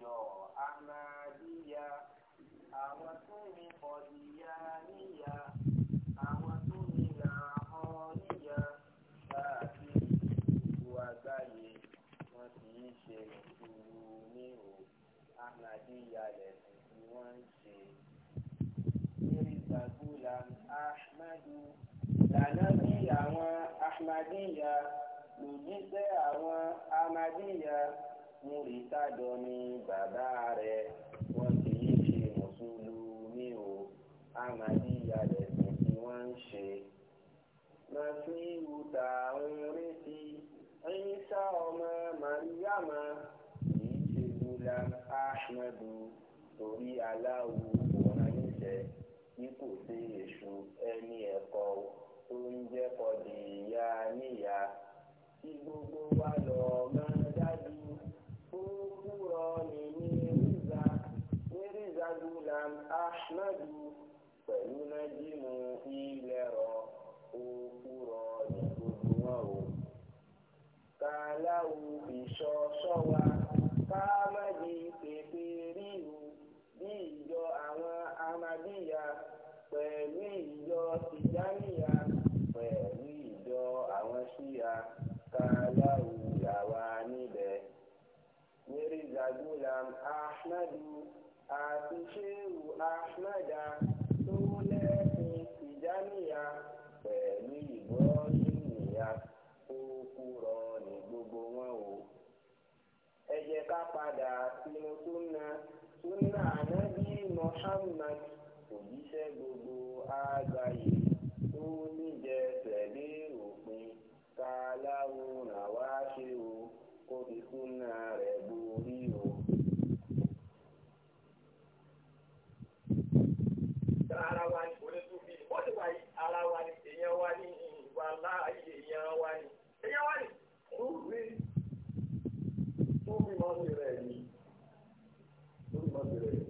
ìjọ Ahmadiyya àwọn tó ní kọ̀díyà níyà àwọn tó ní làhọ́níyà káàkiri gbogbo àgbáyé wọn kì í ṣe ìṣòro ní o Ahmadiyya lẹ́sìn tí wọ́n ń ṣe. Mirza Ahmadu lànà bí àwọn Ahmadiyya lòdì sẹ́ àwọn Ahmadiyya múrí tájọ ni bàbá rẹ̀ wọ́n ti yí ṣe mùsùlùmí o amadíyà lẹ̀sìn tí wọ́n ń ṣe. masiru tá à ń retí ẹ̀yìnṣà ọmọ mariama kì í ṣe gulam ahmadu torí aláwo wọ̀nyí jẹ́ bí kò sí èṣù ẹni ẹ̀kọ́ tó ń jẹ́ kọ́dìyà níyà tí gbogbo wa lọ́ọ́ máa. na Mirza Gulam Ahmadu pẹ̀lú nájìmù ilẹ̀rọ òkúrọ̀ ní gbogbo wọn o. Kàláwù ìṣọṣọ wa ká má di pèpè ríru bí ìjọ àwọn Amadíyà pẹ̀lú ìjọ Tìjáníyà pẹ̀lú ìjọ àwọn Ṣíyà kàláwù làwa níbẹ̀. Mirza Gulam Ahmadu àti Shehu Ahmada tó lẹ́sìn ya pẹ̀lú Ibrahim níyà tó kúrọ ní gbogbo wọn o. Ẹ jẹ́ ká padà sínú súnà súnà ànábì òjíṣẹ́ gbogbo àgbáyé tó ká láwùrán kó fi súnà rẹ̀ borí o. ara wa ni onítúbí wọ́n ti wà yí ara wa ni èèyàn wa ni ìwà láàyè èèyàn wa ni èèyàn wa ni. túbí túbí máa ń bẹ̀rẹ̀ ni túbí máa ń bẹ̀rẹ̀ ni.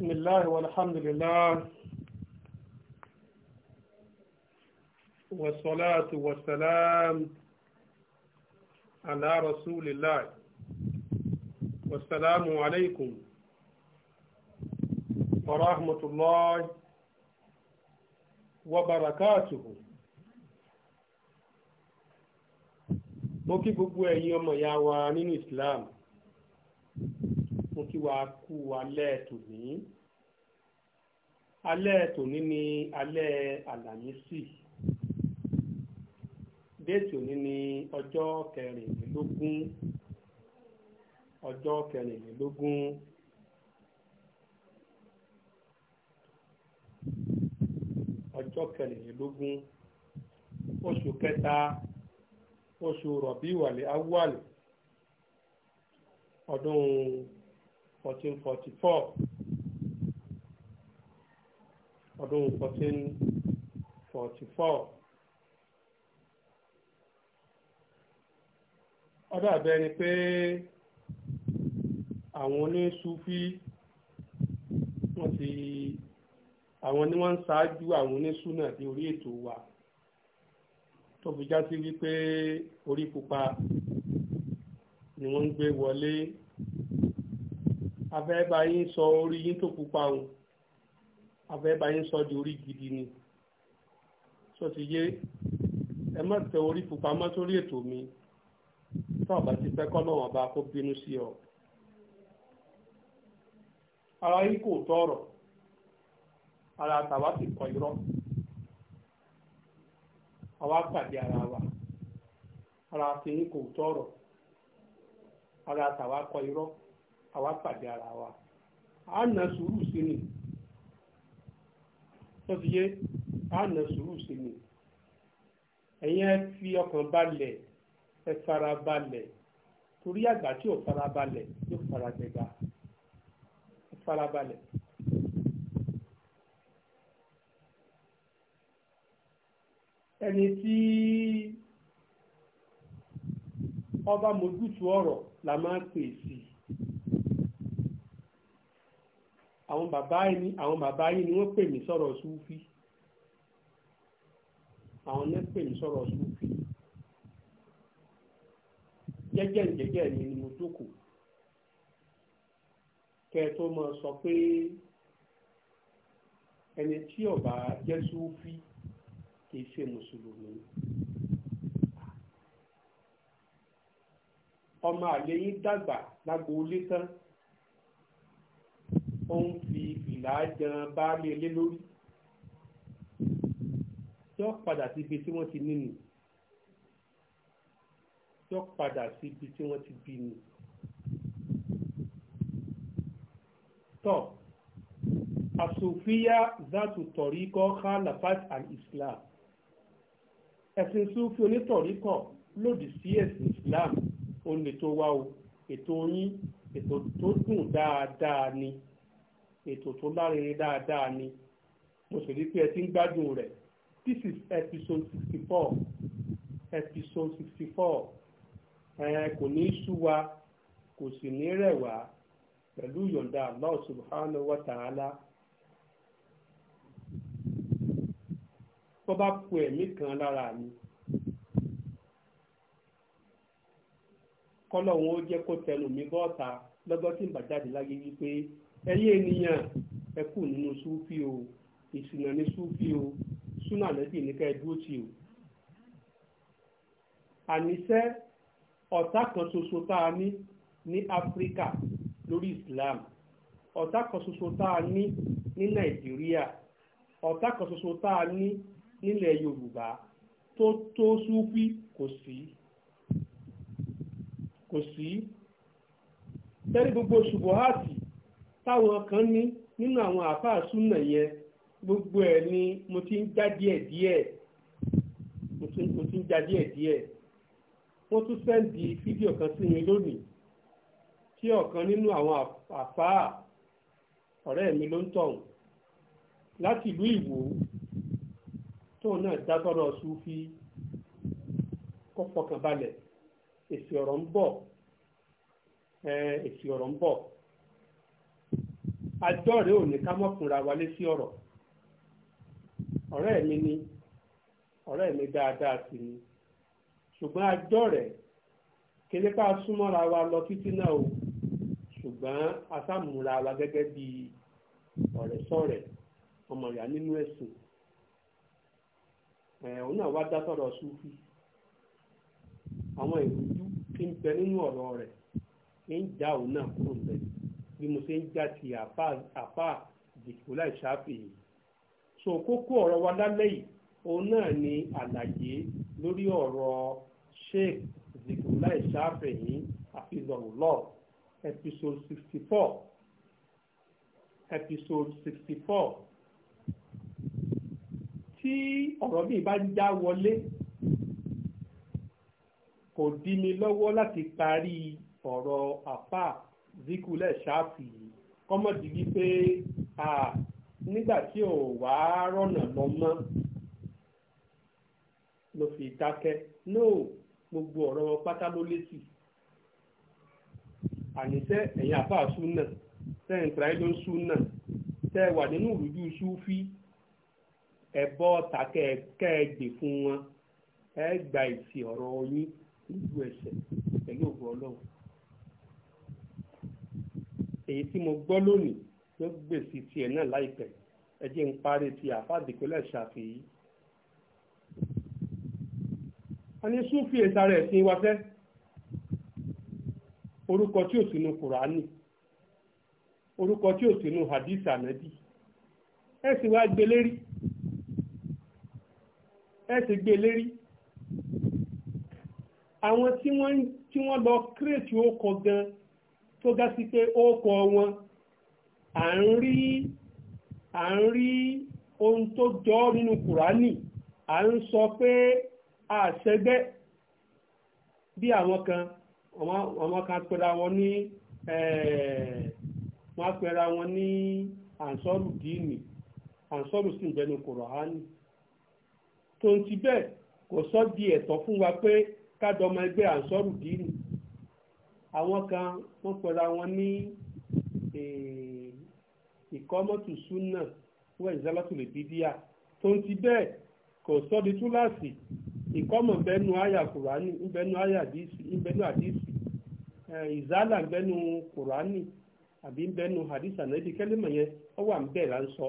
بسم الله والحمد لله والصلاة والسلام على رسول الله والسلام عليكم ورحمة الله وبركاته mo kí gbogbo ẹ̀yin ọmọ ìyá wa nínú Islam mo kí wa kú wa lẹ́ẹ̀tù ní alẹ́ tòní ni alẹ́ àlàmísì déètì òní ni ọjọ́ kẹrìnlélógún ọjọ́ kẹrìnlélógún ọjọ́ kẹrìnlélógún oṣù kẹta oṣù rọ̀bíwàlẹ̀ awúwàlẹ̀ ọdún fourteen forty four. ọdún 1444. ọdọ àbẹ ni pé àwọn oníṣúfí wọ́n ti àwọn ni wọ́n ń ṣáájú àwọn oníṣúná di orí ètò wa tó fi já sí wípé orí pupa ni wọ́n ń gbé wọlé abẹ́ bá yín sọ orí yín tó pupa òun. afẹ́bá yín sọ di orí gidi ni sọ ti yé ẹ má tẹ orí pupa mọ́ sórí ètò mi tó ọ̀bà ti fẹ́ kọ́ lọ́wọ́n bá kó bínú sí ọ. ara yín kò tọrọ ara tàwa ti kọ irọ àwa pàdé ara wa ara tèyí kò tọrọ ara tàwa kọ irọ àwa pàdé ara wa a nà sùúrù sí ni. tó ti àna sùúrù sí ni ẹ̀yin ẹ fi ọkàn balẹ̀ ẹ fara balẹ̀ torí àgbà tí ò fara balẹ̀ yóò fara gbẹ̀gbà ẹ fara balẹ̀. ẹni tí ọba mojútu ọ̀rọ̀ la máa ń pè sí i. àwọn bàbá yìí àwọn bàbá yìí ni wọ́n pè mí sọ̀rọ̀ súfì àwọn náà pè mí sọ̀rọ̀ súfì jẹ́jẹ́ jẹ́jẹ́ ni mo jókòó kẹ́ ẹ tó mọ sọ pé ẹni tí ó bá jẹ́ súfì ṣe mùsùlùmí. ọmọ àlè dàgbà lágbo ilé tán ó ń fi ìlà jan baálé ilé lórí tí ó padà síbi tí wọ́n ti ní nù tí ó padà síbi tí wọ́n ti bí nù. tọ́ àsòfíà zátù tọ̀ríkọ́ khalafat and islam ẹ̀sìn súfì onítọ̀ríkọ̀ lòdì sí ẹ̀sìn islam ó lè tó wá o ètò yín ètò tó dùn dáadáa ni ètò tó lárinrin dáadáa ni mo sì rí pé ẹ ti ń gbádùn rẹ̀ this is episode sixty four episode sixty four ẹ kò ní í sú wa kò sì ní rẹ̀ wá pẹ̀lú yọ̀ǹda Allah subhanahu wa ta'ala. tó bá ku ẹ̀mí kan lára mi kọ́lọ́hún ó jẹ́ kó tẹnu mi bọ́ọ̀ta lọ́gọ́ tí ń bàjáde láyé wípé ẹ̀yin ènìyàn ẹ kù nínú súfì o ìsìnà ní súfì o súnà lẹ́bí ní ká ẹ dúró tì o. àníṣe ọ̀tá kan ṣoṣo tá a ní ní áfíríkà lórí islam ọ̀tá kan ṣoṣo tá a ní ní nàìjíríà ọ̀tá kan ṣoṣo tá a ní nílẹ̀ yorùbá tó tó súfì kò sí kò sí tẹ́lẹ̀ gbogbo ṣubuhati táwọn kan ní nínú àwọn àfáà súnà yẹn gbogbo ẹ̀ ni mo ti ń já díẹ̀ díẹ̀ mo ti ń já díẹ̀ díẹ̀ wọ́n tún sẹ́ǹdì fídíò kan sí mi lónìí tí ọ̀kan nínú àwọn àfáà ọ̀rẹ́ mi ló ń tọ̀hún láti ìlú ìwò tóun náà dá sọ́rọ̀ Súfì kó balẹ̀ èsì ọ̀rọ̀ ń bọ̀ èsì ọ̀rọ̀ ń bọ̀. àjọrè òní ká ká mọ́kùnra wálé sí ọ̀rọ̀ ọ̀rẹ́ mi ni ọ̀rẹ́ mi dáadáa sí ni ṣùgbọ́n àjọrè kéde pa súnmọ́ra wa lọ títí náà o ṣùgbọ́n asámúra wa gẹ́gẹ́ bí ọ̀rẹ́ sọ̀rẹ́ ọmọ ìyá nínú ẹ̀sìn ẹ̀ òun náà wá dá sọ̀rọ̀ súfì àwọn ìrújú tí ń bẹ nínú ọ̀rọ̀ rẹ̀ já òun náà kúrò bẹ́ẹ̀. bí mo ṣe ń já ti àpá dìkúlá ìṣáfì yìí so kókó ọ̀rọ̀ wa lálẹ́ yìí òun náà ni àlàyé lórí ọ̀rọ̀ sheikh dìkúlá ìṣáfì yìí àfihànlọ́ episode sixty four episode sixty four tí ọ̀rọ̀ mi bá já wọlé kò dí mi lọ́wọ́ láti parí ọ̀rọ̀ àfáà zikulẹ̀ ṣáàpì kọ́mọ̀dì wípé nígbà tí ò wá rọ̀nà lọ mọ́ ló fi dákẹ́ no gbogbo ọ̀rọ̀ wọn pátá ló létí àníṣẹ́ ẹ̀yìn àfáà súnà tẹ́ ń tra ló ń súnà tẹ́ wà nínú ìrújú súfí ẹ̀bọ ọ̀tà kẹ́ẹ̀gbè fún wọn ẹ gba ìsì ọ̀rọ̀ yín lójú ẹsẹ̀ pẹ̀lú ògùn ọlọ́run èyí tí mo gbọ́ lónìí ló gbèsè tiẹ̀ náà láìpẹ́ ẹ jẹ́ ń parí ti àfàdìpínlẹ̀ ṣàfihì. a ní súnfì ìsàrẹ̀ ẹ̀sìn wa fẹ́ orúkọ tí ò sínú kùránì orúkọ tí ò sínú hadith ànábì ẹ sì wá gbé lérí ẹ sì gbé lérí àwọn tí wọ́n lọ kírètì ó kọ gan-an tó gá sí ó kọ wọn à ń rí ohun tó jọ nínú kùránì à ń sọ pé àṣẹgbẹ́ bí àwọn kan àwọn kan pẹ̀lú àwọn ní eh, wọ́n á pẹ̀lú ní ànsọ́rù díìnì ànsọ́rù sì ń bẹnu kùránì tó ń ti kò di ẹ̀tọ́ fún wa pé ká dọmọ ẹgbẹ́ ànsọ́rù dini. àwọn kan wọ́n pẹ̀lú àwọn ní e, ìkọ́mọ́tù súnà wọ́n ìzálátù lè bídíà tó ń ti bẹ́ẹ̀ kò sọ́di túláàsì ìkọ́mọ̀ bẹ́nu àyà kùránì ńbẹ́nu àyà àdìsí ńbẹ́nu àdìsí ìzálà ńbẹ́nu kùránì àbí ńbẹ́nu àdìsí ànábì kẹ́lẹ́mọ̀ yẹn ó wà ńbẹ̀ là ń sọ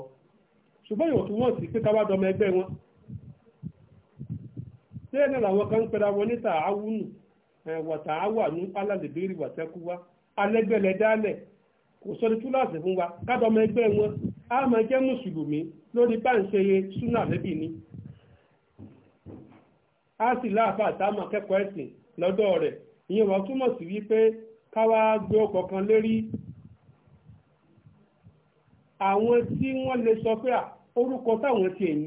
ṣùgbọ́n ìwọ̀n tí wọ́n sì pé káwá dọmọ ẹgbẹ́ wọn. bẹ́ẹ̀ náà làwọn kan ń pẹ́ra wọn níta wàtà awa wà ní alálèbéèrè wàtẹ́kù wa alẹ́gbẹ̀lẹ̀ dálẹ̀ kò sọ́ni fún wa kádọ́mọ ẹgbẹ́ wọn ma máa jẹ́ mùsùlùmí lórí báńṣeye súnà lẹ́bì ni a sì láàfà àtàmà akẹ́kọ̀ọ́ ẹ̀sìn lọ́dọ̀ rẹ̀ ìyẹn túmọ̀ sí wípé gbé àwọn tí wọ́n lè sọ orúkọ táwọn ti ń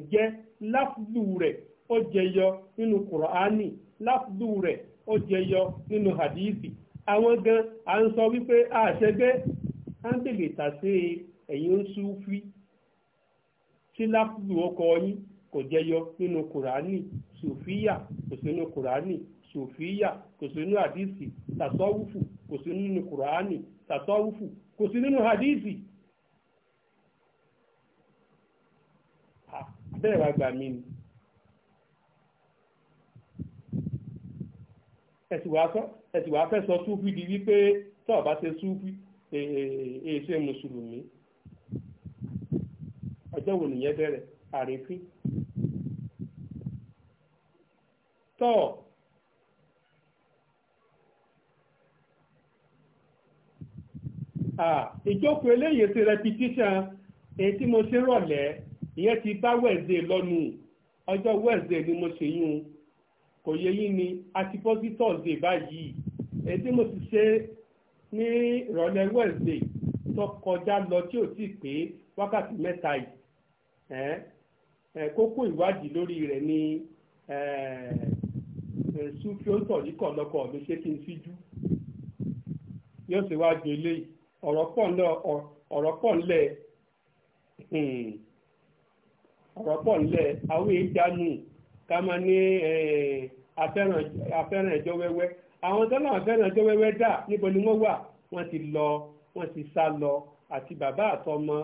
láfùdù ó jẹyọ nínú kùrọ̀ánì láfùdù ó jeyo nínú hadithi àwọn gan a ń sọ wípé àṣẹgbẹ́ à ń ẹ̀yìn ń súfí tí láfùlù ọkọ yín kò jẹyọ nínú kùránì sùfíyà kò sínú kùránì sùfíyà kò sínú hadithi tàṣọ́wùfù kò sí kùránì tàṣọ́wùfù kò hadithi. bẹ́ẹ̀ ẹ̀sì wàá fẹ́ sọ súfì di wípé tọ́ ọ̀bá ṣe súfì èṣe mùsùlùmí ọjọ́ wo nìyẹn bẹ̀rẹ̀ àrífín tọ́ ìjókòó eléyìí ti repetition èyí tí mo ṣe rọ̀lẹ́ ìyẹn ti bá wẹ̀dẹ̀ lọ́nu ọjọ́ wẹ̀dẹ̀ ni mo ṣe yún un. kò yẹ yín ni àti bọ́sí thursday báyìí èyí tí mo ti ṣe ní ìrọ̀lẹ́ wednesday tó kọjá lọ tí ò tí pé wákàtí mẹ́ta yìí kókó ìwádìí lórí rẹ̀ ni sufiontọ̀ yìí kọ̀ mi ṣé kí n síjú yóò ṣe wá ju eléyìí ọ̀rọ̀ pọ̀ ńlẹ̀ ọ̀rọ̀ pọ̀ ńlẹ̀ ọ̀rọ̀ pọ̀ ńlẹ̀ àwọn èèyàn ká máa ní afẹ́ràn ẹjọ́ wẹ́wẹ́ àwọn tó náà afẹ́ràn ẹjọ́ wẹ́wẹ́ dà níbo ni wọ́n wà wọ́n ti lọ wọ́n ti sá lọ àti bàbá àtọmọ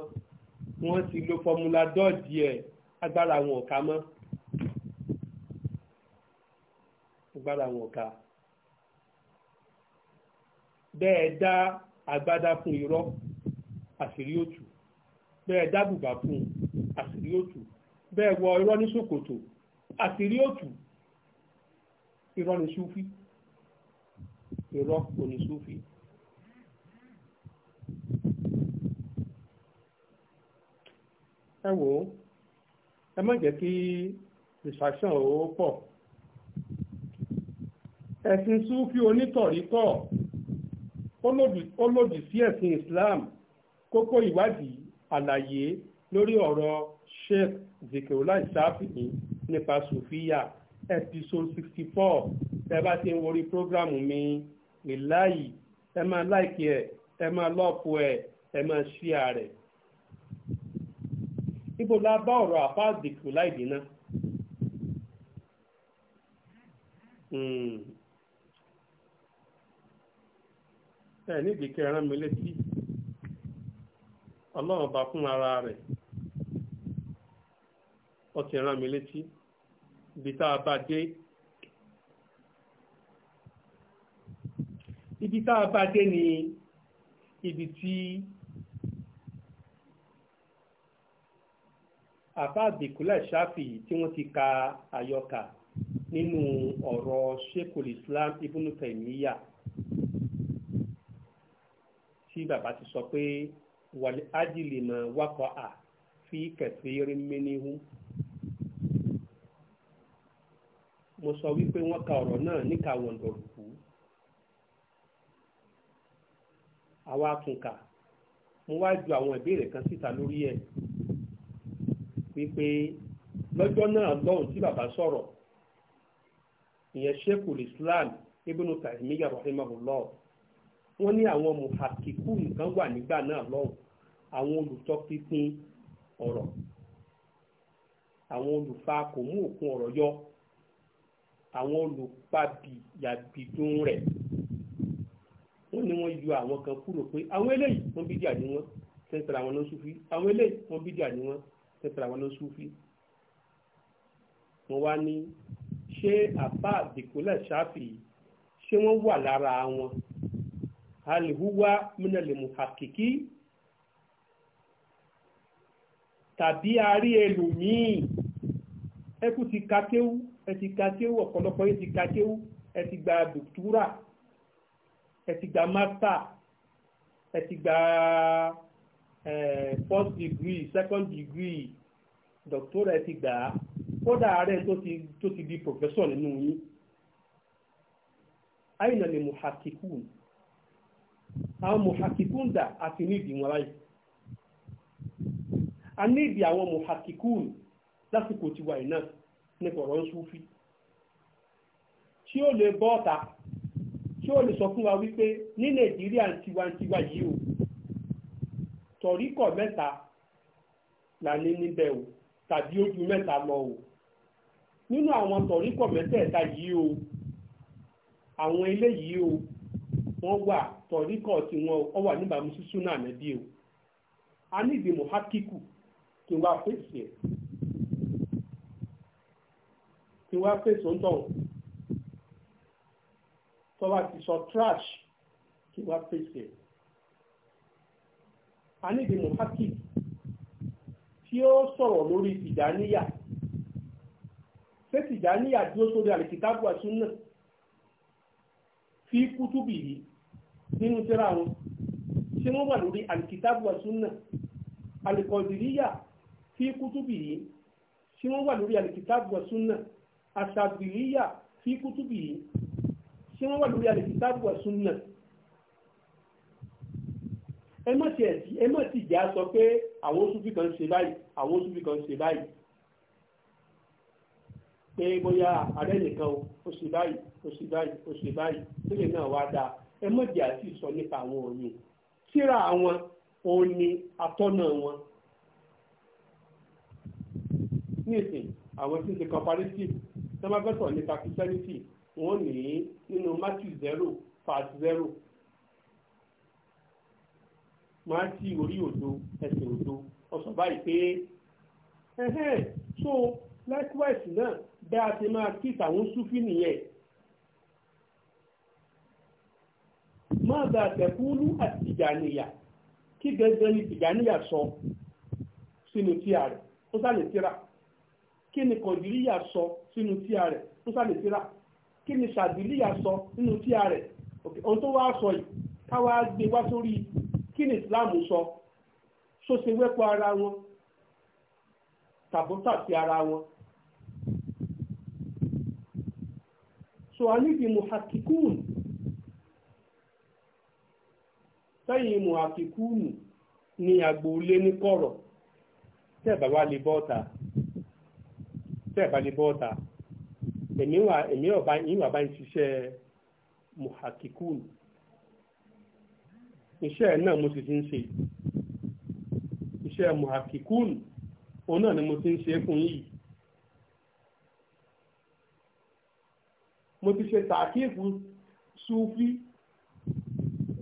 wọ́n ti lo fọmúlà dọ́ọ̀dì ẹ̀ agbára wọn ò ká mọ́ agbára wọn ò ká bẹ́ẹ̀ dá agbádá fún irọ́ àṣírí òtù bẹ́ẹ̀ dá bùbá fún àṣírí òtù bẹ́ẹ̀ wọ irọ́ ní ṣòkòtò àtìrí òtù irọ́ ni súfí irọ́ kò ní súfí. ẹ wò ó ẹ má jẹ́ kí distraction ó pọ̀ ẹ̀sìn súfí onítọ̀ríkọ̀ ó lòdì sí ẹ̀sìn Islam kókó ìwádìí àlàyé lórí ọ̀rọ̀ Sheikh Zikrullah Ṣáfìí nípa sùfíà episode sixty four tẹ bá ti ń worí prógrámù mi ìláyì ẹ máa láìkí ẹ ẹ máa lọ́ọ̀pù ẹ ẹ máa ṣíà rẹ̀. níbo la bá ọ̀rọ̀ àfáàdìkù láìdí náà. Hmm. ẹ nídìí kẹran mi létí ọlọ́run bá fún ara rẹ̀ ó ti rán mi létí ibi tá a bá dé ibi tá a bá dé ni ibi tí àbá àbíkúlẹ̀ ṣáfì tí wọ́n ti ka àyọkà nínú ọ̀rọ̀ sheikhul islam ibn taymiya tí bàbá ti sọ pé wàlẹ́ ájìlì mọ̀ wákọ̀ à fi kẹfì rí mímíhún mo sọ wípé wọ́n ka ọ̀rọ̀ náà níka wọ̀ndọ̀rùkú àwa àtúnkà mo wá ju àwọn ìbéèrè kan síta lórí ẹ̀ wípé lọ́jọ́ náà lọ́hùn tí bàbá sọ̀rọ̀ ìyẹn Sheikhul Islam Ibn Taymiyyah rahimahullah wọ́n ní àwọn muhakiku nǹkan wà nígbà náà lọ́hùn àwọn olùtọ́pinpin ọ̀rọ̀ àwọn olùfà kò mú òkun ọ̀rọ̀ yọ àwọn olùpàbíyàgbìdún rẹ̀ wọ́n ní wọ́n yọ àwọn kan kúrò pé àwọn eléyìí wọ́n bídíà ni wọ́n tẹ́tẹ̀rẹ̀ àwọn ló súfí àwọn eléyìí wọ́n bídíà ni wọ́n tẹ́tẹ̀rẹ̀ àwọn ló súfí. wọ́n wá ní ṣé àbá àbíkúlẹ̀ ṣáfì ṣé wọ́n wà lára wọn alihuwa minalimu hakiki tàbí arí ẹlòmíì ẹkú kakéwú ẹ ti ka kéwú ọ̀pọ̀lọpọ̀ yìí ti ka kéwú ẹ ti gba dòkítúrà ẹ gba ẹ first degree second degree dòkítúrà ẹ ti gbà á kódà ààrẹ tó ti tó ti di professor nínú yín àyìnà ni muhakikun àwọn muhakikun dà àti nídìí wọn láyìí a nídìí àwọn muhakikun lásìkò tiwa yìí náà. ní nsufi tí ó lè bọ́ ọ̀tà tí ó lè sọ fún wa wípé ní Nàìjíríà tiwantiwa yìí o tọ̀ríkọ̀ mẹ́ta là ní o tàbí oju mẹta mẹ́ta lọ o nínú àwọn tọ̀ríkọ̀ mẹ́tẹ̀ẹ̀ta yìí o àwọn eléyìí o wọ́n wà tọ̀ríkọ̀ tí wọ́n wà níbàámu sí súnà nẹ́bí o a ní hákíkù tí wọ́n kí wá fèsò ń tọ̀ tó bá ti sọ trash kí wá fèsè a ní ìdí mohaki tí ó sọ̀rọ̀ lórí tìjàníyà ṣé tìjàníyà dúró sórí àlèkìtàbù àsúnà fi kútùbì yìí nínú tírà wọn ṣé wọ́n wà lórí àlèkìtàbù àsúnà àlèkọ̀dìríyà fi kútùbì yìí ṣé wọ́n wà lórí àlèkìtàbù àsúnà àṣàbìlíyà fi kútùbì yìí ṣé wọ́n wà lórí alìkìtàbù wa sunnah ẹ má ti ẹ̀dí ẹ má ti ìjà sọ pé àwọn oṣùfì kan ṣe báyìí àwọn oṣùfì kan ṣe báyìí pé bóyá ààrẹ nìkan ó ṣe báyìí ó ṣe báyìí ó ṣe báyìí lóye náà wá dáa ẹ má jẹ́ àti sọ nípa àwọn òní síra àwọn òní atọ́nà wọn nísìn àwọn tí ń ṣe comparative sọmọgbẹ́sọ̀ nípa christianity wọ́n ní nínú matthew zero verse zero matthew orí òdo ẹsẹ̀ òdo ọ̀sán báyìí pé ẹ̀hẹ́n so likewise náà bẹ́ a ti máa kí tàwọn súfì nìyẹn máa bá tẹ̀kúlú àti tìjànìyà kí gẹ́gẹ́ ni tìjànìyà sọ sínú tíà rẹ̀ ó sá tíra. kí ni kọ̀dìríyà sọ sínú tíya rẹ̀ musa lè tira kí ni sàdìríyà sọ nínú tíya rẹ̀ ohun tó wá sọ yìí káwá gbé wá sórí kí ni islam sọ so ṣe wẹ́pọ̀ ara wọn tàbótà sí ara wọn. so a níbi muhakikun sẹ́yìn muhakikun ni àgbò lé ní kọ̀rọ̀ tẹ́ bàbá lè bọ́ta. tẹ́ ẹ̀ bá lè bọ́ ọ̀tà èmi wà èmi ọ̀bá yín wà bá ń ṣiṣẹ́ muhakikun iṣẹ́ náà mo sì ti ń ṣe iṣẹ́ muhakikun òun náà ni mo ti ń ṣe fún yìí mo ti ṣe tàkíìfù súfí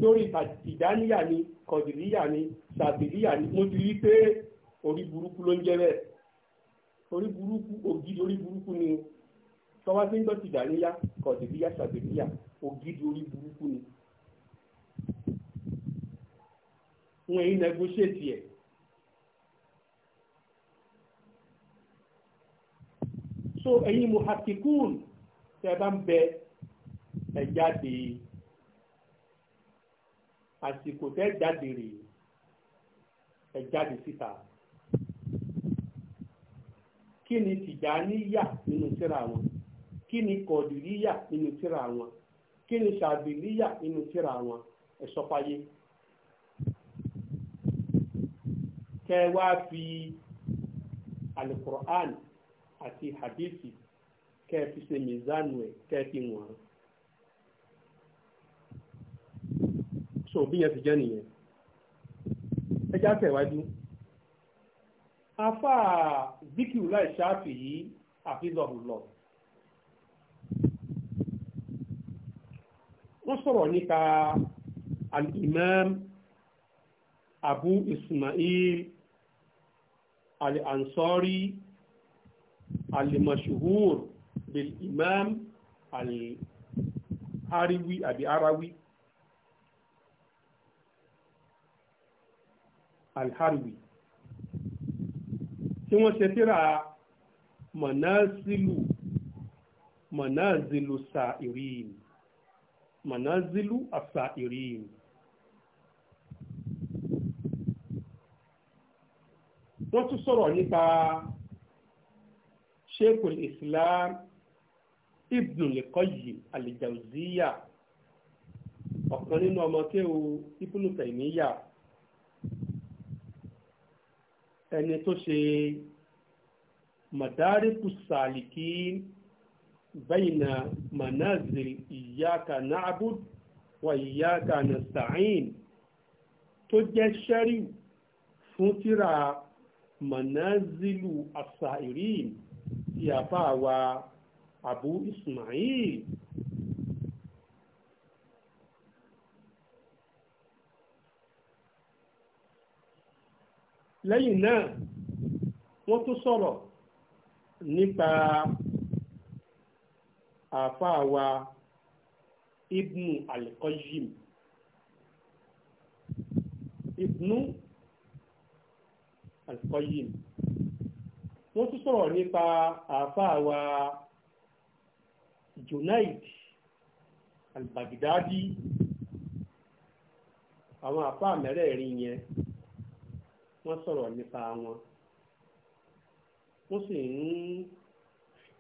lórí ìdáníyà ni kọ̀dìríyà ni sàbìlíyà ni mo ti rí pé orí burúkú ló ń jẹ́ bẹ́ẹ̀ orí burúkú ògidì orí burúkú ni tọ́wá tí ń gbọ́ ti dàníyá kọ̀dìbíyá ṣàbẹ̀bíyá ògidì orí burúkú ni. wọn èyí nẹgọṣẹ́tì ẹ̀. so ẹ̀yin muhakikun tẹ́ bá ń bẹ ẹ̀ jáde àsìkò tẹ́ jáde rèé ẹ̀ jáde síta kí ni tìjàníyà nínú tírà wọn kí ni kọ̀dìríyà nínú tírà wọn kí ni ṣàbìlíyà nínú tírà wọn ẹ sọ fáyé. kẹ́ ẹ wá fi alukur'an àti hadithi kẹ́ fi ṣe mizanu ẹ̀ kẹ́ fi wọ̀n. so bí yẹn ti jẹ́ nìyẹn ẹ já tẹ̀wájú afa zikiula ìṣáàfì yìí àfihàn wọ́n sọ̀rọ̀ nípa al-imam abu ismail al-ansari al-mashhur bil-imam al-arawi àbí arawi al-harwi. Al tí wọ́n ṣe tíra mọ̀nàzílù mọ̀nàzílù sàìrìn mọ̀nàzílù àsàìrìn. wọ́n tún sọ̀rọ̀ nípa sheikul islam ibn al-qayyim al ọ̀kan nínú ọmọ kéwu ibn taymiya ẹni tó ṣe madariku sàlìkì bẹ́yìnà manazil ìyáka na'bud wa ìyáka nasta'in tó jẹ́ ṣẹ́rí fún tíra manazilu asairin tí a abu ismail lẹ́yìn náà wọ́n tún sọ̀rọ̀ nípa àáfàá wa ibnu alikọ́yìm ibnu alikọ́yìm wọ́n tún sọ̀rọ̀ nípa àáfàá wa junaid albagdadi àwọn àáfàá mẹ́rẹ̀ẹ̀rin yẹn wọ́n sọ̀rọ̀ nípa wọn wọ́n sì ń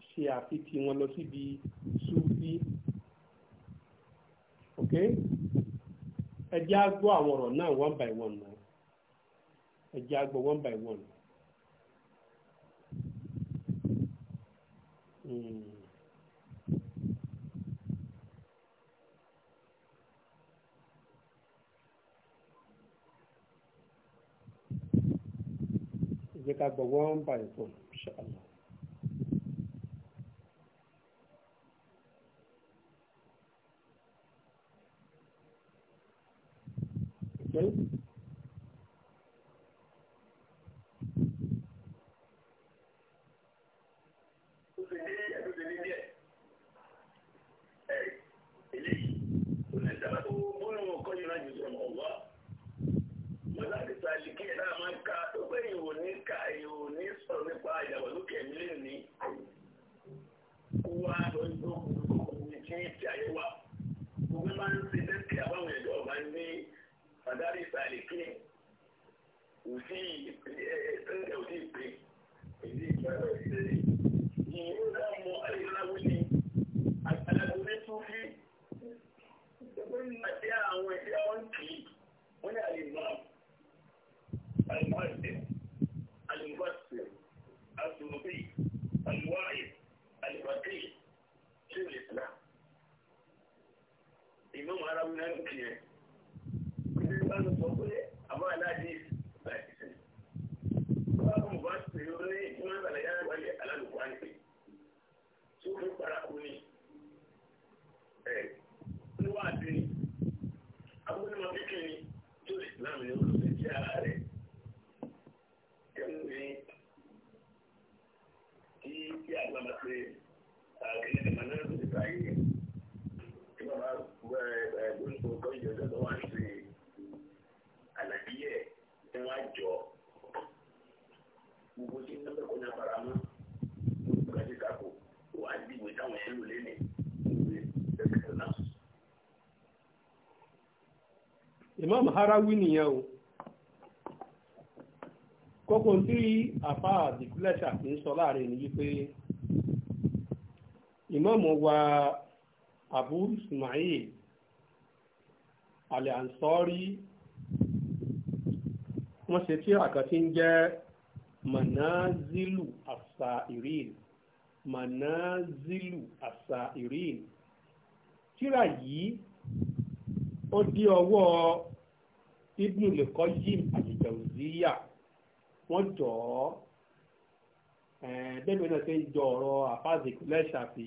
ṣe àfitì wọn lọ síbi súfí ok ẹ jẹ́ á gbọ́ àwọn ọ̀rọ̀ náà one by one náà ẹ jẹ́ á gbọ́ one by one. Mm. jẹ́ ká gbọ́ one by one Okay. àbáwọn ẹ̀dọ́ ọba ní fàdárì ìsàlẹ̀ kí kò sí ẹ̀ẹ́dẹ́gbẹ̀ òdì ìpè èdè ìpẹ́rẹ́ ìdẹ́rẹ́ ìyóòdà mọ àyíláwó ni àgbàlagbà ní túfí ẹgbẹ́ nígbà tí àwọn ẹ̀dẹ́ wọn kì í wọ́n ní àlè máa àlè máa ìmọ̀mù aráwọ̀ náà ń tiẹ̀ pẹ̀lú ìbánu sọ pé àbá aláàdì ìgbà ìsìn bá a mú bá ń pè é ní ìmọ̀ àgbàlẹ̀ yára wáyé alálùkọ́ àti tó fi para kú ni. haráwí nìyẹn o kókó tí àfa àdìgúlẹ̀ṣà fi ń sọ láàrin ni wípé ìmọ̀ọ́mọ̀ wa abu ismail alẹ́ ansọ́rí wọ́n ṣe tí àkàn tí ń jẹ́ manazilu asa irin manazilu asa irin tíra yìí ó dí ọwọ́ Ibn Al-Qayyim Al-Jawziyya wọ́n jọ ọ́ eh, bẹ́ẹ̀ náà ṣe ń jọ ọ̀rọ̀ àfáàzìkú lẹ́ṣàfì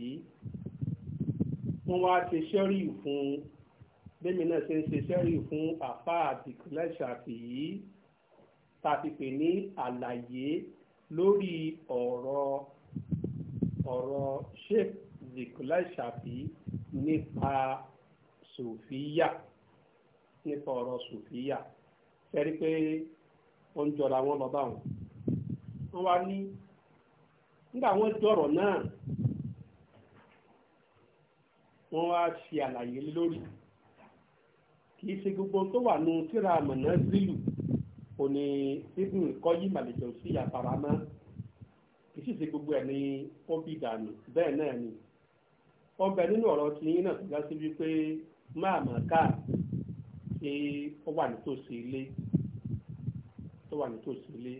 wọ́n wá ṣe ṣẹ́rí fún bẹ́ẹ̀ náà ṣe ń ṣe ṣẹ́rí fún àfáàzìkú lẹ́ṣàfì tàbí pè ní àlàyé lórí ọ̀rọ̀ ọ̀rọ̀ Sheikh Zikulai Shafi nípa sòfíyà. So nípa ọ̀rọ̀ sùfìyà sẹ́rí pé ó ń jọra wọn lọ báwọn wọ́n wá ní nígbà náà wá ṣe àlàyé lórí kìí ṣe gbogbo tó wà nù tíra mọ̀nà zílù kò ní ibùn kọ́yí màlẹ̀jọ sí sì ṣe gbogbo ẹ̀ ní ó bí dànù bẹ́ẹ̀ náà ni tí ó wà nítòsí ilé tó wà nítòsí ilé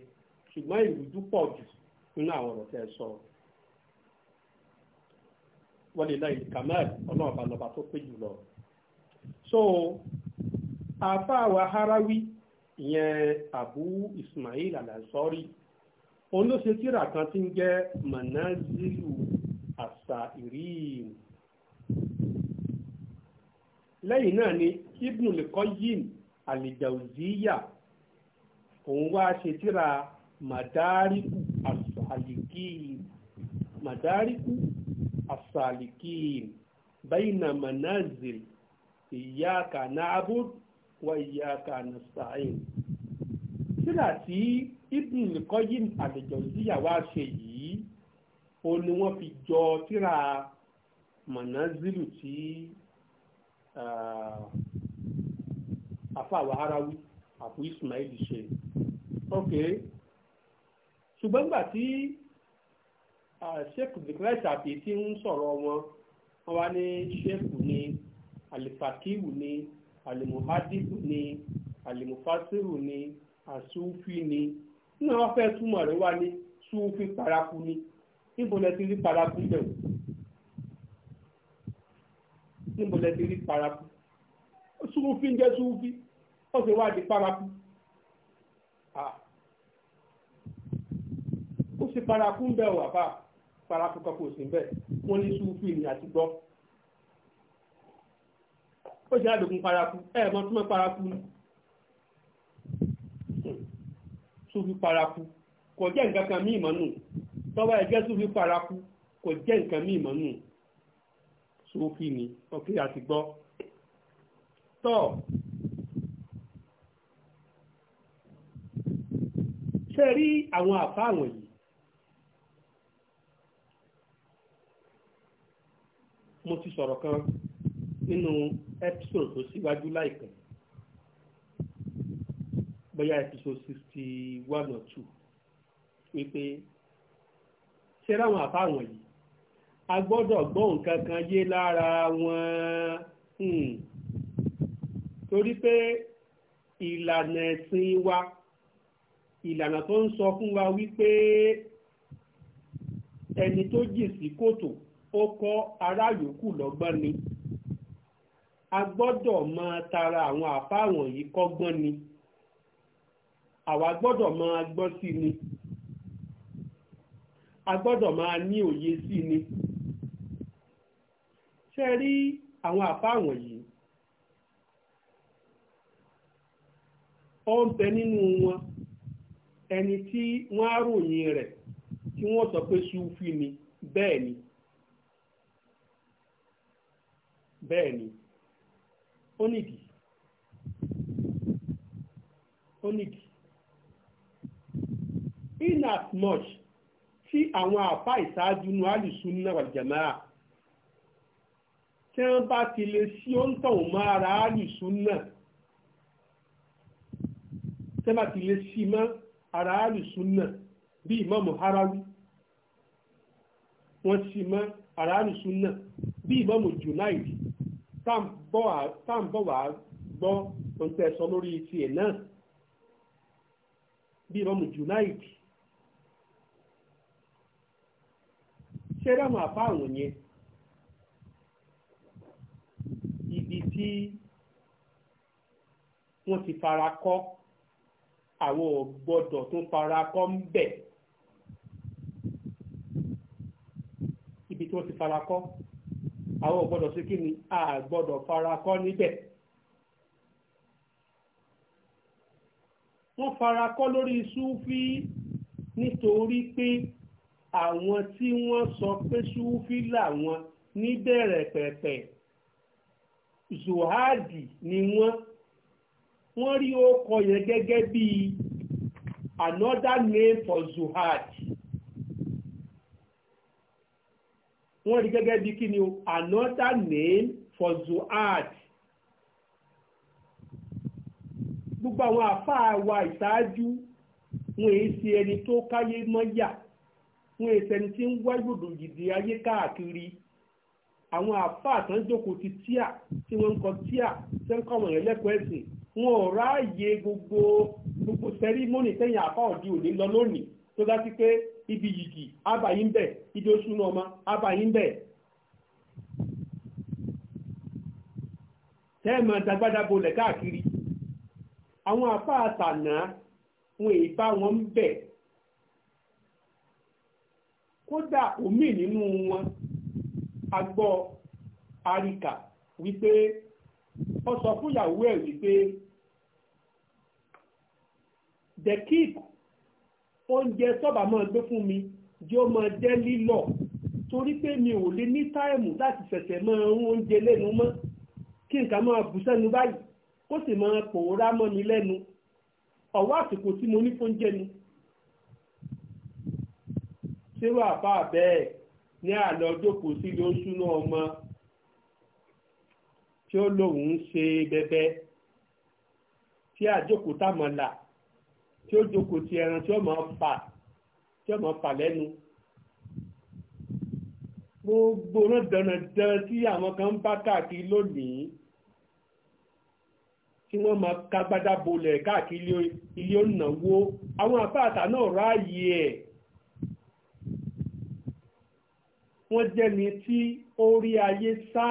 ṣùgbọ́n ìrújú pọ̀ jù nínú àwọn ọ̀rọ̀ tẹ́ ẹ sọ wọ́n lè la ìlú kamal tó pé so àáfàá wa harawi ìyẹn abu ismail alasori òun ló ṣe tíra kan asa irin lẹ́yìn náà ni ibnu lekoyim alijawziya òun wá ṣe tíra madariku asalikin madariku asalikin bayna manazil iyaka na'bud wa iyaka nasta'in tíra tí ibnu lekoyim alijawziya wá ṣe yìí ó ní wọ́n fi jọ tíra manazilu tí àfàwà aráwí àbú Ismail ṣe ok ṣùgbọ́n gbà tí uh, sheikh dikret àti tí ń sọ̀rọ̀ wọn wọ́n wá ní sheikh ní alifakiru ní alimuhadibu ní alimufasiru ní asufi ní nínú àwọn fẹ́ túmọ̀ rẹ̀ wá ní sufi paraku ní níbo lẹ ti rí paraku bẹ̀rù níbo lẹ ti rí paraku súnfí ń jẹ́ súnfí ó sì wá di paraku ó sì paraku ń bẹ̀ wà bá paraku kan kò sí bẹ́ẹ̀ wọ́n ní súnfí ni àti gbọ́ ó sì àdògún paraku ẹ̀ mọ́ tó mọ́ paraku ni hmm. súnfí paraku kò jẹ́ nǹkan kan mí ìmọ̀ nù tọ́wọ́ ẹ̀jẹ̀ súnfí paraku kò jẹ́ nǹkan mí ìmọ̀ nù sófì ni ọkẹ́ àti gbọ́ tọ́ ṣe rí àwọn àfá àwọn yìí mo ti sọ̀rọ̀ kan nínú episode tó síwájú láìpẹ́ bóyá episode sixty one or two wípé ṣe ráwọn àfá àwọn yìí a gbọ́dọ̀ gbọ́ nǹkan kan yé lára wọn hmm. torí pé ìlànà ẹ̀sìn wa ìlànà tó ń sọ fún wa wípé ẹni tó jì sí kòtò ó kọ́ ará yòókù lọ́gbọ́n ni a gbọ́dọ̀ máa tara àwọn àfáà wọ̀nyí kọ́gbọ́n ni àwa gbọ́dọ̀ máa gbọ́ sí ni a gbọ́dọ̀ máa ní òye sí ni. ṣe rí àwọn àfáà wọ̀nyí ó bẹ nínú wọn ẹni tí wọ́n á ròyìn rẹ̀ tí wọ́n sọ pé ni bẹ́ẹ̀ ni bẹ́ẹ̀ ni ó nìdí in as much tí àwọn tí wọ́n bá ti lè sí òǹtọ̀hún mọ́ ara àlùsùn náà tí wọ́n bá ti lè sí mọ́ ara àlùsùn náà bí ìmọ̀mù harawi wọ́n sì mọ́ ara àlùsùn náà bí ìmọ̀mù junaidi tá gbọ́ ohun sọ lórí tiẹ̀ náà bí ìmọ̀mù junaidi ṣé dáhùn àbáwọn yẹn tí wọ́n ti fara kọ́ àwọn ò gbọ́dọ̀ tún fara kọ́ ń bẹ̀ ibi tí wọ́n ti fara kọ́ àwọn ò gbọ́dọ̀ sí kí ni a gbọ́dọ̀ fara kọ́ níbẹ̀. wọ́n fara kọ́ lórí súfí nítorí pé àwọn tí wọ́n sọ pé súfí làwọn níbẹ̀rẹ̀ pẹ̀pẹ̀ zuhadi ni wọ́n wọ́n rí orúkọ yẹn gẹ́gẹ́ bí another name for zuhadi wọ́n rí gẹ́gẹ́ bí kí ni o another name for zuhadi gbogbo àwọn àfáà wa ìṣáájú wọn èyí ṣe ẹni tó káyé mọ́ yà wọn èyí ṣẹni tí ń wá ìgbòdò ayé káàkiri àwọn àfáà tán jókòó ti tíà tí wọ́n ń kọ tíà tí ń kọ́ lẹ́kọ̀ọ́ ẹ̀sìn wọn ò gbogbo gbogbo sẹ́rímọ́nì tẹ́yìn àfáà òdi òní lọ lónìí tó dá sí pé ibi yìgì abayín bẹ̀ ibi náà ọmọ abayín bẹ̀. tẹ́ẹ̀mọ̀ dàgbàdà bolẹ̀ káàkiri àwọn àfáà wọn bá omi nínú wọn agbọ́ àríkà wípé ó sọ fún ìyàwó ẹ̀ wípé the kick oúnjẹ sọ́bà máa gbé fún mi jẹ́ ó máa jẹ́ lílọ̀ torí pé mi ò lè ní táìmù láti ṣẹ̀ṣẹ̀ máa ń oúnjẹ lẹ́nu mọ́ kí nǹkan máa bù sẹ́nu báyìí kó sì máa pòórá mọ́ mi lẹ́nu ọ̀wọ́ àsìkò tí mo ní fóúnjẹ ni. ṣé wàá bá a bẹ́ẹ̀ ní àlọ́ jókòó sí ló ń súná ọmọ tí ó lóun ń ṣe bẹbẹ tí àjókòó tàmọ̀là tí ó jókòó ti ẹran tí ó máa fà tí ó máa fà lẹ́nu gbogbo náà dandan tí àwọn kan ń bá káàkiri lónìí tí wọ́n máa kágbádá bolẹ̀ káàkiri ilé ònàwó àwọn àfáàtà náà ráàyè ẹ̀. wọ́n jẹ́ ni tí ó rí ayé sá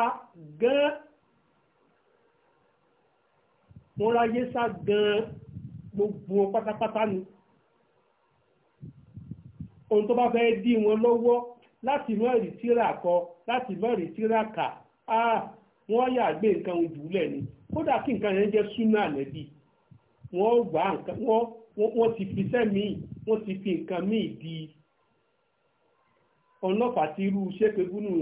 gan wọ́n ráyé sá gan gbogbo pátápátá ni ohun tó bá fẹ́ dí wọn lọ́wọ́ láti mọ́ ìrìtíra kọ láti mọ́ ìrìtíra kà á wọ́n yà gbé nǹkan ojúlẹ̀ ni kódà kí nǹkan yẹn jẹ́ súnà ànẹ́bí wọ́n gbà nǹkan wọ́n ti fi sẹ́mi wọ́n ti fi nǹkan míì di ọlọ́pàá ti irú ṣépè búnú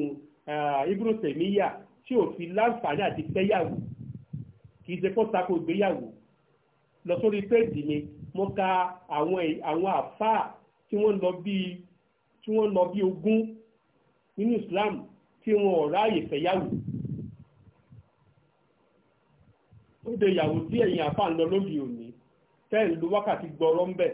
ibùdó tèmíyà tí ò fi láǹfààní àti fẹ́yàwó kì í ṣe kó tako ìgbéyàwó lọ sórí péèjì mi mo ka àwọn àwọn àfáà tí wọ́n lọ bíi tí wọ́n lọ ogún nínú Islam tí wọn ò ráàyè fẹ́yàwó ó de ìyàwó tí ẹ̀yin àfáà ń lọ lóde òní fẹ́ẹ̀ lu wákàtí gbọ́rọ́ ń bẹ̀.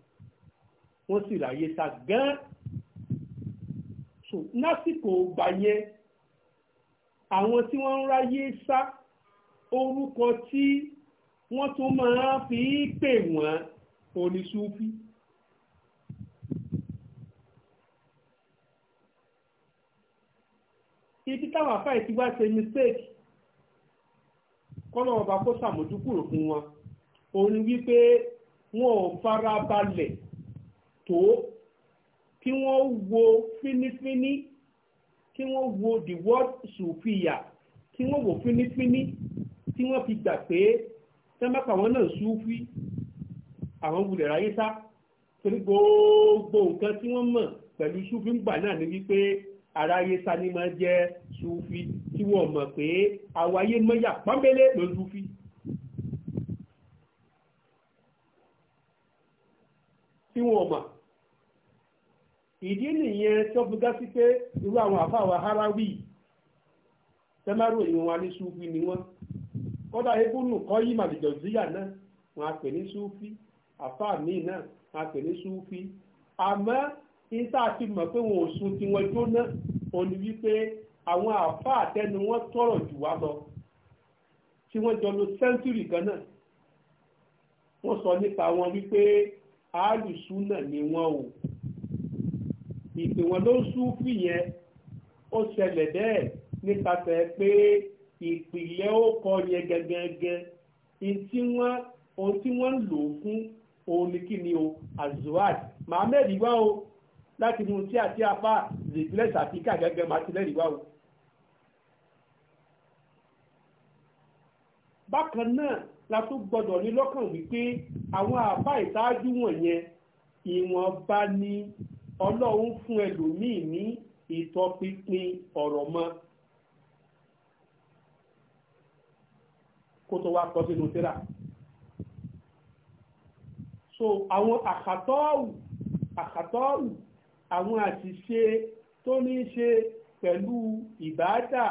wọ́n sì ráyè sá gán so lásìkò ìgbà yẹn àwọn tí wọ́n ń ráyè sá orúkọ tí wọ́n tún máa fi pè wọ́n oníṣúfí. ibi táwọn àfáì ti wá ṣe mistake kọ́lọ́ ọba kó ṣàmójúkúrò fún wọn òun wípé wọn ò fara balẹ̀ tó kí wọ́n wo fínífíní kí wọ́n wo the word sùfìyà kí wọ́n wo fínífíní tí wọ́n fi gbà pé sẹ́mẹ́pà wọn náà súfì àwọn wulẹ̀ ráyé sá torí gbogbo nǹkan tí wọ́n mọ̀ pẹ̀lú súfì ń gbà náà ni wípé aráyé sá ni máa jẹ́ súfì tí wọ́n mọ̀ pé àwọn ayé mọ́yà pọ́nbélé ló súfì. tí wọ́n mọ̀ ìdí nìyẹn tó fi gá pé irú àwọn àfáwà harawi tẹ́mẹ́rù ìwọ̀n wa ní sufi ni wọ́n kódà ebúnù kọ́ yí màlìjọ́ síyà náà wọn á pè ní sufi àfáà míì náà ní pé wọn ò jóná wípé àwọn wọn tọrọ jù wá lọ tí jọ kan náà sọ nípa wọn o ìpè wọn ló súfì yẹn ó ṣẹlẹ̀ bẹ́ẹ̀ nípasẹ̀ pé ìpìlẹ̀ ó kọ yẹn gẹ́gẹ́gẹ́ ntí wọ́n ohun tí wọ́n ń lò ó fún òun ni kí ni o azuad mohammed wá o láti inú tí àti apá zèbílẹ̀ sàfíkà gẹ́gẹ́ màtílẹ́rì wá o. bákan náà la tún gbọdọ̀ ní lọ́kàn wípé àwọn àbá ìṣáájú wọ̀nyẹn ìwọ̀nba ni ọlọ́run fún ẹlòmíì ní ìtọpinpin ọ̀rọ̀ mọ́ kó tó wá kọ sínú tírà so àwọn àkàtọ́ọ̀wù àkàtọ́ọ̀wù àwọn àṣìṣe tó ní í ṣe pẹ̀lú ìbáàdà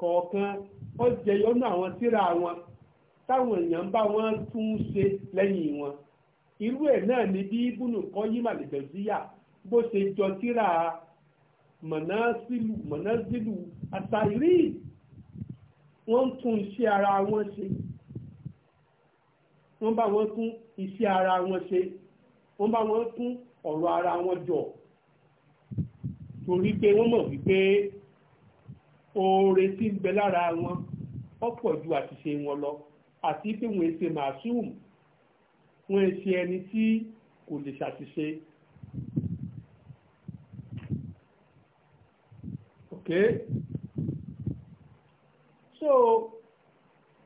kọ̀ọ̀kan ó jẹyọ nínú àwọn tírà wọn táwọn èèyàn bá wọn tún ṣe lẹ́yìn wọn irú ẹ̀ náà ni bí ibùnú kọ́ yíma lè bẹ̀rù síyà bó ṣe jọ tíra mọ̀nàsílù mọ̀nàsílù àtàrí wọ́n tún iṣẹ́ ara wọn ṣe wọ́n bá wọn tún iṣẹ́ ara wọn ṣe wọ́n bá wọn tún ọ̀rọ̀ ara wọn jọ torí pé wọ́n mọ̀ wípé oore tí ń bẹ lára wọn ọ̀pọ̀ ju àṣìṣe wọn lọ àti pé wọ́n ṣe màṣúùmù wọ́n ṣe ẹni tí kò lè ṣàṣìṣe ok so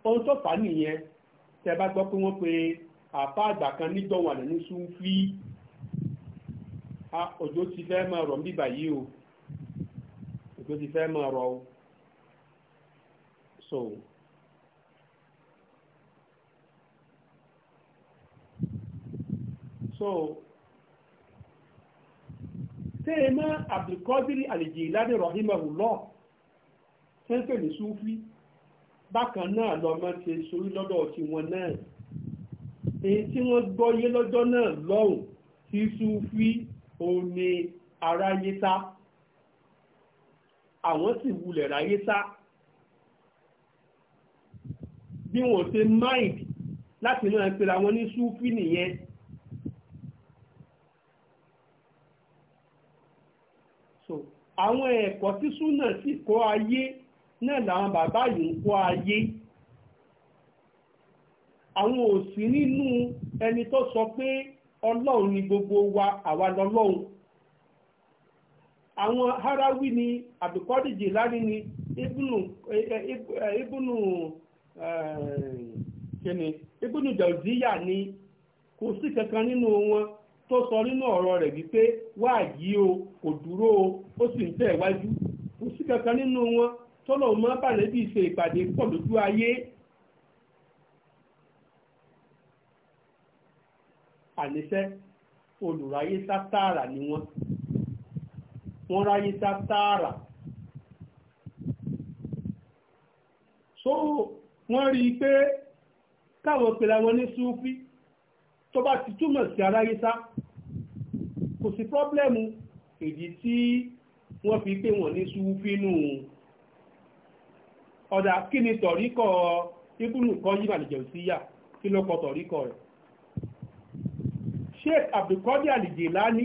ohun tó fà á nìyẹn tẹ bá gbọ́ pé wọ́n pe àpá àgbà kan níjọ́ wà nínú súnfí ah, òjò ti fẹ́ máa rọ̀ ń bíbà yìí o òjò ti fẹ́ máa rọ̀ o so. sọ o tẹ́ẹ̀mọ́ abdulkadiri alijilani rahimahullah sẹ́ńpẹ̀ ní súfí bákan náà lọ́mọ ti sorí lọ́dọ̀ tiwọn náà èyí tí wọ́n gbọ́yé lọ́jọ́ náà lọ́hùn tí súfí òun ni aráyé sá àwọn sì wulẹ̀ ráyé sá bí wọ́n ṣe máìd láti máa pera wọn ní súfí nìyẹn àwọn ẹ̀kọ́ tí súnà sì kọ́ ayé náà làwọn bàbá yìí ń kọ́ ayé àwọn òsì nínú ẹni tó sọ pé ọlọ́run ni gbogbo wa àwa lọ́lọ́run àwọn harawi ni àbíkọ́díjì lárí ni ibùnú ibùnú kíni ni kò sí kankan nínú wọn tó sọ nínú ọ̀rọ̀ rẹ̀ wípé wáàyí o kò dúró o ó sì ń tẹ̀ wájú kò sí kankan nínú wọn tọ́lọ̀ mọ́ bàlẹ́bí ṣe ìpàdé pọ̀ lójú ayé àníṣẹ́ olùráyé sá tààrà ni wọ́n wọ́n ráyé sá tààrà so wọ́n rí i pé káwọn pèlè àwọn ní súfí tó bá ti túmọ̀ sí aráyé sá kò sí pọ́blẹ́mù èdè tí wọ́n fi pé wọ́n ní sùúfínù ọ̀dà kí ni tọ̀ríkọ̀ ibùnú kan yí àlìjẹ̀ òsíyà kí ló kọ tọ̀ríkọ̀ rẹ̀ Sheikh Abdulkadir Al-Jilani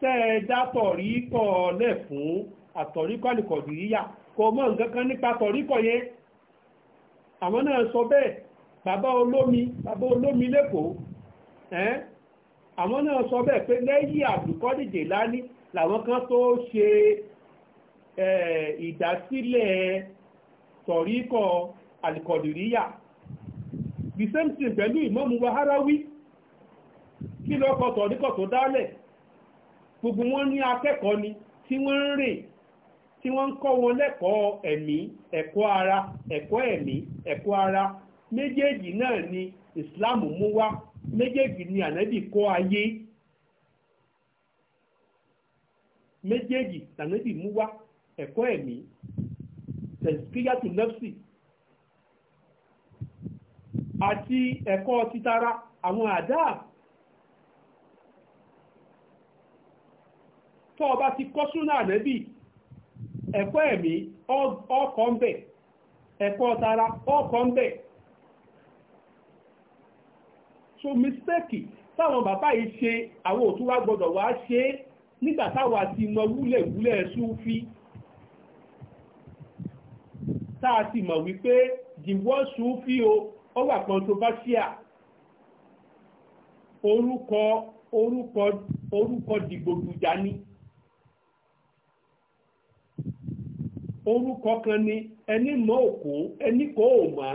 tẹ́ ẹ dá tọ̀ríkọ̀ lẹ̀ fún àtọ̀ríkọ̀ àlìkọ̀dìríyà kò mọ̀ nǹkan kan nípa tọ̀ríkọ̀ yẹn àwọn náà sọ bẹ́ẹ̀ bàbá olómi bàbá olómi lẹ́kọ̀ọ́ àwọn náà sọ bẹ́ẹ̀ pé lẹ́yìn àbùkọ́dìdè lání làwọn kan tó ṣe ìdásílẹ̀ tọ̀ríkọ̀ àlìkọ̀dìríyà the same thing pẹ̀lú ìmọ̀mù wa Harawi kí lọ́kọ̀ tọ̀ríkọ̀ tó dálẹ̀ gbogbo wọn ní akẹ́kọ̀ọ́ ni tí wọ́n ń rìn tí wọ́n ń kọ́ wọn lẹ́kọ̀ọ́ ẹ̀mí ẹ̀kọ́ ara ẹ̀kọ́ ẹ̀mí ẹ̀kọ́ ara méjèèjì náà ni Islam mú wá méjèèjì ni ànábì kọ́ ayé méjèèjì lànábì mú wá ẹ̀kọ́ ẹ̀mí tẹ̀síkíyàtù ati àti ẹ̀kọ́ títara àwọn àdáà ọba ti kọ́ súnà ànábì ẹ̀kọ́ ẹ̀mí ọkọ̀ ń bẹ̀ ẹ̀kọ́ tara ọkọ̀ ń bẹ̀ so mistake táwọn bàbá yìí ṣe àwọn òtún wá gbọdọ̀ wá ṣe é nígbà táwọn àti mọ wúlẹ̀wúlẹ̀ fi táà sì mọ̀ wípé jìwọ́ fi o wà controversial orúkọ orúkọ orúkọ dìgbòdùjà ni orúkọ kan ni ẹni mọ òkú ẹni kò mọ̀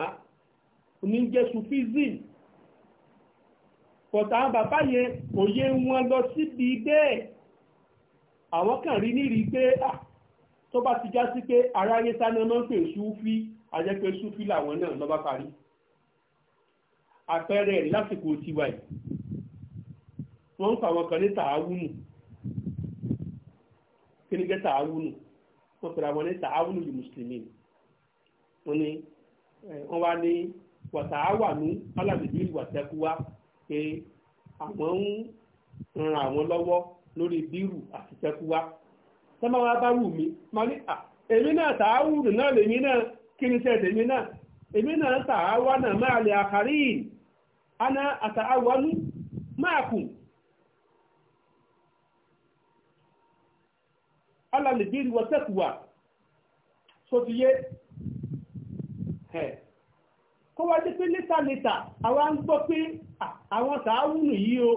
pọ̀tà àwọn bàbá yẹn òye wọn lọ síbi bẹ́ẹ̀ àwọn kan rí nírí pé tó bá ti já sí pé aráyé sáré ọmọ ń pè súfí àjẹpẹ súfí làwọn náà lọ́ba parí àpẹẹrẹ lásìkò tiwa yìí wọ́n ń pa kan ní tààwùnù kí ni jẹ́ tààwùnù wọ́n pèrè àwọn ní tààwùnù lè mùsùlùmí wọ́n ní wọ́n wá ní wàtàáwà ní alábìbí wàtẹ́kùwá pé àwọn ń ran àwọn lọ́wọ́ lórí bírù àti tẹ́kúwá tẹ́mọ́ wa bá wù mí máa ní à èmi náà emina náà lèmi náà kí ni sẹ́ẹ̀ tèmi náà èmi náà tààwá náà máa lè àkárí àná kó wá jẹ́ pé létà àwa ń pé àwọn sàáwùnù yìí o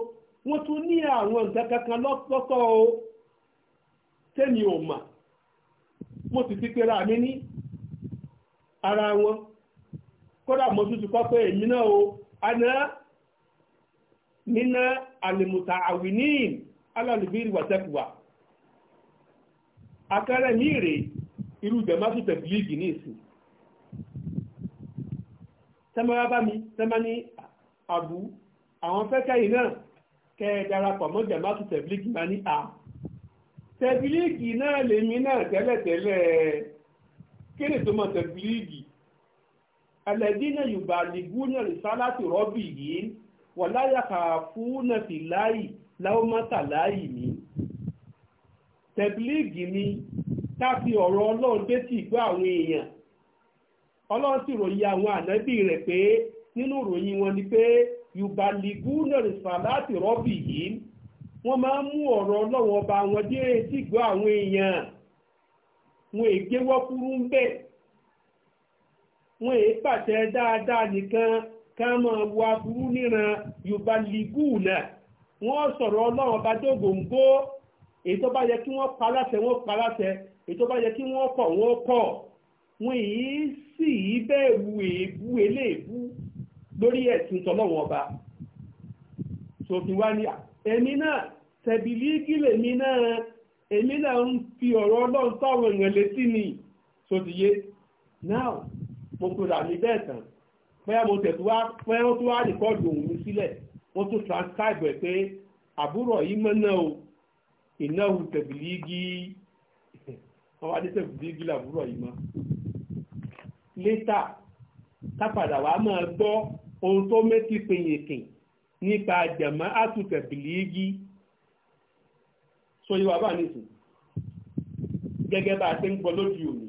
wọ́n tún ní àwọn nǹkan kankan lọ́tọ́ o tẹ́mi ò mà mo sì ara wọn kódà mo tún ti kọ́ pé èmi náà o àná nínà àlèmùtà àwìníìn alálùbírí wàtẹ́kùwà akẹ́rẹ́ mi rèé irú tẹ́mọ́ra bá mi tẹ́mọ́ ní àbú àwọn fẹ́kẹ́yìn náà kẹ́ ẹ darapọ̀ mọ́ jàmátù tẹ̀bílíkì máa ní à tẹ̀bílíkì náà lèmi náà tẹ́lẹ̀tẹ́lẹ̀ kéde tó mọ tẹ̀bílíkì ẹlẹ́dí náà yorùbá lìgú náà lè sálátì rọ́bì yìí wọ́n láyà kà fún náà sì láàyè láwọn mọ́tà láàyè mi tẹ̀bílíkì ni ká fi ọ̀rọ̀ ọlọ́run dé sí ìgbọ́ àwọn èèyàn ọlọ́run sì ròyìn àwọn ànábì rẹ̀ pé nínú ìròyìn wọn ni pé yubaligu nọ̀rìsà láti rọ́bì yìí wọ́n máa ń mú ọ̀rọ̀ ọlọ́run ọba wọn dé etí àwọn èèyàn wọn ègbé wọ́kúrú ń bẹ̀ wọn dáadáa nìkan ká máa aburú níran náà wọ́n sọ̀rọ̀ ọba tó èyí tó kí wọ́n wọn èyí sì í bẹ̀rù èébú eléèbú lórí ẹ̀sìn tọ́lọ́wọ́ ọba sòfin wá ní à ẹ̀mí náà tẹ̀bìlígì lèmi náà èmi náà ń fi ọ̀rọ̀ ọlọ́run táwọn èèyàn létí ni sòtìyé náà mo kò rà mí bẹ́ẹ̀ tán bóyá mo tẹ̀ tó wá pé wọ́n tó wá rìkọ́ọ̀dù òun mi sílẹ̀ wọ́n tó transcribe ẹ̀ pé àbúrò yìí mọ́ náà o ìnáwó tẹ̀bìlígì wọ́n wá dé tẹ̀bìlígì làbúrò yìí mọ́ létà kápadà wàá máa gbọ́ ohun tó méjì penyèkè nípa jẹ̀mọ́ àtúkẹ̀ bìlígì sóyè wàá bá nìsín gẹ́gẹ́ bá a ṣe ń gbọ́ lóde òní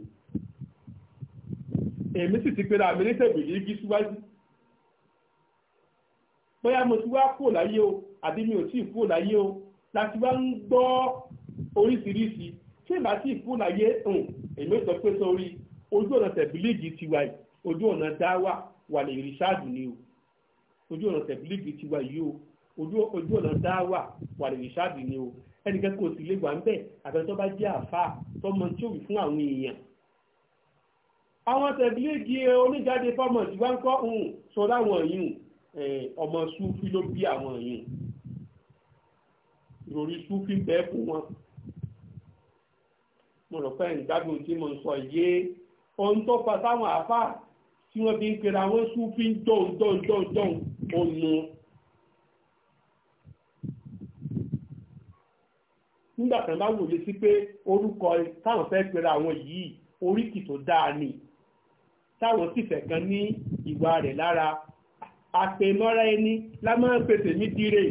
èmi sì ti pé ra mi ní tẹ̀bìlígì síwájú bóyá mo ti wá kúrò láyé o àbí mi ò tí ì kúrò láyé o láti wá ń gbọ́ oríṣiríṣi tí ìbá tí ì kúrò láyé èmi ò sọ pé sórí ojú ọ̀nà tẹ̀bílíìgì tiwa yìí ojú ọ̀nà dáwà wà lè rí ṣáàdù ni o ojú ọ̀nà tẹ̀bílíìgì tiwa yìí o ojú ọ̀nà dáwà wà lè rí ṣáàdù ni o ẹnìkan kò sì lè wà ń bẹ̀ àtẹ̀tọ́ bá jẹ́ àfa tọmọ tí ó wì fún àwọn èèyàn àwọn tẹ̀bílíìgì oníjáde fọmọ ìwà ń kọ́ ń sọ láwọn yìí ọmọ súfì ló bí àwọn yìí ìròrí súfì bẹ́ẹ̀ fún wọn mo rò pé ìgbádùn tí mo sọ yé ohun tó fa táwọn àfà tí wọ́n fi ń pera wọn súnfí ń dọ̀n dọ̀n dọ̀n dọ̀n ònà. nígbà tí wọ́n bá wòye sí pé orúkọ táwọn fẹ́ pera wọn yìí oríkì tó dáa ni táwọn sì fẹ́ kan ní ìwà rẹ̀ lára àpèmọ́ra ẹni lámọ́ pèsè mí dire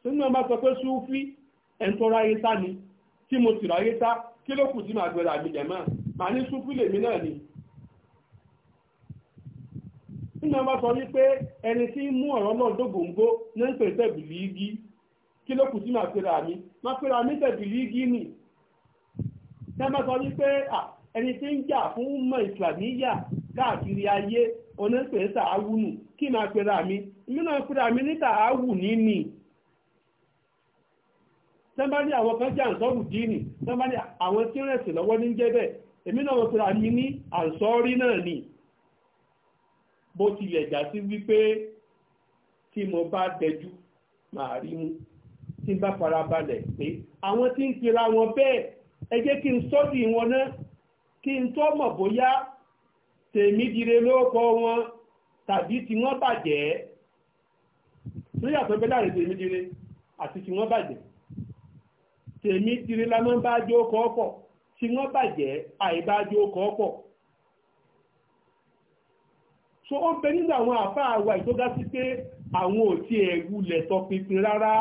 sínú ọba sọ pé súnfí ẹ̀ńtọ́ra ayé sá ni tí mo sì ráyé sá kí ló kù sí màá àgbẹ̀jẹ̀ máa mà ní súfì lèmi náà ni nínú ọba sọ wípé ẹni tí ń mú ọ̀rọ̀ náà dógóńgó ní ń pè tẹ̀bìlì igi kí ló kù sí màá pera mi màá pera mi tẹ̀bìlì igi nì tí wọ́n bá sọ wípé ẹni tí ń jà fún mọ̀ ìsìlámíyà káàkiri ayé onípe tààwù nù kí máa pera mi èmi náà pera mi ní tààwù níní tẹ́ńbà ní àwọn kan jà ń sọ́rù díìnì tẹ́ńbà ní àwọn tí ń rẹ̀sìn lọ́wọ́ ní jẹ́ bẹ́ẹ̀ èmi náà mọ̀ pé àmì ní àǹsọ́rí náà ni bó tilẹ̀ já sí wípé tí mo bá dẹjú màá rí mú tí n bá farabalẹ̀ pé àwọn tí ń pera wọn bẹ́ẹ̀ ẹ jẹ́ kí n sọ́dì wọn náà kí n tó mọ̀ bóyá tèmi dire lóòkọ wọn tàbí tí wọ́n bàjẹ́ lórí àtọ́gbẹ́ láàrin tèmi dire àti tí wọ́n bàjẹ́ tèmi dire la máa ń bá jó kọ́ pọ̀. tí wọ́n bàjẹ́ àìbájú ọkọ̀ ọ̀pọ̀ so ó bẹ nínú àwọn àfá àwa ìtọ́gá sí pé àwọn ò tí ẹ̀ wulẹ̀ tọpinpin rárá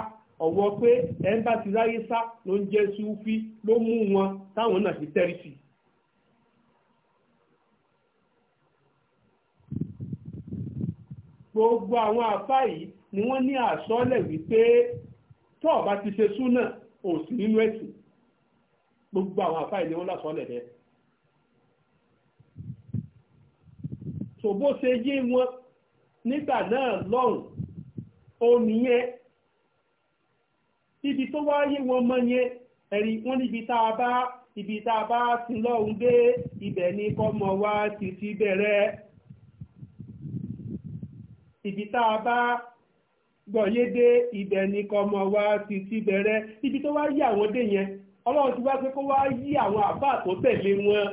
ọ̀wọ́ pé ẹ̀ ń bá ti ráyé sá ló ń jẹ́ sí súfí ló mú wọn táwọn náà fi tẹ́rí sí i gbogbo àwọn àfá yìí ni wọ́n ní àsọ́lẹ̀ wípé tọ́ọ̀ bá ti ṣe súnà ò sí nínú ẹ̀sìn gbogbo àwọn àfáà ìní wọn lásọ̀ọ́lẹ̀ bẹ́ẹ̀. so bó ṣe yé wọn nígbà náà lọ́rùn omi yẹn ibi tó wá yé wọn mọ́ yẹn ẹ̀rí wọn níbi tá a bá ibi tá a bá ti lọ́hùn dé ibẹ̀ ni kọ́mọ wa ti ti bẹ̀rẹ̀ ibi tá a bá gbọ̀yé dé ibẹ̀ ni kọ́mọ wa ti ti bẹ̀rẹ̀ ibi tó wá yé àwọn dé yẹn ọlọ́run ti wá pé kó wá yí àwọn àbá tó tẹ̀lé wọn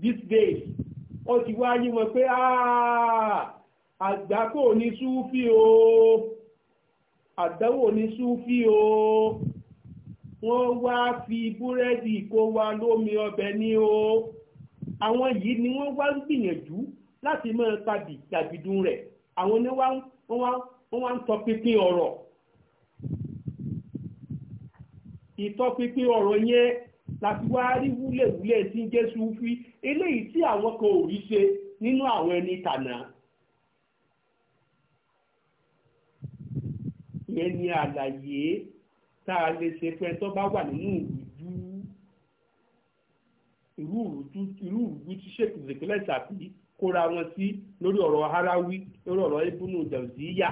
these days ó ti wá yí wọn pé àgbákò ní súfì o àdánwò ní súfì o wọ́n wá fi búrẹ́dì kó wa lómi ọbẹ̀ ní o àwọn yìí ni wọ́n wá ń gbìyànjú láti máa tàbí tàbídùn rẹ̀ àwọn ni wọ́n wá ń tọpinpin ọ̀rọ̀ ìtọ́pinpin ọ̀rọ̀ yẹn láti wá rí wúlẹ̀wúlẹ̀ tí Jésù fi eléyìí tí àwọn kan ò rí ṣe nínú àwọn ẹni tànà. ìyẹn ni àlàyé tá a lè ṣe fún ẹ tó bá wà nínú wọn sí lórí ọ̀rọ̀ Harawi lórí ọ̀rọ̀ Ibùnú Jauziya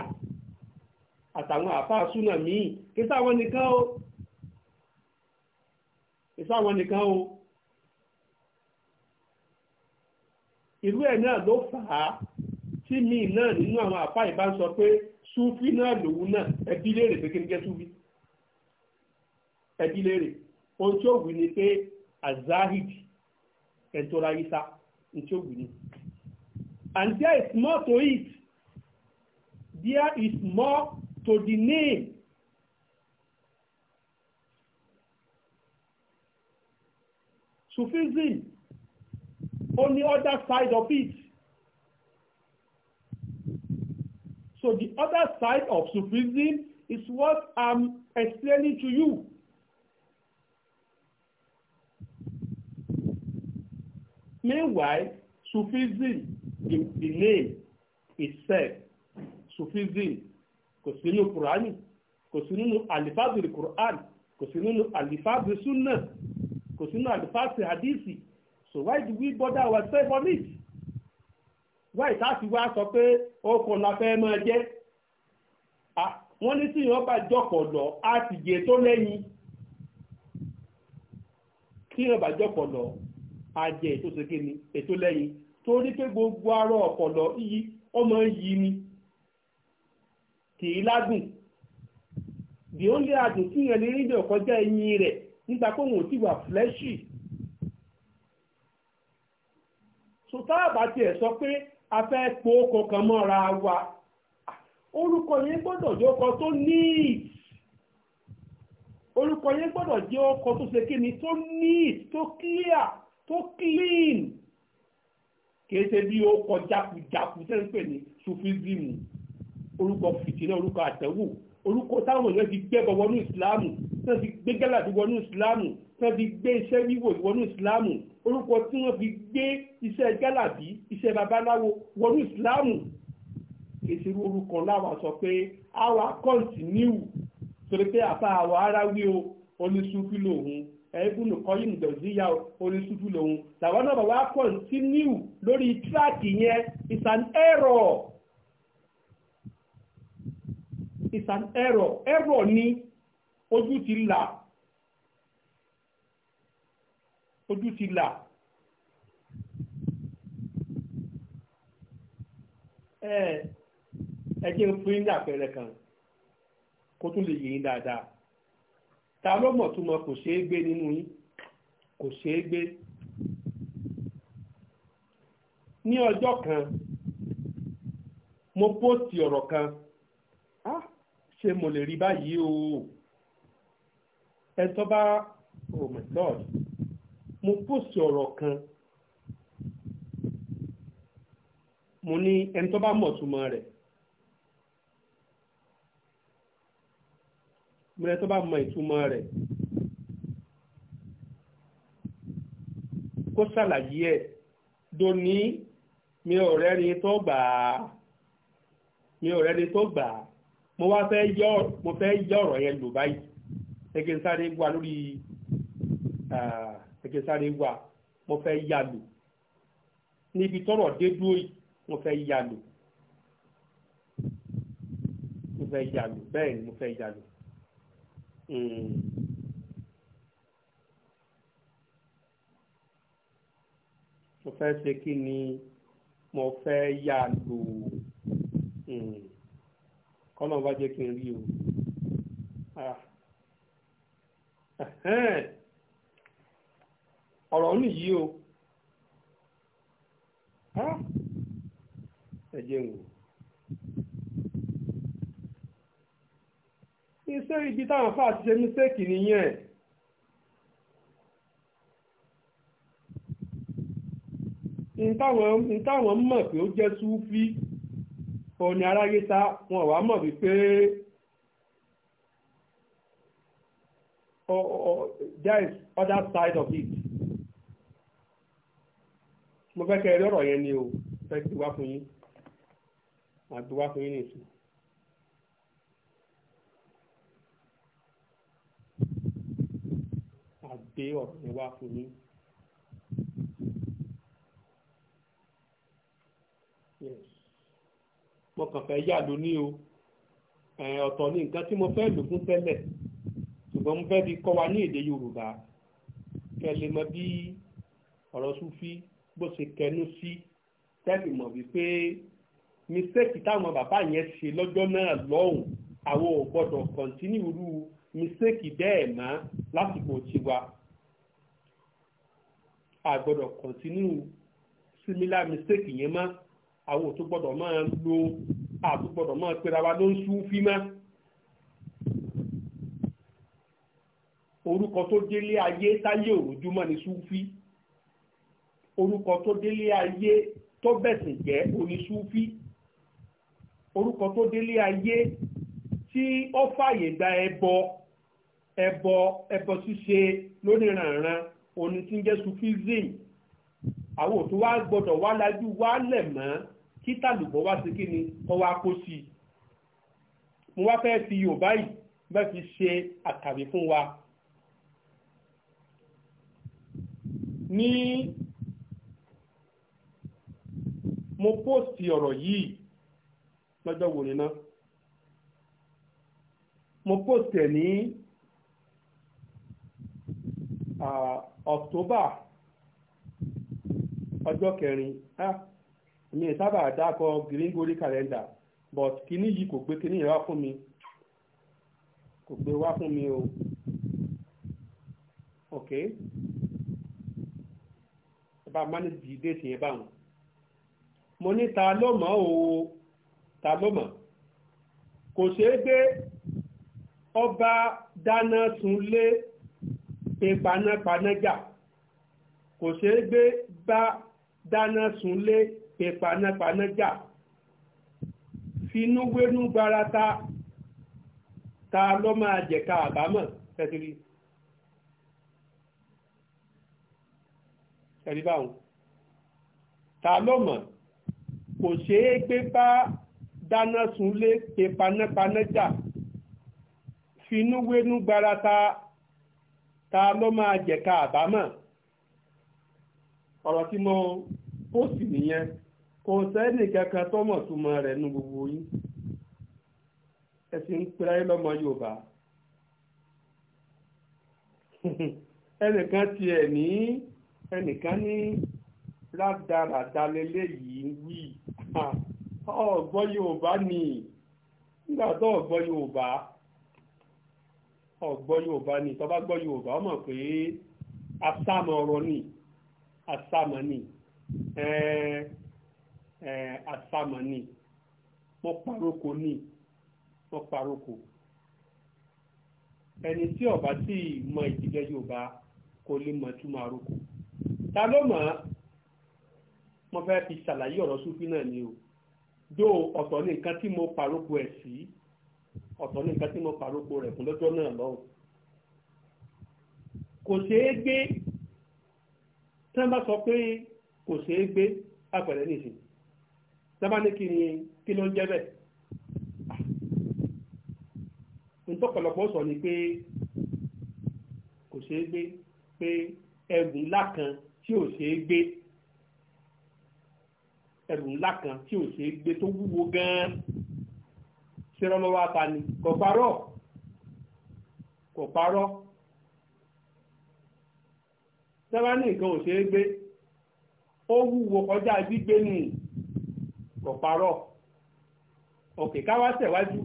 àtàwọn àfáà súnà míì kí ìsáwọn nìkan o ìlú ẹ̀ náà ló fà á tí mi náà nínú àwọn àpá ìbá ń sọ pé súfí náà lòun náà ẹbí léèrè pé kí n jẹ́ súfí ẹbí léèrè ohun tí ó wù ní pé azahid ẹ̀tọ́ra isa tí ó wù ní. and there is more to it there is more to the name Sufism on the other side of it so the other side of Sufism is what I'm explaining to you. Meanwhile, Sufism, the, the name itself, Sufism, kò sí nínú Kùránì, kò sí nínú àlìfáàbìrì Kùránì, kò sí nínú àlìfáàbìrì Súnà, kò sínú àlùfáàsì hadisi so why do we bother ourselves on it why táàsì wa sọ pé okùn la fẹ́ máa jẹ́ wọ́n ní tí wọ́n jọpọlọ á ti jẹ tó lẹ́yìn tí wọ́n jọpọlọ jẹ ètò ètò lẹ́yìn torí pé gbogbo arọ ọpọlọ yí ọmọ ni kì í the only adùn nígbà pé òun ò ti wà flẹ́ṣì sọtá àbátì ẹ̀ sọ pé a fẹ́ po kankan mọ́ra wa orúkọ yẹn gbọ́dọ̀ jẹ́ ọkọ tó níìt orúkọ yẹn gbọ́dọ̀ jẹ́ ọkọ tó ṣe kíni tó níìt tó clear tó clean kìí ṣe bí ó kọ jákujáku tẹ́ ń pè ní sufism orúkọ fìtínà orúkọ àtẹ̀wò orúkọ táwọn èèyàn ti gbẹ́bọ̀ wọnú ìsìláàmù tán ti gbé gálàdì wọnú ìsìláàmù tán ti gbé iṣẹ́ wíwò wọnú ìsìláàmù orúkọ tí wọ́n fi gbé iṣẹ́ gálàdì iṣẹ́ babaláwo wọnú ìsìláàmù ìṣirú orúkọ láwa sọ pé àwa kọ́ǹtìníù torí pé àfa àwa aráwí o oníṣúfì lòun ẹ̀ẹ́dùnú kọ́yìn ìdọ̀síyà oníṣúfì lòun làwọn náà bá wá kọ́ǹtìníù lórí tíráàkì yẹn it's an error it's an error error ni ojú ti là ojú ti là ẹ ẹ jẹ́ ń fún yín ní àpẹẹrẹ kan kó tún lè yìí dáadáa ta ló mọ̀ tó kò ṣeé gbé nínú yín kò ṣeé gbé ní ọjọ́ kan mo pósìtì ọ̀rọ̀ kan ṣé mo lè rí báyìí o ẹ tó bá oh my god mo post ọ̀rọ̀ kan mo ní ẹni tó bá mọ̀ túmọ̀ rẹ̀ mo ní ẹni tó bá mọ̀ ìtumọ̀ rẹ̀ kó ṣàlàyé ẹ̀ dòní mi ò rẹ́ni tó gbà á mi ò rẹ́ni tó gbà á mo wá fẹ́ yẹ ọ̀rọ̀ yẹn lò báyìí ẹgbẹ́ sáré wà lórí ẹgbẹ́ sáré wà mo fẹ́ yà lò níbi tọ́rọ̀ dé dúró yìí mo fẹ́ yà lò mo fẹ́ yà lò bẹ́ẹ̀ ni mo fẹ́ yà lò. Hmm. mo fẹ́ ṣe kí ni mo fẹ́ yà lò. Mm kọ́lọ́n bá jẹ́ kí n rí o ah. ọ̀rọ̀ ń yí o ah. ẹ ń wò. iṣẹ́ ibi táwọn fáà ti ṣe mísẹ́ẹ̀kì nìyẹn. ntáwọn mọ̀ pé ó jẹ́ súfí òun ni aráyé sá wọn wàá mọ̀ wípé there is other side of it mo fẹ́ kẹ́ ẹ rí yẹn ni o fẹ́ ti wá fún yín àti wá fún yín nìsín. àgbé ọ̀rọ̀ yẹn wá fún yín. Yes mo kàn fẹ́ yà lóní o ọ̀tọ̀ ni nǹkan tí mo fẹ́ lò fún tẹ́lẹ̀ ṣùgbọ́n mo fẹ́ fi kọ́ wa ní èdè Yorùbá kẹ́ lè mọ bí ọ̀rọ̀ Sufi bó ṣe kẹnu sí tẹ́lẹ̀ mọ̀ wípé mistake táwọn bàbá yẹn ṣe lọ́jọ́ náà lọ́hùn àwọn ò gbọ́dọ̀ kọ̀ntínú irú mistake bẹ́ẹ̀ mọ́ lásìkò tiwa a gbọ́dọ̀ kọ̀ntínú similar mistake yẹn mọ́ àwọn ò tó gbọ́dọ̀ máa lo àtò gbọ́dọ̀ máa pera wa ló ń súnfí mọ́ orúkọ tó délé ayé táyé òròjúmọ́ ni súnfí orúkọ tó délé ayé tó bẹ̀sìn jẹ́ oní súnfí orúkọ tó délé ayé tí ó fàyè gba ẹbọ ẹbọ ẹbọ ṣíṣe lóníranran oní tí ń jẹ́ sufism àwọn òtún wá gbọ́dọ̀ wá lajú wá lẹ̀ mọ́ kí tàlùbọ̀ wá sí kí ni kọ́ wá kó sí i mo wá fẹ́ fi yorùbá yìí bẹ́ẹ̀ fi ṣe àkàwé fún wa ní mo póòsì ọ̀rọ̀ yìí lọ́jọ́ wo ni náà mo póòsì ẹ̀ ní October ọjọ́ kẹrin ah, mi ì sábà dákọ gíríngórí kàlẹ́ndà but kíní yìí kò gbé kíní yẹn wá fún mi kò gbé wá fún mi o ok ẹ bá mánéjì déètì yẹn báwọn mo ní ta ló mọ̀ o ta ló mọ̀ kò ṣeé gbé ọba dáná sun lé pé panápaná jà kò ṣeé gbé bá dáná sun lé pè panápaná jà finú wénú gbarata ta ló máa jẹ̀ka àbámọ̀ tẹ́tìrì ẹ̀rí báwọn ta ló mọ̀ kò ṣeé gbé bá dáná sunlé pè panápaná jà finú wénú gbarata ta ló máa jẹ̀ka àbámọ̀ ọ̀rọ̀ tí mo pósì nìyẹn kò sẹ́ni kankan tó mọ̀ túmọ̀ rẹ̀ nu gbogbo yín ẹ sì ń pera yín lọ́mọ Yorùbá ẹnìkan tiẹ̀ ní ẹnìkan ní rádaràda lélẹ́yìí wí ọ̀gbọ́ Yorùbá ni nígbà tó ọ̀gbọ́ Yorùbá ọ̀gbọ́ Yorùbá ni tó gbọ́ Yorùbá ọmọ pé asámọ̀ ọ̀rọ̀ ni asámọ̀ ni ẹ̀ẹ́ àsàmọ̀ ni mo paroko ni mo paroko ẹni tí ó bá sì mọ ìdílé Yorùbá kò lè mọ túmọ̀ àrokò ta ló mọ̀ ọ́ mo fẹ́ fi ṣàlàyé ọ̀rọ̀ Súfì náà ni o dó ọ̀tọ̀ ní nǹkan tí mo paroko ẹ̀ sí ọ̀tọ̀ ní nǹkan tí mo paroko rẹ̀ fún lọ́jọ́ náà lọ́hùn kò ṣeé gbé tí wọ́n bá sọ pé kò ṣeé gbé àpẹẹrẹ nìsín sábà ní kí ni kí ló ń jẹ́ bẹ́ẹ̀ ntọ́pọ̀lọpọ̀ sọ ni pé kò ṣeé gbé pé ẹrù ńlá kan tí ò ṣeé gbé ẹrù ńlá kan tí ò ṣeé gbé tó wúwo gan-an ata ni kò parọ́ kò parọ́ sábà ní nǹkan ò ṣeé gbé ó wúwo kọjá gbígbé nìyí kò parọ́ òkè káwá tẹ̀wájú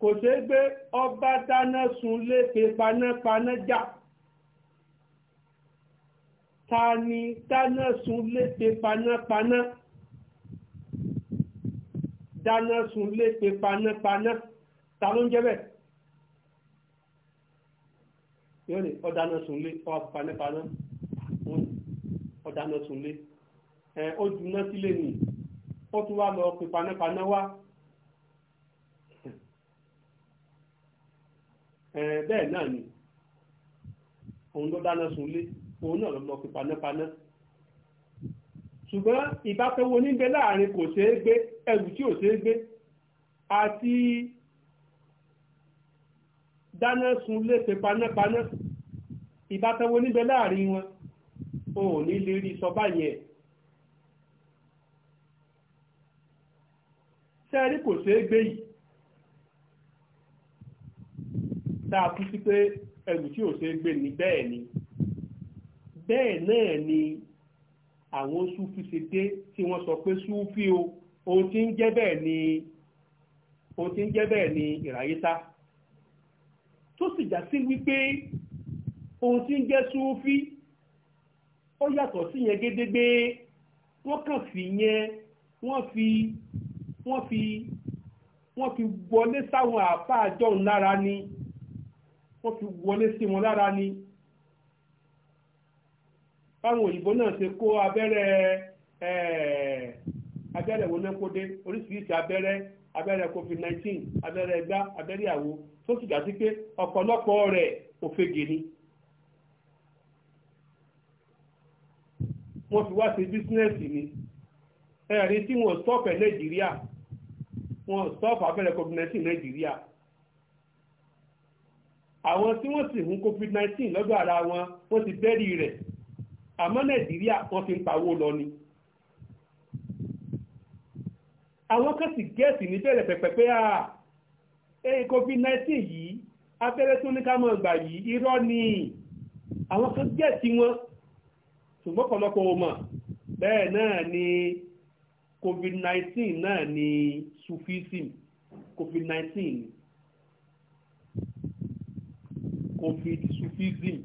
kò ṣe é gbé ọba dáná sun lépe panápaná jà ta ni dáná sun lépe panápaná dáná sun lépe panápaná ta ló ń jẹ́ bẹ́ẹ̀ yóò ní ọ̀dáná sunlé ọwọ́ panápaná ọ̀dáná sunlé ẹ̀ ó juná sílé nìyí ó tún wá lọ pe panápaná wá bẹ́ẹ̀ náà ni òun ló dáná sunlé òun náà ló lọ pe panápaná ṣùgbọ́n ìbáfẹ́wo níbẹ̀ láàrin kò ṣeé gbé ẹrù tí ò ṣeé gbé àti dáná sunlé pe panápaná ìbáfẹ́wo níbẹ̀ láàrin wọn òun ní lè rí sọ báyẹn sẹ́rí kò ṣeé gbé yìí tá a kú sí pé ẹrù tí ò ṣeé gbé ni bẹ́ẹ̀ ni bẹ́ẹ̀ náà ni àwọn súfì ṣe dé tí wọ́n sọ pé súfì o ohun tí ń jẹ́ bẹ́ẹ̀ ni ìràyíta tó sì já sí wípé ohun tí ń jẹ́ súfì ó yàtọ̀ sí yẹn gédégbé wọ́n kàn fi yẹn wọ́n fi wọ́n fi wọlé sáwọn àáfàá lára ni wọ́n fi wọlé sí wọn lára ni báwọn òyìnbó náà ṣe kó abẹ́rẹ́ abẹ́rẹ́ wo abere oríṣiríṣi abẹ́rẹ́ abẹ́rẹ́ covid nineteen abẹ́rẹ́ ẹgbá abẹ́rẹ́ tó sì sí pé ọ̀pọ̀lọpọ̀ rẹ̀ òfegè ni. wọ́n fi wá ṣe bísínẹ́sì ni ẹ̀rí tí wọ́n wọn stop abẹ́rẹ́ covid-19 nàìjíríà àwọn tí wọ́n sì hun covid-19 lọ́dọ̀ ara wọn wọ́n ti bẹ́rì rẹ̀ àmọ́ nàìjíríà wọ́n fi ń pawó lọ ni àwọn kan sì gẹ́ẹ̀sì ní pẹ̀pẹ̀ pé ah, covid-19 yìí abẹ́rẹ́ tó ní ká yìí ni àwọn kan wọn ṣùgbọ́n pọ̀lọpọ̀ bẹ́ẹ̀ náà ni covid-19 náà ni. sufism covid nineteen covid sufism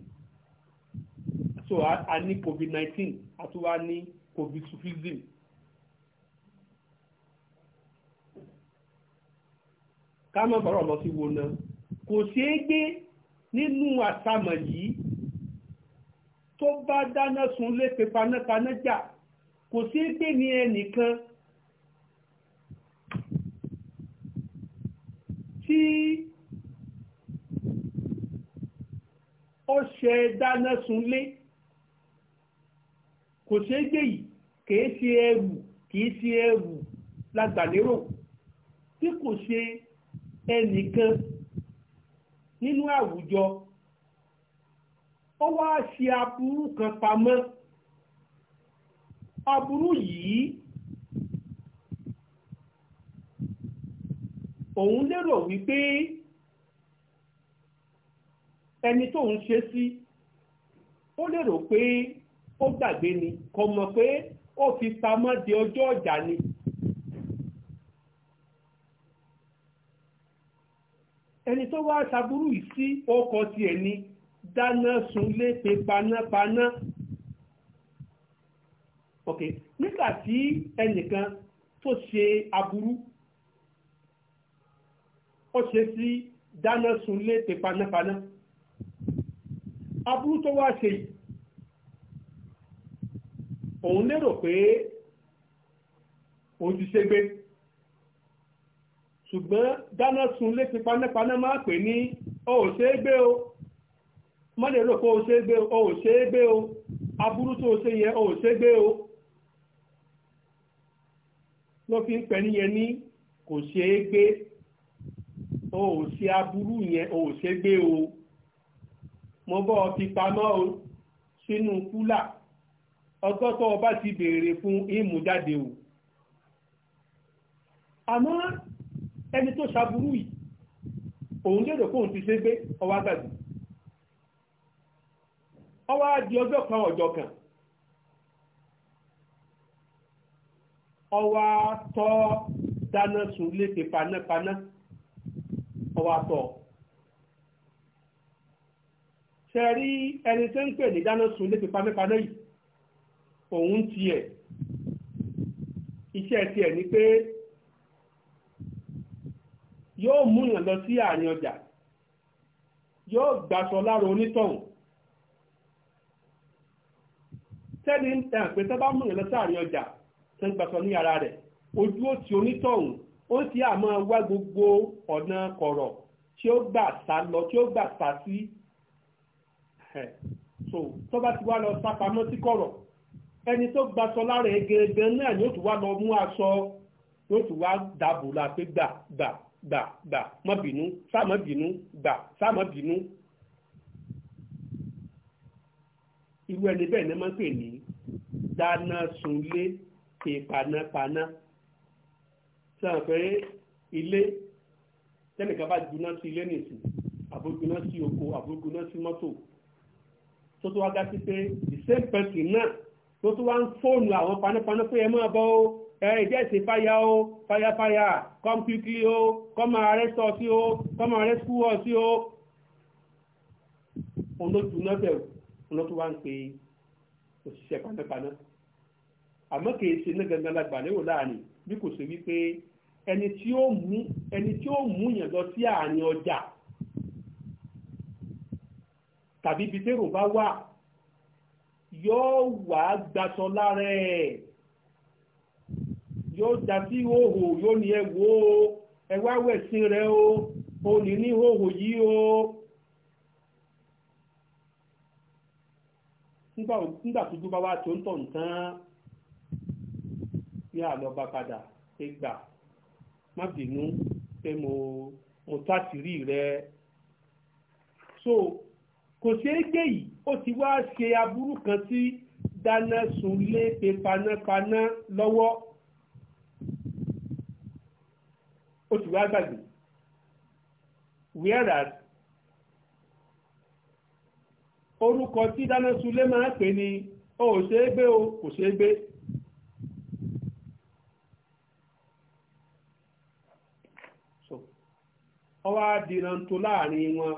so a ní covid nineteen a tún wá ní covid sufism. ká má bọ̀rọ̀ lọ sí wo náà kò ṣeé gbé nínú àsàmọ̀ yìí tó bá dáná sunlé pépánápaná jà kò ṣeé gbé ní ẹnìkan tí ó ṣe dáná sunlé kò ṣe é gbé yìí kìí ṣe ẹrù kìí ṣe ẹrù lágbàlérò tí kò ṣe ẹnìkan nínú àwùjọ ó wá ṣe aburú kan pamọ́ aburú yìí òun lérò wípé ẹni tó ń ṣe sí ó lérò pé ó gbàgbé ni kò mọ̀ pé ó fi pamọ́ de ọjọ́ ọjà ni. ẹni tó wá ṣàbúrú yìí sí ọkọ̀ tiẹ̀ ni dáná sunlé pe panápaná. ok nígbà tí ẹnìkan tó ṣe aburú ó ṣe sí dáná sunlé tẹ panápaná tó wá ṣe yìí òun lérò pé òun ti ṣe gbé ṣùgbọ́n dáná sunlé tẹ panápaná máa pè ní ó ò ṣe é gbé o má lè rò pé ó ṣe é gbé o ò ṣe é gbé o tó ṣe yẹn ó ò ṣe é gbé o ló fi ń pẹ́ níyẹn ní kò ṣe é gbé. o ò ṣe aburú yẹn o ò ṣe gbé o mo bọ́ ọ ti pamọ́ o sínú kúlà ọgọ́tọ̀ ọba ti béèrè fún ìmújáde o àmọ́ ẹni tó ṣaburú yìí òun lérò kóun ti ṣe gbé ọwọ́ àgbàdo ọwọ́ á di ọjọ́ kan ọjọ́ kan ọwọ́ á tọ́ dáná sun lé panápaná. ọwọ́ àtọ̀ ṣe rí ẹni tó ń pè ní dáná sun lé pípamẹ́pamẹ́ yìí òun tiẹ̀ iṣẹ́ tiẹ̀ ni pé yóò múyàn lọ sí àárín ọjà yóò gbàṣọ lára onítọ̀hún tẹ́lí ń tẹ̀ pé tẹ́ múyàn lọ sí àárín ọjà tẹ́ ń gbàṣọ ní ara rẹ̀ ojú ó ti onítọ̀hún ó sì àmọ́ wá gbogbo ọ̀nà kọ̀rọ̀ tí ó gbà sá lọ tí ó gbà sá sí so tó bá ti wá lọ sá pamọ́ sí kọ̀rọ̀ ẹni tó gba aṣọ lára egèrègbè náà yóò tún wá lọ mú aṣọ yóò tún wá dàbò la pé gbà gbà gbà gbà má bínú sá má bínú gbà sá má bínú irú ẹni bẹ́ẹ̀ ni máa ń pè ní dáná sunlé pèpànápaná sọ pé ilé tẹ́nìkan bá gbiná sí ilé nìsín àbójúná sí oko àbójúná sí mọ́tò tó tó wá dá sí pé the same person náà tó tó wá ń fóònù àwọn panápaná pé ẹ máa bọ́ ó ẹ̀ẹ́dẹ́ ṣe fáyà ó fáyàfáyà come quickly ó come arrest us sí ó come arrest us sí ó òun ló juná bẹ̀ òun ló tó wá ń pe òṣìṣẹ́ panápaná àmọ́ kìí ṣe ní gangan lágbà léwò láàrin bí kò ṣe wípé ẹni tí ó mú ẹni tí ó mú yàn lọ sí àárín ọjà tàbí ibi tẹ́rò bá wà yóò wá gbaṣọ lára ẹ̀ yóò já sí hóhò yóò ní ẹ wò ó ẹ wá wẹ̀sìn rẹ o ò ní ní hóhò yìí ó nígbà tó dúpọ̀ wá tó ń tọ̀ nǹkan ní àlọ́ bá padà ṣe gbà má bínú pé mo mo tó àṣírí rẹ so kò ṣeé gbé yìí ó ti wá ṣe aburú kan tí dáná sun lé pe panápaná lọ́wọ́ ó ti wá gbàgbé whereas orúkọ tí dáná sun lé máa ń pè ní ó ṣeé gbé o kò ṣeé gbé. ọwọ́ àdìran tó láàrin wọn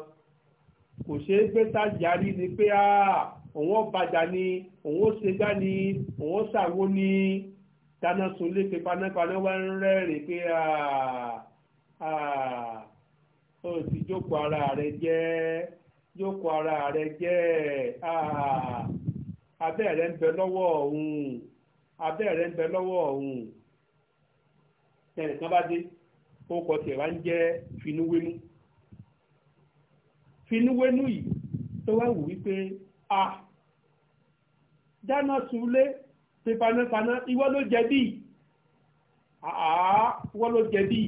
kò ṣeé gbé sájàrí ni pé òun ọ̀bàjà ni òun ó ṣe gbá ni òun ó ṣàwo ni dáná sunlé pé panápaná wá ń rẹ́rìn pé ó ti jókòó ara rẹ̀ jẹ́ jókòó ara rẹ̀ jẹ́ abẹ́ rẹ̀ ń bẹ lọ́wọ́ ọ̀hún abẹ́ rẹ̀ ń bẹ lọ́wọ́ ọ̀hún ẹnìkan bá dé ó kọ tiẹ̀ wá ń jẹ́ finúwénú finúwénú yìí tó wá wù wípé a dáná sunlé pé panápaná ìwọ ló jẹ̀bi àá ìwọ ló jẹ̀bi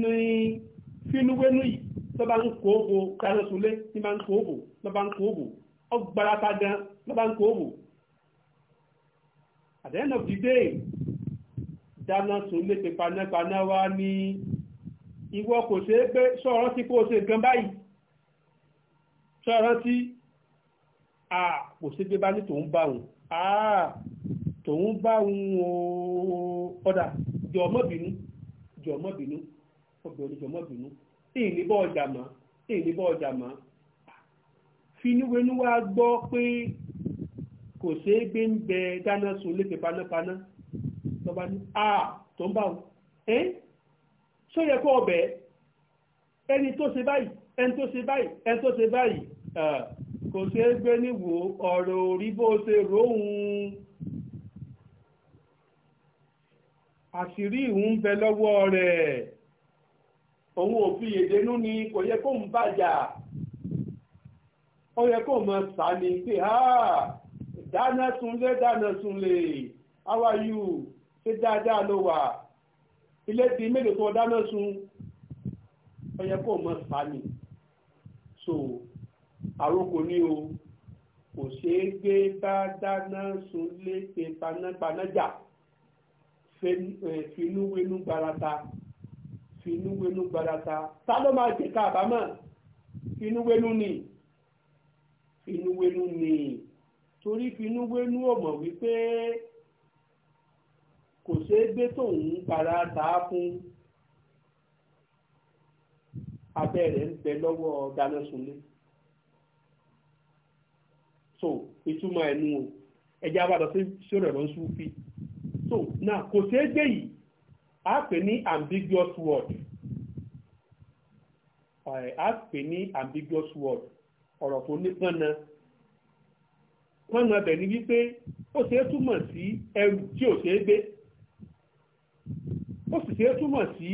ní finúwénú yìí tó bá ń kó òbò dáná sunlé ní bá ń kó òbò ló bá ń kó òbò ọgbàrá ta gan ló bá ń kó òbò at the end of the day dáná sùn lépe panápaná wá ní ìwọ kò ṣe é pé sọ̀rọ̀ tí kò ṣe nǹkan báyìí sọ̀rọ̀ tí a kò ṣe gbé bá ní tòun bá a tòun bá òun ọ̀dà jọ̀ọ́mọ́bìnú jọ̀ọ́mọ́bìnú obìnrin jọ̀ọ́mọ́bìnú ìníbọ̀ ọjà mọ́ ìníbọ̀ ọjà mọ́ finúwenú wa gbọ́ pé kò ṣe é gbé ń bẹ dáná sun lépe panápaná bá ní a tó ń bá wọn ẹ́ ṣó yẹ kó ọbẹ̀ ẹni tó ṣe báyìí ẹni tó ṣe báyìí ẹni tó ṣe báyìí kò ṣe é gbé níwò ọ̀rọ̀ orí bó ṣe róhun àṣírí ìhun ń bẹ lọ́wọ́ rẹ̀ òun ò fi èdènú ni kò yẹ kó ń bàjà ó yẹ kó mọ sá pé dáná sunlé dáná sunlé how are you ṣé dáadáa ló wà ilé ti mélòó tó dáná sun ó yẹ kó mọ sani so àrokò ni o kò ṣeé gbé bá dáná sun lé ṣe panápanájà finúwénú gbarata finúwénú gbarata ta ló máa jẹ káàbámọ̀ finúwénú ni finúwénú ni torí finúwénú ò wípé kò ṣeé gbé tòun para ta fún abẹ́ rẹ̀ ń bẹ lọ́wọ́ dáná sunlé so ìtumọ̀ ẹ̀nu o ẹ̀jẹ̀ abàdàn sọ̀rọ̀ ló ń sún fi so na kò ṣeé gbé yìí a pè ní ambiguous word a pè ní ambiguous word ọ̀rọ̀ tó ní pọ́nna pọ́nna bẹ̀ ni wípé ó ṣeé túmọ̀ sí ẹrù tí ò ṣeé gbé ó sì ṣe é túmọ̀ sí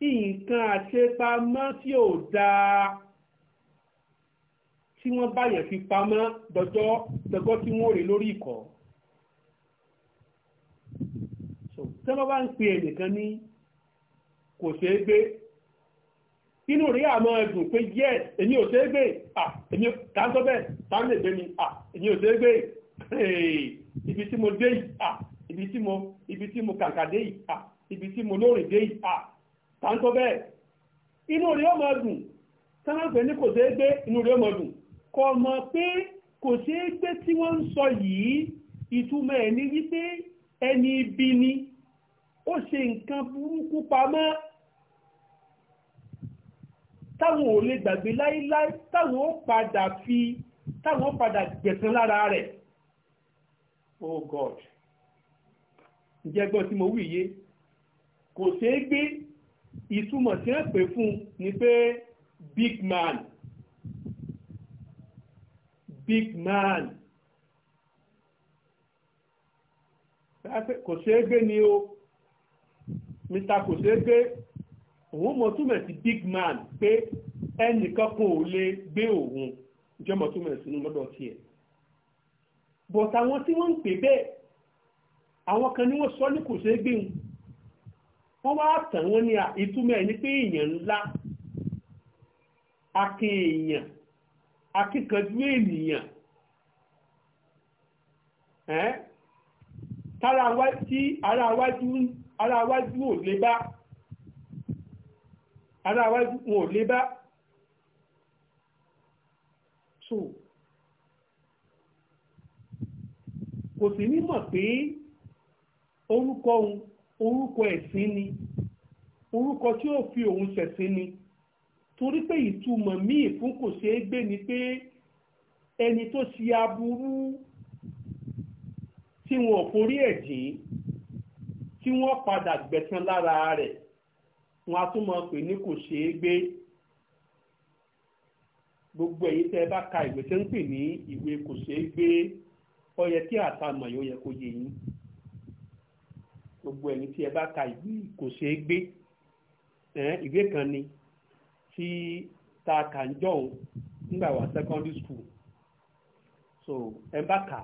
nǹkan àṣepamọ́ tí ò dáa tí wọ́n bá yẹn fi pamọ́ dọjọ́ dọjọ́ tí wọ́n rè lórí ìkọ́ tí wọ́n bá ń pe ẹnìkan ní kò ṣe é gbé inú rí àmọ́ ẹ̀dùn pé yes èmi ò ṣe é gbé ah èmi tàǹtọ́ bẹ́ẹ̀ tàǹtọ́ bẹ́ẹ̀ ni ah èmi ò ṣe é gbé ibi tí mo dé yìí ah ibi tí mo ibi tí mo kàǹkà dé yìí à ibi tí mo lóòrìn dé yìí à tàǹtọ́ bẹ́ẹ̀ inú rẹ̀ ọmọ dùn sáńpẹ̀ ní kò ṣeé gbé inú rẹ̀ ọmọ dùn kò mọ̀ pé kò ṣeé gbé tí wọ́n ń sọ yìí ìtumọ̀ ẹ̀ ní wípé ẹni ibi ni ó ṣe nǹkan burúkú pamọ́ táwọn ò lè gbàgbé láíláí táwọn ó padà fi táwọn ó padà gbẹ̀san lára rẹ̀ oh god jẹ́gbọ́n tí mo wí yé kò ṣeé gbé ìtumọ̀ tí wọ́n pè fún ni pé big man big man kò ṣeé gbé ni o mr kò ṣeé gbé òun mọ̀ túmọ̀ sí big man pé ẹnìkan kan ò lè gbé òun jẹ́ mọ̀ túmọ̀ sínú lọ́dọ̀ tiẹ̀ bọ̀t àwọn tí wọ́n ń pè bẹ́ẹ̀ àwọn kan ní wọ́n sọ ní kò ṣe é gbé wọn wọ́n wá tàn wọ́n ní ìtumọ̀ ẹ̀ ní pé èèyàn ńlá akin èèyàn akíkanjú ènìyàn tí ara wájú ò lè bá ara wájú ò lè bá so kò sí ní pé orúkọ òun orúkọ ẹ̀sìn ni orúkọ tí ó fi òun ṣẹ̀sìn ni torí pé ìtumọ̀ míì fún kò é gbé ni pé ẹni tó ṣe aburú tí wọn forí wọ́n padà lára rẹ̀ wọn ní kò é gbé gbogbo tẹ́ bá ka ìwé tẹ́ ń pè ní ìwé kò gbogbo ẹ̀yin tí ẹ bá ka ìwé kò ṣeé gbé ìwé kan ni tí ta kà ń jọ̀hún nígbà wà secondary school so ẹ bá kà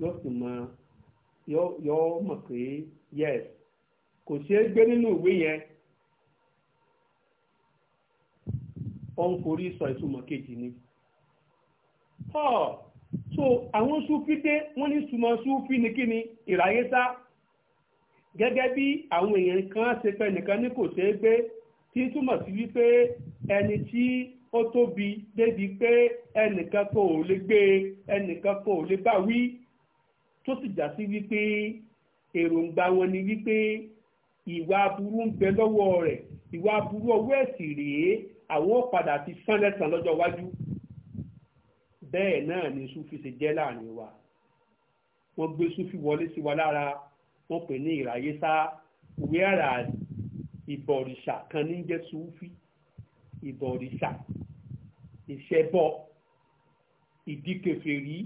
yóò sì mọ yóò mọ̀ pé yes kò ṣeé gbé nínú ìwé yẹn ó ń forí sọ ìtumọ̀ kejì ni. so àwọn sufi dé wọ́n ní sùmọ̀ ni kí ni ìráyé sá gẹ́gẹ́ bí àwọn èèyàn kan ṣe pé nìkan ní kò ṣeé gbé tí túmọ̀ sí wípé ẹni tí ó tóbi débi pé ẹnìkan kò lè gbé ẹnìkan kò lè bá wí tó sì já sí wípé èròǹgbà wọn ni wípé ìwà aburú ń bẹ lọ́wọ́ rẹ̀ ìwà aburú ọwọ́ ẹ̀sìn rèé àwọn padà ti sán lẹ́sàn lọ́jọ́ iwájú bẹ́ẹ̀ náà ni sufi ṣe jẹ́ láàrin wa wọ́n gbé sufi wọlé sí wa lára wọ́n pè ní ìráyé sá wíárà ìbọ̀rìṣà kan ní jẹ́ sùúfì ìbọ̀rìṣà ìṣẹ́bọ ìdíkèfèrí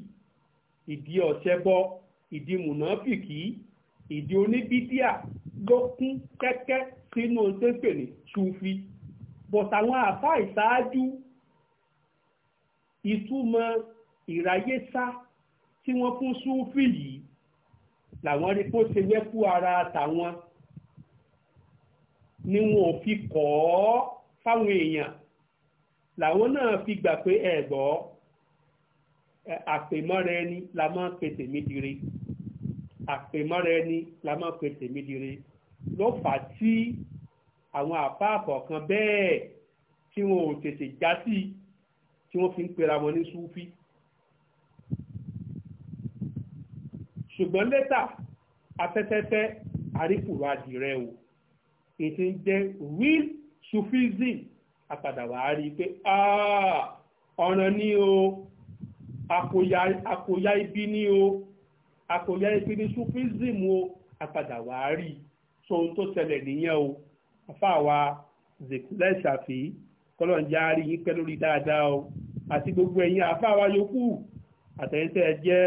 ìdí ọ̀ṣẹ́bọ ìdí mùnàfìkì ìdí oníbídíà ló kún kẹ́kẹ́ sínú ohun tó ń pè ní sùúfì bọ̀t àwọn àfa ìṣáájú ìtumọ̀ ìráyé sá tí wọ́n fún sùúfì yìí làwọn rí kó ṣe yẹ kú ara tàwọn ni wọn ò fi kọ́ ọ́ fáwọn èèyàn làwọn náà fi gbà pé ẹ̀gbọ́ àpèmọ́ra ẹni la máa ń pe tèmi dire àpèmọ́ra ẹni la máa ń pe tèmi dire ló fà á tí àwọn àpáàpọ̀ kan bẹ́ẹ̀ tí wọn ò tètè já sí tí wọ́n fi ń pera wọn ní súfì. ṣùgbọ́n lẹ́tà afẹ́fẹ́fẹ́ àríkùrò adìrẹ o ètò ń jẹ́ real sufism apàdàwà á rí i pé ah, ọ̀ràn ni o àkòyá ibi ni o àkòyá ibi ni sufism o apàdàwà á rí i so ohun tó ṣẹlẹ̀ nìyẹn o àfàwà zekulẹ̀ ṣàfi kọlọ̀njá rí yín pẹ́ lórí dáadáa o àti gbogbo ẹ̀yin àfàwà yòókù àtẹ̀yìntẹ̀ jẹ́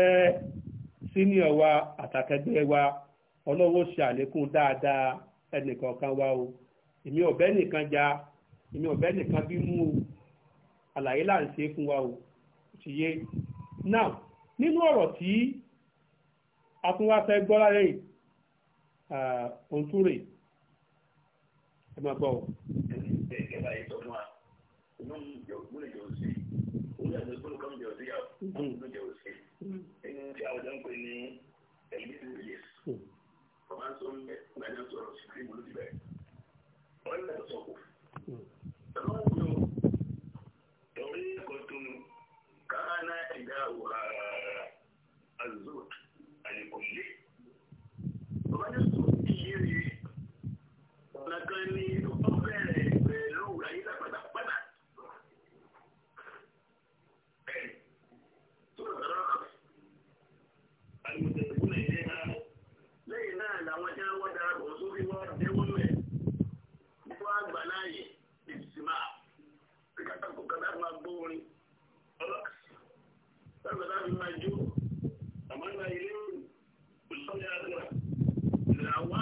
senior wa àtàkẹgbẹ́ wa ọlọ́wọ́ ṣe àlékún dáadáa ẹnìkọ̀ọ̀kan wa o èmi ọ̀bẹ nìkan ja èmi ọ̀bẹ nìkan bínú o àlàyé là ń ṣe fún wa o sì yé now nínú ọ̀rọ̀ tí a tún wá fẹ́ gbọ́ láyé ohun ẹ máa gbọ́ o. Mm. ẹni tí àwùjọ ń pè ní ẹ̀mí ti wòye bàbá ń sọ ń bẹ gbàdá sọ̀rọ̀ sí fíìmù ló ti bẹ̀rẹ̀ wọ́n ń lọ sọ̀kò ẹ̀rọ ń lò torí kòtùn káhánà ìdá òhà azot àlèkòlé bàbá ń sọ ìyẹ́rẹ́ ọ̀nà kan ní ìlú. náà máa gbọ́ orin ọlọ́kàsí sábà náà fi máa jó àmọ́ náà ilé ìsọ̀lẹ̀ àgbà ìràwá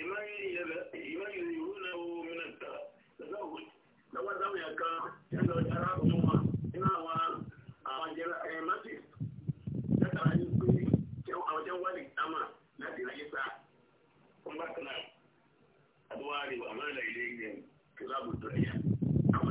ìmáyìí ìwú náà wo mìnàkà lọ́wọ́ sáwọn yà kan yàtọ̀ yàrá tó wà nínú àwọn àwọn jẹ́ra ẹ̀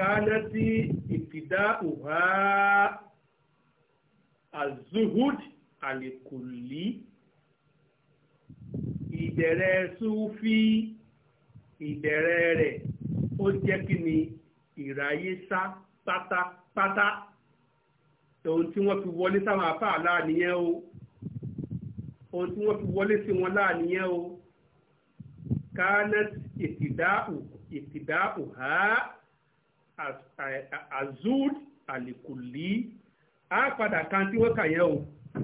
kánẹ́tì ìtìdá òhá azuhud alikuli ìbẹ̀rẹ̀ sufi ìbẹ̀rẹ̀ rẹ̀ ó jẹ́ kí ni ìráyé sá pátápátá ohun tí wọ́n fi wọlé sáwọn àfáà láàníyẹn o ohun tí wọ́n fi wọlé sí wọn láàníyẹn o kánẹ́tì ìtìdá òhá. Eh, azud alikuli á padà kan tí wọ́n kà yẹn o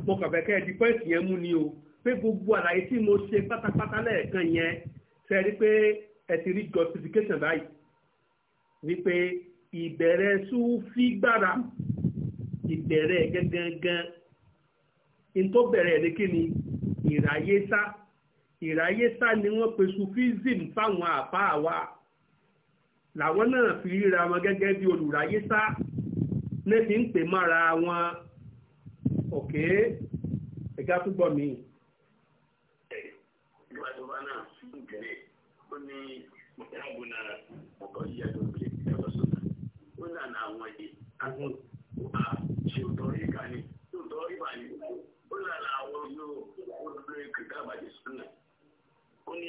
mo kàn fẹ́ kẹ́ ẹ di pẹ́ǹtì yẹn mú ni o pé gbogbo àlàyé tí mo ṣe pátápátá lẹ́ẹ̀kan yẹn ṣe rí pé ẹ ti rí justification báyìí wípé ìbẹ̀rẹ̀ súfì gbára ìbẹ̀rẹ̀ gangan ntó bẹ̀rẹ̀ ní kíni ìráyésá ìráyésá ni wọ́n pe sufism fáwọn àbá wa làwọn náà fi ríra wọn gẹ́gẹ́ bí olùráyé sá ní fi ń pè mára wọn òkè ẹ̀gá túbọ̀ mi. ìwádìí náà ń tẹ̀lé ó ní ìyáàbùnà ọkọ̀ ìyàtọ̀ ìpìlẹ̀ ẹ̀kọ́ sọ̀tà ó lànà àwọn èdè àwọn òkà ṣe òtọ́ ìka ni òtọ́ ìbà ni ó lànà àwọn yóò olùdó ìkìtà àbàdì sọ̀nà ó ní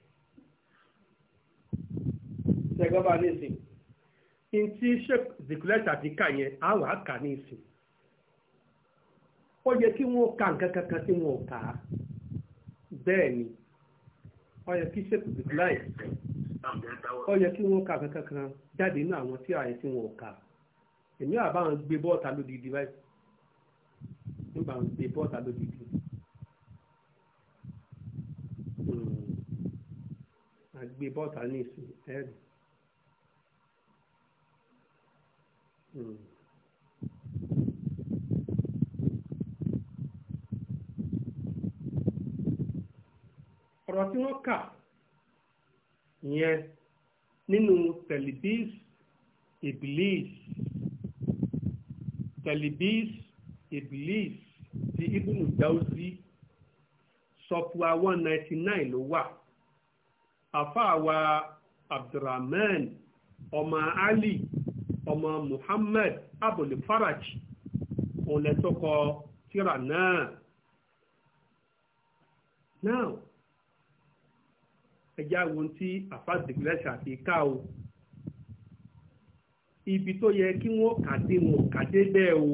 tẹ̀gọ́bà ní ìsìn in tí sheik zikulẹ́tì àti kà yẹn á wà á kà ní ìsìn ó yẹ nwoke wọ́n ka nǹkan kankan tí wọ́n kà ni ó yẹ ki sheik zikulẹ́tì ó yẹ kí wọ́n ka nǹkan kankan jáde nínú àwọn tí àyẹ̀ tí wọ́n kà èmi àbáwọn gbé bọ́ọ̀tà lódìdí báyìí nígbà wọn gbé bọ́ọ̀tà lódìdí. àgbé hmm. bọ́ọ̀tà Hmm. ọ̀rọ̀ tí wọ́n kà yẹn nínú tẹlifís iblis tẹlifís iblis ti ibùnú dáúsí sọfúà one ninety nine ló wà àfáàwà abdulrahman ọmọ ali ọmọ Muhammad al faraj òun tira naa naa tírà náà tí àti ká o ibi tó yẹ kí wọ́n kàdé wọn kàdé bẹ́ẹ̀ o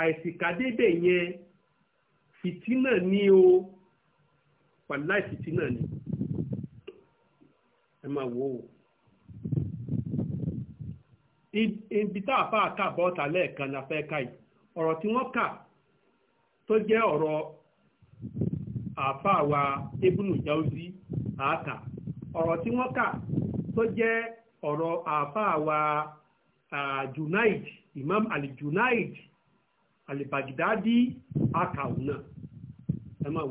àìsí kàdé bẹ́ẹ̀ yẹn fìtínà ni o wàláì fìtínà ni ẹ ibi tá a fà kà bọ́ta lẹ́ẹ̀kan la fẹ́ ká yìí ọ̀rọ̀ tí wọ́n kà tó jẹ́ ọ̀rọ̀ àáfàá ebúnú jáuzi àákà ọ̀rọ̀ tí wọ́n kà tó jẹ́ ọ̀rọ̀ junaid imam ali junaid alibagidadi akàwù náà ẹ máa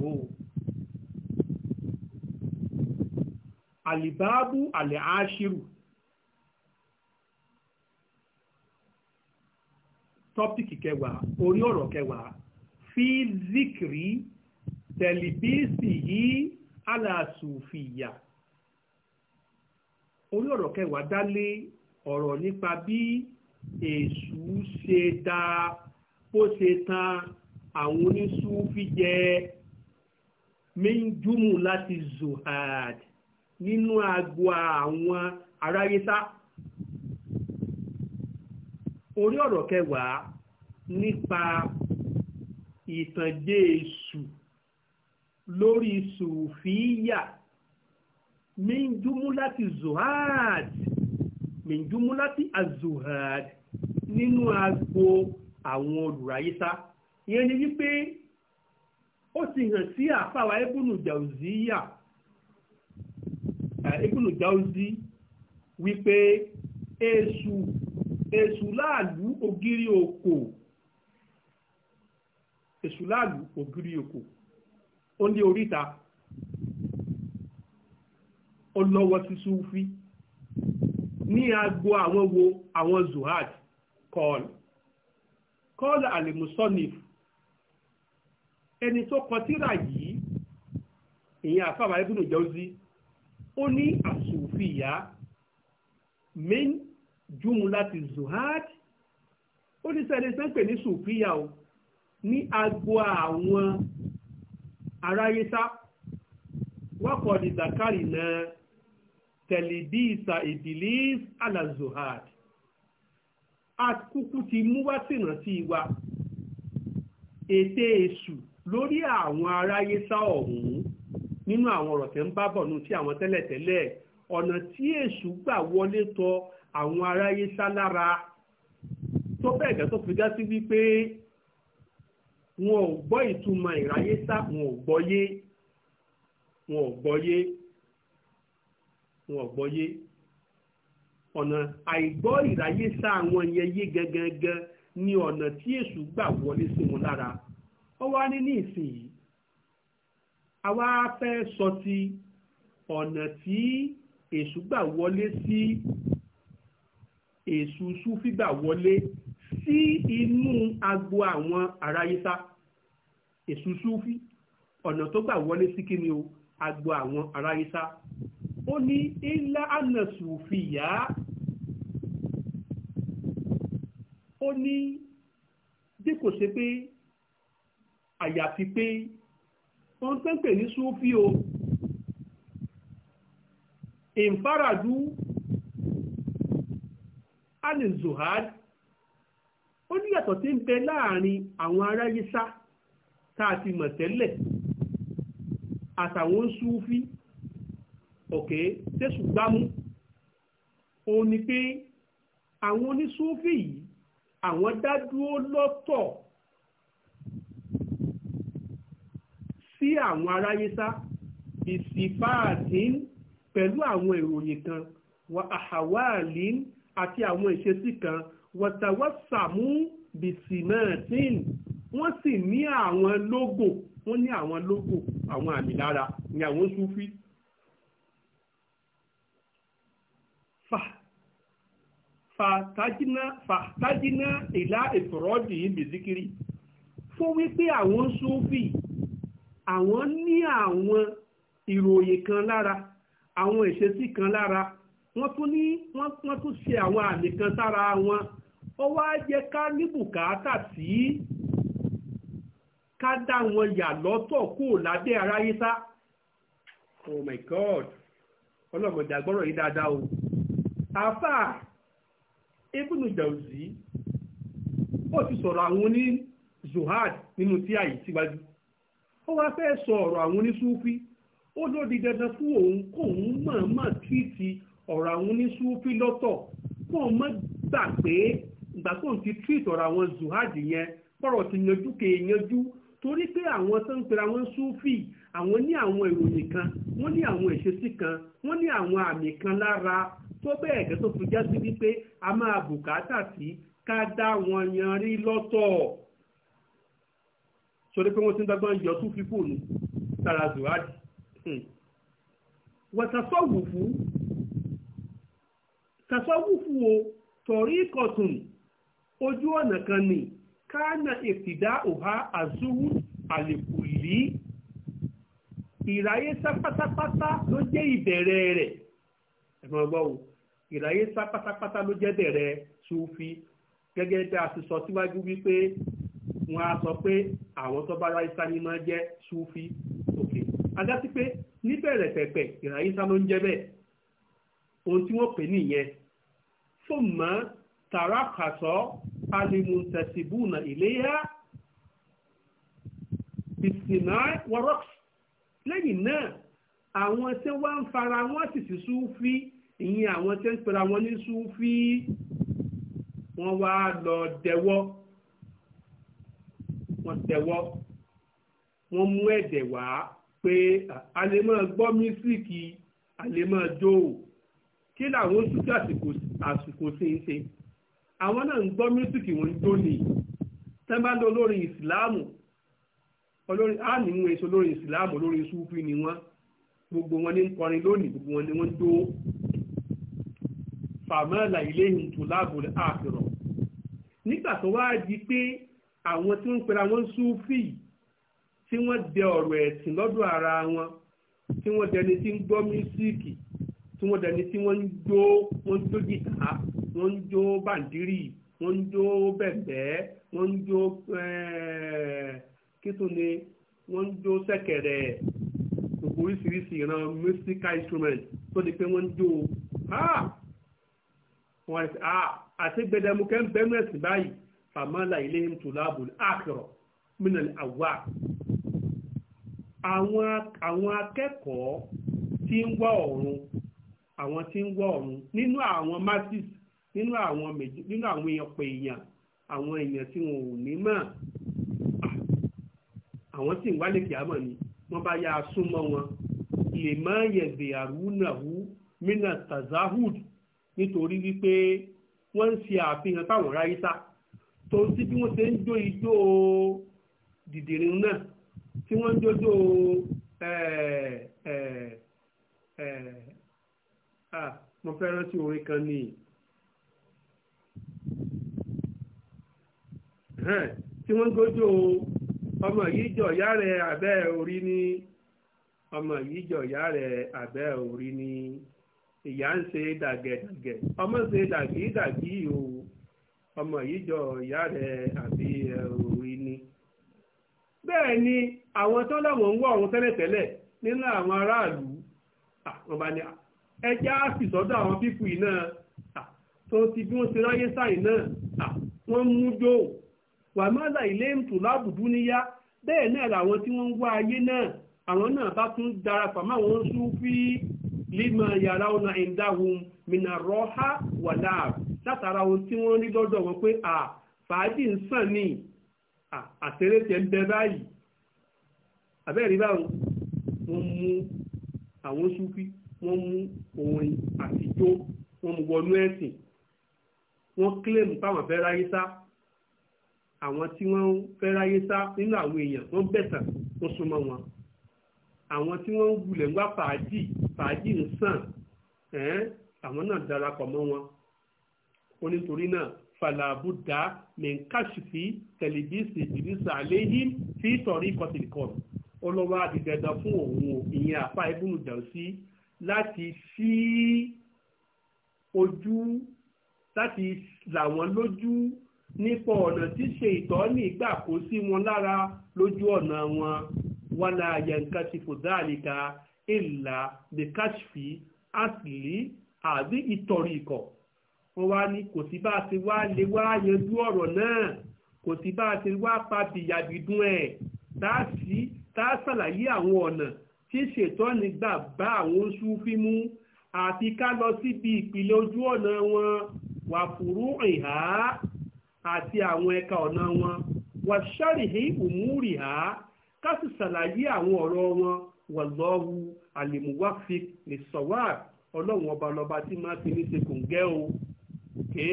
alibabu ali ashiru. tọ́pìkì kẹwàá orí ọ̀rọ̀ kẹwàá fi zikiri tẹlifíìsì yìí aláṣùfìyà orí ọ̀rọ̀ kẹwàá dálé ọ̀rọ̀ nípa bí èṣù ṣe da bó ṣe tan àwọn oníṣúfì jẹ méjúmù láti zohad nínú agbo àwọn aráyé sá orí ọ̀rọ̀ kẹwàá nípa ìtànjẹ èṣù lórí sùfíyà minjumulati zuhad minjumulati azuhad nínú agbo àwọn olùráyísá ìyẹn ni wípé ó ti hàn sí àfàwà ibùnú jàùzíyà eh, ibùnú jàùzí wípé èṣù èṣù láàlú ògiri òkò èṣù láàlú ògiri òkò ó ní oríta ó lọ́wọ́ sí súfí ní agbo àwọn wo àwọn zuhad kọ́ọ̀lù kọ́ọ̀lù alimusonif ẹni tó kọ tírà yìí ìyẹn àfàbà ibùdó jẹ́ sí ó ní àsùnfìyà min jumlati zuhad ó ní sẹ́ni sẹ́ńpẹ̀ ní sùfíà o ní agbo àwọn aráyésá wákọ̀ ní zakari náà tẹ̀lébíìsà ìbìlís àlà zuhad akúkú ti mú wá sínà sí wa ète èṣù lórí àwọn aráyésá ọ̀hún nínú àwọn ọ̀rọ̀ tẹ́ ń bá bọ̀ nù tí àwọn tẹ́lẹ̀tẹ́lẹ̀ ọ̀nà tí èṣù gbà wọlé tọ̀ àwọn aráyé sá lára tó bẹ́ẹ̀ gẹ́ tó fi já sí wípé wọn ò gbọ́ ìtumọ̀ ìráyé sá wọn ò gbọ́yé wọn ò gbọ́yé wọn ò gbọ́yé ọ̀nà àìgbọ́ ìráyé sá àwọn yẹn yé gangan ni ọ̀nà tí èṣù gbà wọlé sí wọn lára ó wá ní ní ìsinyìí àwa fẹ́ sọ ti ọ̀nà tí èṣù gbà wọlé sí èṣù súfì gbà wọlé sí inú agbo àwọn aráyísá èṣù súfì ọ̀nà tó gbà wọlé sí kí ni o agbo àwọn aráyísá ó ní ilá àna súfì yá ó ní bí kò ṣe pé àyàfi pé wọ́n tẹ́ǹpẹ̀ ní súfì o ìǹfàràdú anizuhad ó ní yàtọ̀ tí ń bẹ láàrin àwọn aráyé sá tá a ti mọ̀ tẹ́lẹ̀ àtàwọn súfí òkè tẹ́sù gbámú ó ní pé àwọn onísúfí yìí àwọn dádúró lọ́tọ̀ sí àwọn aráyé sá ìsìfáàdín pẹ̀lú àwọn ìròyìn kan wà àhàwáàlín àti àwọn ìṣesí kan wọ̀tàwọ̀sàmú bìsìmẹ́ẹ̀tìn wọ́n sì ní àwọn lógò wọ́n ní àwọn lógò àwọn àmì lára ní àwọn súfí. fàtájínà ìlà ìfọ̀rọ́dì bìsíkiri fún wípé àwọn súfí àwọn ní àwọn ìròyìn kan lára àwọn ìṣesí kan lára wọ́n tún ní wọ́n tún ṣe àwọn àmì kan sára wọn ó wá yẹ ká ní bùkátà sí ká dá wọn yà lọ́tọ̀ kó lábẹ́ aráyé sá oh my god ọlọ́mọdé agbọ́rọ̀ yìí dáadáa o àfà ibùnú jàùzí ó ti sọ̀rọ̀ àwọn oní zohad nínú tí àyè síwájú ó wá fẹ́ sọ ọ̀rọ̀ àwọn oní súfí ó lòdì dandan fún òun kóun mọ̀ọ́mọ̀ tíìtì ọ̀rọ̀ àwọn oníṣúfí lọ́tọ̀ kó o mọ́ gbà pé ìgbà tó ń ti treat ọ̀rọ̀ àwọn zuhad yẹn kọ̀rọ̀ ti yanjú kè yanjú torí pé àwọn tó ń pera wọn súfì àwọn ní àwọn ìròyìn kan wọ́n ní àwọn ìṣesí kan wọ́n ní àwọn àmì kan lára tó bẹ́ẹ̀ gẹ́ tó fi já sí wípé a máa bùkátà sí ká dá wọn yanrí lọ́tọ̀ sọdí pé wọ́n ti ń dọ́gbọ́n yọ súfì fóònù tara zuhad hmm. wọ́n ta sọ́wù fún tasọ́wùfù o tori kọ̀tùn ojú ọ̀nà kan ni káànà ìfìdá òhá àzúwù àlèkùlì ìráyé sá pátápátá ló jẹ́ ìbẹ̀rẹ̀ rẹ̀ ẹ̀mọ́ gbọ́ o ìráyé sá pátápátá ló jẹ́ bẹ̀rẹ̀ Súfì gẹ́gẹ́ bí a ti sọ síwájú wípé wọ́n á sọ pé àwọn tó bá ráyé sá ní máa jẹ́ Súfì òkè ajá pé níbẹ̀rẹ̀ pẹ̀pẹ̀ ìráyé ló ń jẹ́ bẹ́ẹ̀ ohun tí wọ́n pè nìyẹn fún mọ́ tàràkàsọ́ alimuntasibuna iléyà bìsìnà wọ́rọ́ks lẹ́yìn náà àwọn tí wọ́n ń fara wọ́n sì sí súfí ìyẹn àwọn tí ń pera wọn ní súfí wọ́n wá lọ dẹwọ́ wọ́n dẹwọ́ wọ́n mú ẹ̀dẹ̀ wá pé a máa gbọ́ mísíkì a máa jó o kí làwọn oṣù tí àsìkò sí ń ṣe àwọn náà ń gbọ́ mísíkì wọn tó ní tẹ́ńbàlú olórin ìsìláàmù olórin áàní ń èso olórin ìsìláàmù olórin súfì ni wọ́n gbogbo wọn ní kọrin lónìí gbogbo wọn ni wọ́n tó fàmọ́là ilé ìhùntù láàbò àfihàn nígbà tó wá di pé àwọn tí wọ́n pera wọn súfì tí wọ́n dẹ ọ̀rọ̀ ẹ̀sìn lọ́dọ̀ ara wọn tí wọ́n dẹni tí ń gbọ́ mísíkì tí wọ́n dẹni tí wọ́n ń jó wọ́n ń jó jìtá wọ́n ń jó bàǹdírì wọ́n ń jó bẹ̀bẹ̀ wọ́n ń jó eh, kíntùnì wọ́n ń jó ṣẹ̀kẹ̀rẹ̀ oríṣiríṣi ìran musical instrument tó di pé wọ́n ń jó ah! wọ́n ah, àti gbẹdẹmukẹ́ ń bẹ́nu ẹ̀sìn báyìí fàmálà ilé ń tò láàbò àkìrọ̀ mìíràn àwa àwọn akẹ́kọ̀ọ́ tí ń wá ọ̀run àwọn tí ń wọ ọ̀run nínú àwọn masses nínú àwọn méjì nínú àwọn ọ̀pọ̀ èèyàn àwọn èèyàn tí wọn ò ní mọ̀ ah, àwọn tí ń wálé kìámọ̀ ni wọ́n bá yá a súnmọ́ wọn lè má yẹ̀dẹ̀ àrúnàwú mina tazahud nítorí wípé wọ́n ń ṣe àfihàn táwọn ráyé sá tó sí bí wọ́n ṣe ń jó ijó dìdìrín náà tí wọ́n ń jójó à mo fẹ́ rántí orin kan ni tí wọ́n gbójú ọmọ yìí jọ ìyá rẹ̀ orí ní ọmọ yìí jọ ìyá rẹ̀ orí ní ìyá ń ọmọ ń ṣe dàgídàgí o ọmọ yìí jọ ìyá rẹ̀ àbí ni àwọn tó ń wọ nínú àwọn aráàlú ẹjá sì sọ́dọ̀ àwọn pípù yìí náà tó ti bí wọ́n ṣe ráyé sáì náà wọ́n mú jó wàmọ́lá ilé ń tò lábùdú níyá bẹ́ẹ̀ náà làwọn tí wọ́n ń wá ayé náà àwọn náà bá tún darapọ̀ mọ́ àwọn Sufi lima yàrá ọ̀nà ìdáhùn mina rọ́há wàlá látara ohun tí wọ́n rí lọ́dọ̀ wọn pé à fàájì ń sàn ní àtẹ̀rẹ́ ń bẹ báyìí àbẹ́ẹ̀rí báwọn mú àwọn Sufi wọ́n mú orin àtijó wọ́n mú wọnú ẹ̀sìn wọ́n kílèmù páwọn fẹ́ ráyé sá àwọn tí wọ́n fẹ́ ráyé sá nínú àwọn èèyàn wọ́n bẹ̀tàn wọ́n súnmọ́ wọn àwọn tí wọ́n ń wulẹ̀ ń wá fàájì fàájì ń sàn àwọn náà darapọ̀ mọ́ wọn ó nítorí náà falabuda mẹ́ńkàṣìfì tẹlifíṣì ìdírísà àléhìn fi tọ̀rí kọtìlìkọ̀ọ̀nù ó lọ́wọ́ àdìdẹ́dọ̀ fún òun ìyẹn àpá ibùdó sí láti ṣí ojú láti là wọ́n lójú nípa ọ̀nà tí ṣe ìtọ́ni ìgbà kó sí wọn lára lójú ọ̀nà wọn wàlá yẹnka ti fò dáàlìkà ìlà the kashfi asli àbí ìtọ̀rí ikọ̀ wọ́n wá ní kò sí bá a ti wá lè wá yanjú ọ̀rọ̀ náà kò sí bá a ti wá pa bìyàbìdún ẹ̀ tá a sì tá a ṣàlàyé àwọn ọ̀nà tí ṣètọ́ni gbà bá àwọn oṣù fímú àti ká lọ síbi ìpìlẹ̀ ojú ọ̀nà wọn wà fúrú ìhá àti àwọn ẹ̀ka ọ̀nà wọn wà ṣàrìhí òmùrì há ká sì ṣàlàyé àwọn ọ̀rọ̀ wọn wà lọ́wọ́ àlèmúwáfi lè sọ̀wá ọlọ́run ọba lọ́ba tí máa fi ní ṣe kòǹgẹ́ o ké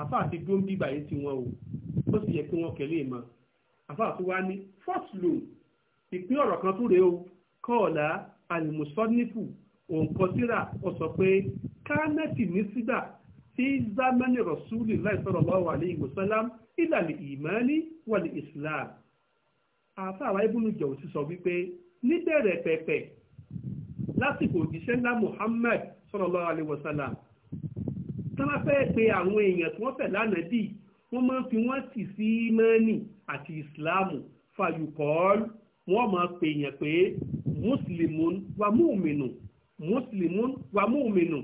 àfáà ti dúró ń bíbà yìí tiwọn o ó sì yẹ kí wọ́n kẹ́lé mọ́ àfáà tó wá ní fọ́tìlù ìpín ọ̀rọ̀ kan tún rèé o kọ́ọ̀lá alimusọ́nífù òǹkọ́síra ó sọ pé kánẹ́tì ní sígbà tí zamani rasuli láìsọ̀rọ̀ lọ́wọ́ àlẹ́ ìwòsánlám ìlànà ìmọ̀ẹ́lì wọlé islam àfàwà ibùnú jẹ̀wò ti sọ wípé níbẹ̀rẹ̀ pẹ̀pẹ̀ lásìkò òjíṣẹ́ ńlá muhammad sallallahu alaihi wasallam tọ́lá fẹ́ pe àwọn èèyàn tí wọ́n fẹ̀ lánàá dì wọ́n máa ń fi wọ́n tì sí mẹ́ni àti ìsìláàmù fàyùkọ́ọ́lù wọ́n máa pè yàn pé mùsùlùmún wa múùmìnù mùsùlùmún wa múùmìnù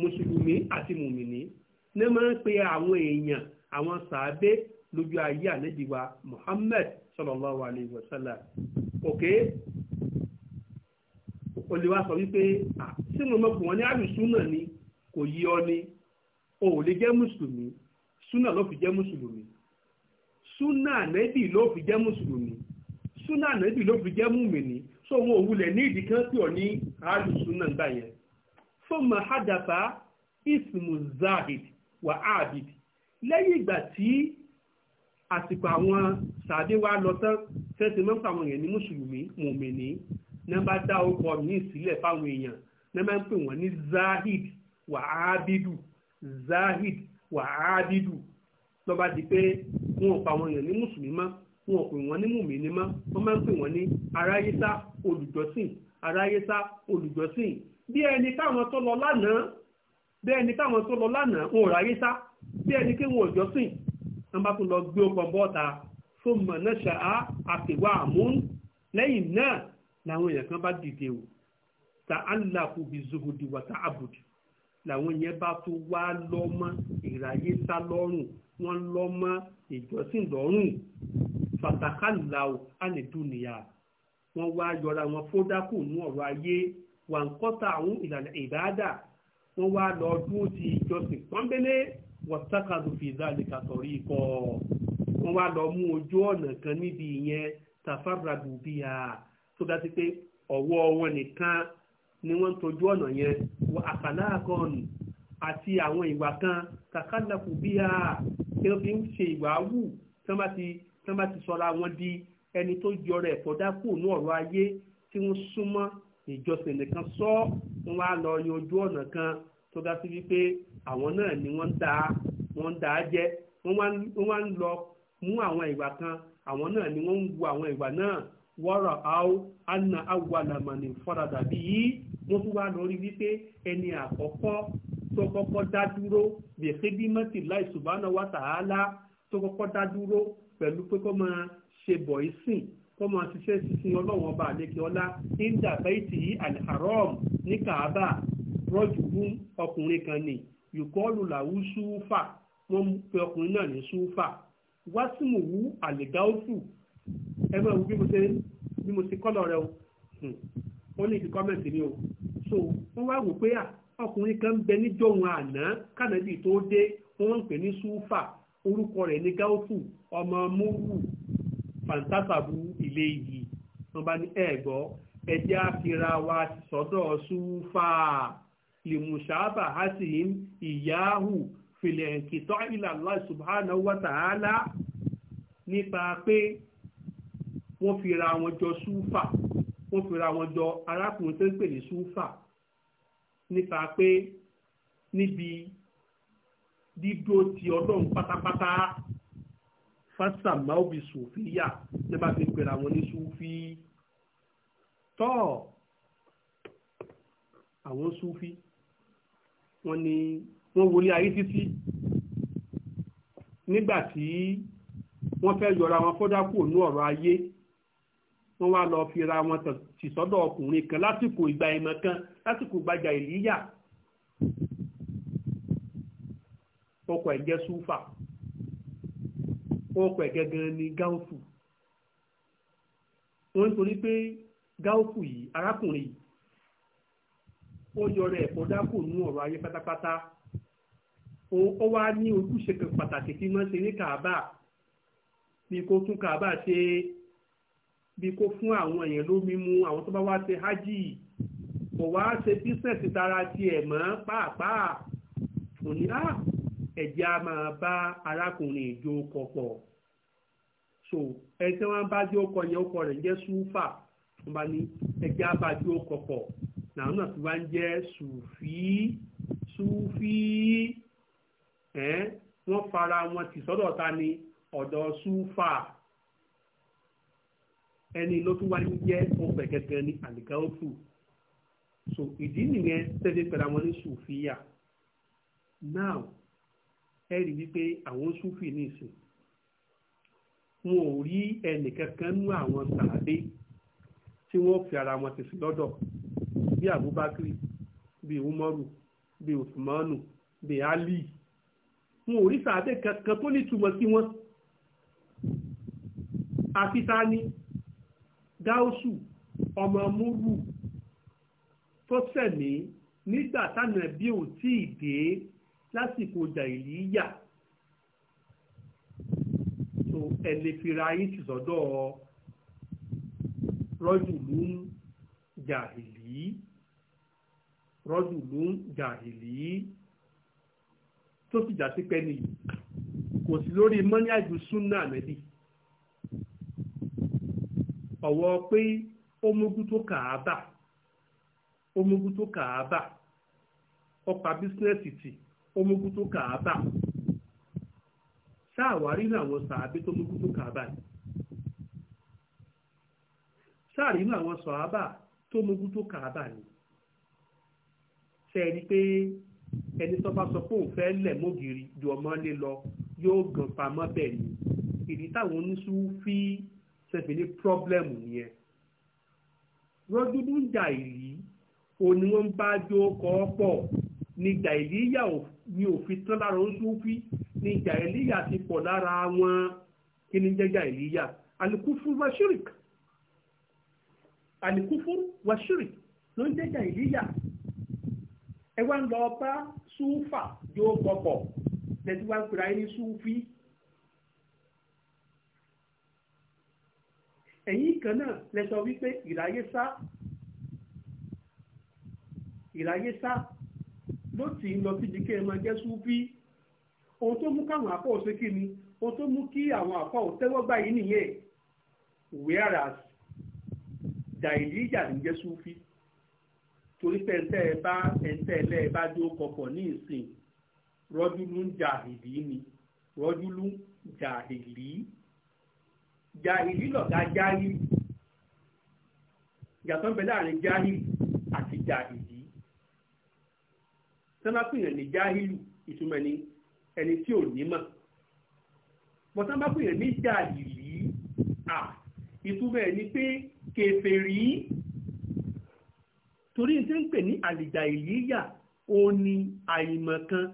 mùsùlùmí àti mùmìnì ní máa ń pe àwọn èèyàn àwọn sàábé lójú ayé àlejìwa Muhammad sallallahu alayhi wa sallam ok olùwà sọ wípé ṣé mo mọ̀ pé wọ́n ni kò yí ọ ni o ò lè jẹ́ mùsùlùmí súnà ló fi jẹ́ mùsùlùmí súnà nẹ́bì ló fi jẹ́ mùsùlùmí Suna nẹ́bì ló fi jẹ́ mùmìnì so wọn ò wulẹ̀ ní ìdí kan tí ò ní àálù súnà gbà yẹn fọmọ hadafa ismu zahid wa abid lẹ́yìn ìgbà tí àsìkò àwọn sàdé wa lọ tán tẹ́sí mọ́pọ̀ àwọn èèyàn ní mùsùlùmí mùmìnì náà bá dá orúkọ míì sílẹ̀ fáwọn èèyàn náà máa ń pè wọ́n ní zahid wa abidu zahid wa abidu lọ́ba di pé wọn ò pa àwọn èèyàn ní mùsùlùmí mọ́ wọn ò pè wọ́n ní mùmíní mọ́ wọ́n máa ń pè wọ́n ní aráyésá olùjọ́sìn aráyésá olùjọ́sìn bí ẹni táwọn tó lọ lánàá bí ẹni táwọn tó lọ lánàá wọn ò ráyésá bí ẹni kí wọn ò jọ́sìn wọn bá tún lọ gbé ọkàn bọ́ọ̀ta fún mọ̀nàṣà àtìwá àmún lẹ́yìn náà làwọn èèyàn kan bá dìde o ta aláàfù bí zuhudi wà tá àbùdù làwọn yẹn bá tún wá lọ́mọ ìráyésá lọ́rùn wọ́n lọ́mọ ìjọ́sìn lọ́rùn fàtàkàlàó ànìdúnìyà wọ́n wá yọra wọn fódákù nú ọ̀rọ̀ ayé wà ń kọ́ta àwọn ìlànà ìbáàdà wọ́n wá lọ dúró ti ìjọsìn pọ́nbélé wọ́tàkàlù fìdá nìkan sọ̀rí ikọ̀ wọ́n wá lọ mú ojú ọ̀nà kan níbi ìyẹn tàfàràdù bíyà tó dá pé ọ̀wọ́ wọn nìkan ni wọ́n ń tọ́jú ọ̀nà yẹn wọ àkàlákọ̀n àti àwọn ìwà kan kàkàlàkù bíyà kí wọ́n fi ń ṣe ìwà wù tí wọ́n bá ti tí wọ́n bá ti sọra wọn di ẹni tó yọrọ ẹ̀fọ́dá kù ní ọ̀rọ̀ ayé tí wọ́n súnmọ́ ìjọsìn nìkan sọ wọn wá lọ yan ojú ọ̀nà kan tó ga sí wípé àwọn náà ni wọ́n ń dá wọ́n ń dá jẹ wọ́n wá ń lọ mú àwọn ìwà kan àwọn náà ni wọ́n ń wu àwọn ìwà náà wọ́rọ̀ àwọ̀ àna awàlàmọ̀nì fọ́radà bí yìí wọ́n tún wá lórí wípé ẹni àkọ́kọ́ tó kọ́kọ́ dá dúró bèèké mọ́tì láì subhanahu wa ta'ala tó kọ́kọ́ dá dúró pẹ̀lú pé kó máa ṣe bọ̀ ìsìn kó máa ṣiṣẹ́ sísìn ọlọ́wọ́n ọba àlekè ọlá nígbà bẹ́ẹ̀tì yìí alharam ní kaaba rọ́jùgún ọkùnrin kan ní yùkọ́lù làwù ṣúfà wọ́n pe ọkùnrin náà ní ṣúfà wásìmùwù àlègáwùfù ẹ máa wù bí mo ṣe kọ́lọ̀ rẹ o hmm, ó ní ìdí kọ́mẹ̀ntì ni o so wọ́n wá wò pé ọkùnrin kan ń bẹ níjọ́ òun àná kánàbì tó dé wọ́n ń pè ní ṣúfà orúkọ rẹ̀ ní gáúsù ọmọ múrù fantasabu ilé yìí wọ́n bá ní ẹ̀gbọ́ ẹjẹ́ àfira wa sọ́dọ̀ ṣúfà lèmùsáàbà hasim ìyáhù fìlẹ̀ǹkìtọ́ ila Allah subhanahu wa ta'ala nípa pé wọ́n fira wọn jọ ṣúfà wọ́n fira wọn jọ arákùnrin tó ń pè ní ṣúfà nípa pé níbi dídúró ti ọlọ́run pátápátá fásitàmáwò bíi sùfíyà ní bá fi pèrè àwọn ní sùfí tọ́ àwọn sùfí wọ́n ni wọ́n wọlé ayé títí nígbà tí wọ́n fẹ́ yọra wọn fọ́dá kúrò ní ọ̀rọ̀ ayé wọ́n wá lọ fi wọn tìsọ́dọ̀ ọkùnrin kan lásìkò ìgbà ìmọ̀ kan lásìkò ìgbàjà ìlíyà ọkọ̀ ẹ̀ jẹ́ súfà ọkọ̀ ẹ̀ gẹ́gẹ́ ni gáúfù wọ́n nítorí pé gáúfù yìí arákùnrin yìí ó yọrọ ẹ̀kọ́ dákò nú ọ̀rọ̀ ayé pátápátá ó wá ní ojúṣe kan pàtàkì tí wọ́n ṣe ní kàábà bí kò tún kàábà ṣe bí kò fún àwọn èèyàn lómi mu àwọn tó bá wá ṣe hajj kò wá ṣe bísẹ̀sì tara tiẹ̀ mọ́ pàápàá òní á ah, ẹ̀jẹ̀ á máa bá arákùnrin ìjó kọ pọ̀ so ẹni tí wọ́n bá jó kọ yẹn ọkọ rẹ̀ ń jẹ́ súfà wọ́n bá ní ẹ̀jẹ̀ á bá jó kọ pọ̀ làwọn náà fi wá jẹ́ sùfí sùfí ẹ̀ wọ́n fara wọn tì sọ́dọ̀ ta ni ọ̀dọ̀ súfà ẹni ló tún wá ń jẹ́ ọgbẹ̀ kẹ̀kẹ́ ní àlìkáwọ́fù so ìdí nìyẹn tẹ́lẹ̀ pẹ̀lú àwọn ní sùfíà now ẹ rí wípé àwọn súfì ní ìsìn wọn ò rí ẹnìkankan nú àwọn sàádé tí wọn fi ara wọn tẹsí lọ́dọ̀ bíi Abubakar bíi Umaru bíi Usmanu bíi Ali wọn ò rí sàádé kankan tó nítumọ̀ sí wọn àfitani gáúsù ọmọ múrù tó sẹ̀mí nígbà táwọn ẹbí ò tí dé lásìkò jàìlíyà so ẹ lè fira yín tì sọ́dọ̀ rọ́jùlún jàìlí rọ́jùlún jàìlí tó sì jà sí pẹ́ nìyí kò sí lórí mọ́ní àjùsùn náà nẹ́bí ọ̀wọ́ pé ó mógún tó kàá bà ó mógún tó kàá bà ọ̀pá bísínẹ́sì tì omukú tó kàábà sáàwárí làwọn sàábé tó mukú tó kàábà ni sáàrí làwọn sàábà tó mukú tó kàábà ni sẹ́ẹ̀rí pé ẹni tó bá sọ pé òun fẹ́ lẹ̀ mọ́gìrì ju ọmọ lé lọ yóò gàn pamọ́ bẹ́ẹ̀ ni ìdí táwọn oníṣúfí ṣẹ̀fẹ̀ ní pírọ́blẹ́mù nìyẹn rọ́júdú ń jà ìrí òun ni wọ́n ń bá jó kọ́ pọ̀ ni jàìlíyà ni òfin tán lára oṣùfí ni jàìlíyà ti pọ̀ lára wọn kí ni jẹ́ jàìlíyà alikufur wa shirik alikufur shirik ló ń jẹ́ jàìlíyà ẹ wá ń lọ bá súfà yóò kọkọ̀ lẹ́tí wá ń pèrè ayé ní súfí. ẹ̀yìn kan náà lẹ wípé ìráyé sá ìráyé sá ló tì í lọ síbi kí ẹ máa jẹ́ súfí ohun tó mú káwọn àpá ò ṣe kí ni ohun tó mú kí àwọn àpá ò tẹ́wọ́ báyìí nìyẹn whereas jàìlíjà ń jẹ́ súfí torí pé ẹ̀ńtẹ́ ẹ bá ẹ̀ńtẹ́ ẹlẹ́ ẹ bá dé kọkọ̀ ní ìsìn rọ́júlú ń jàhìlì ni rọ́júlú ń jàhìlì jàhìlì lọ̀gá jáhìlì yàtọ̀ ń bẹ láàrin jáhìlì àti jàhìlì tẹ́lápìyàn ní jáhìlù ìtumọ̀ ni ẹni tí ò nímọ̀ pọ̀tàbápìyàn ní jáhìlì à ìtumọ̀ ẹni pé kèfèrí torí tí ń pè ní àlìjà ìlíyà ó ní àìmọ̀ kan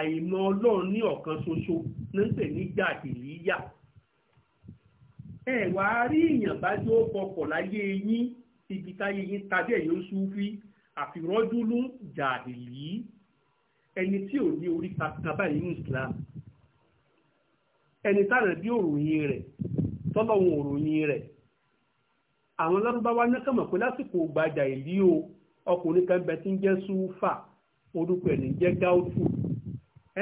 àìmọ̀ ọlọ́run ní ọ̀kan ṣoṣo ní ń pè ní jáhìlíyà ẹ wá rí èèyàn bá tí ó láyé yín ibi táyé yín tàbí ẹ̀yọ́ súnfí àfirọ́jú ló ń jáhìlì ẹni tí ò ní orí kankan báyìí ní Islam ẹni tára bí òròyìn rẹ̀ tọ́lọ̀ wọn òròyìn rẹ̀ àwọn lárúbáwá náà kàn mọ̀ pé lásìkò gbàjà ìlí o ọkùnrin kan bẹ tí ń jẹ́ súfà orúkọ ẹ̀ ní jẹ́ gáútù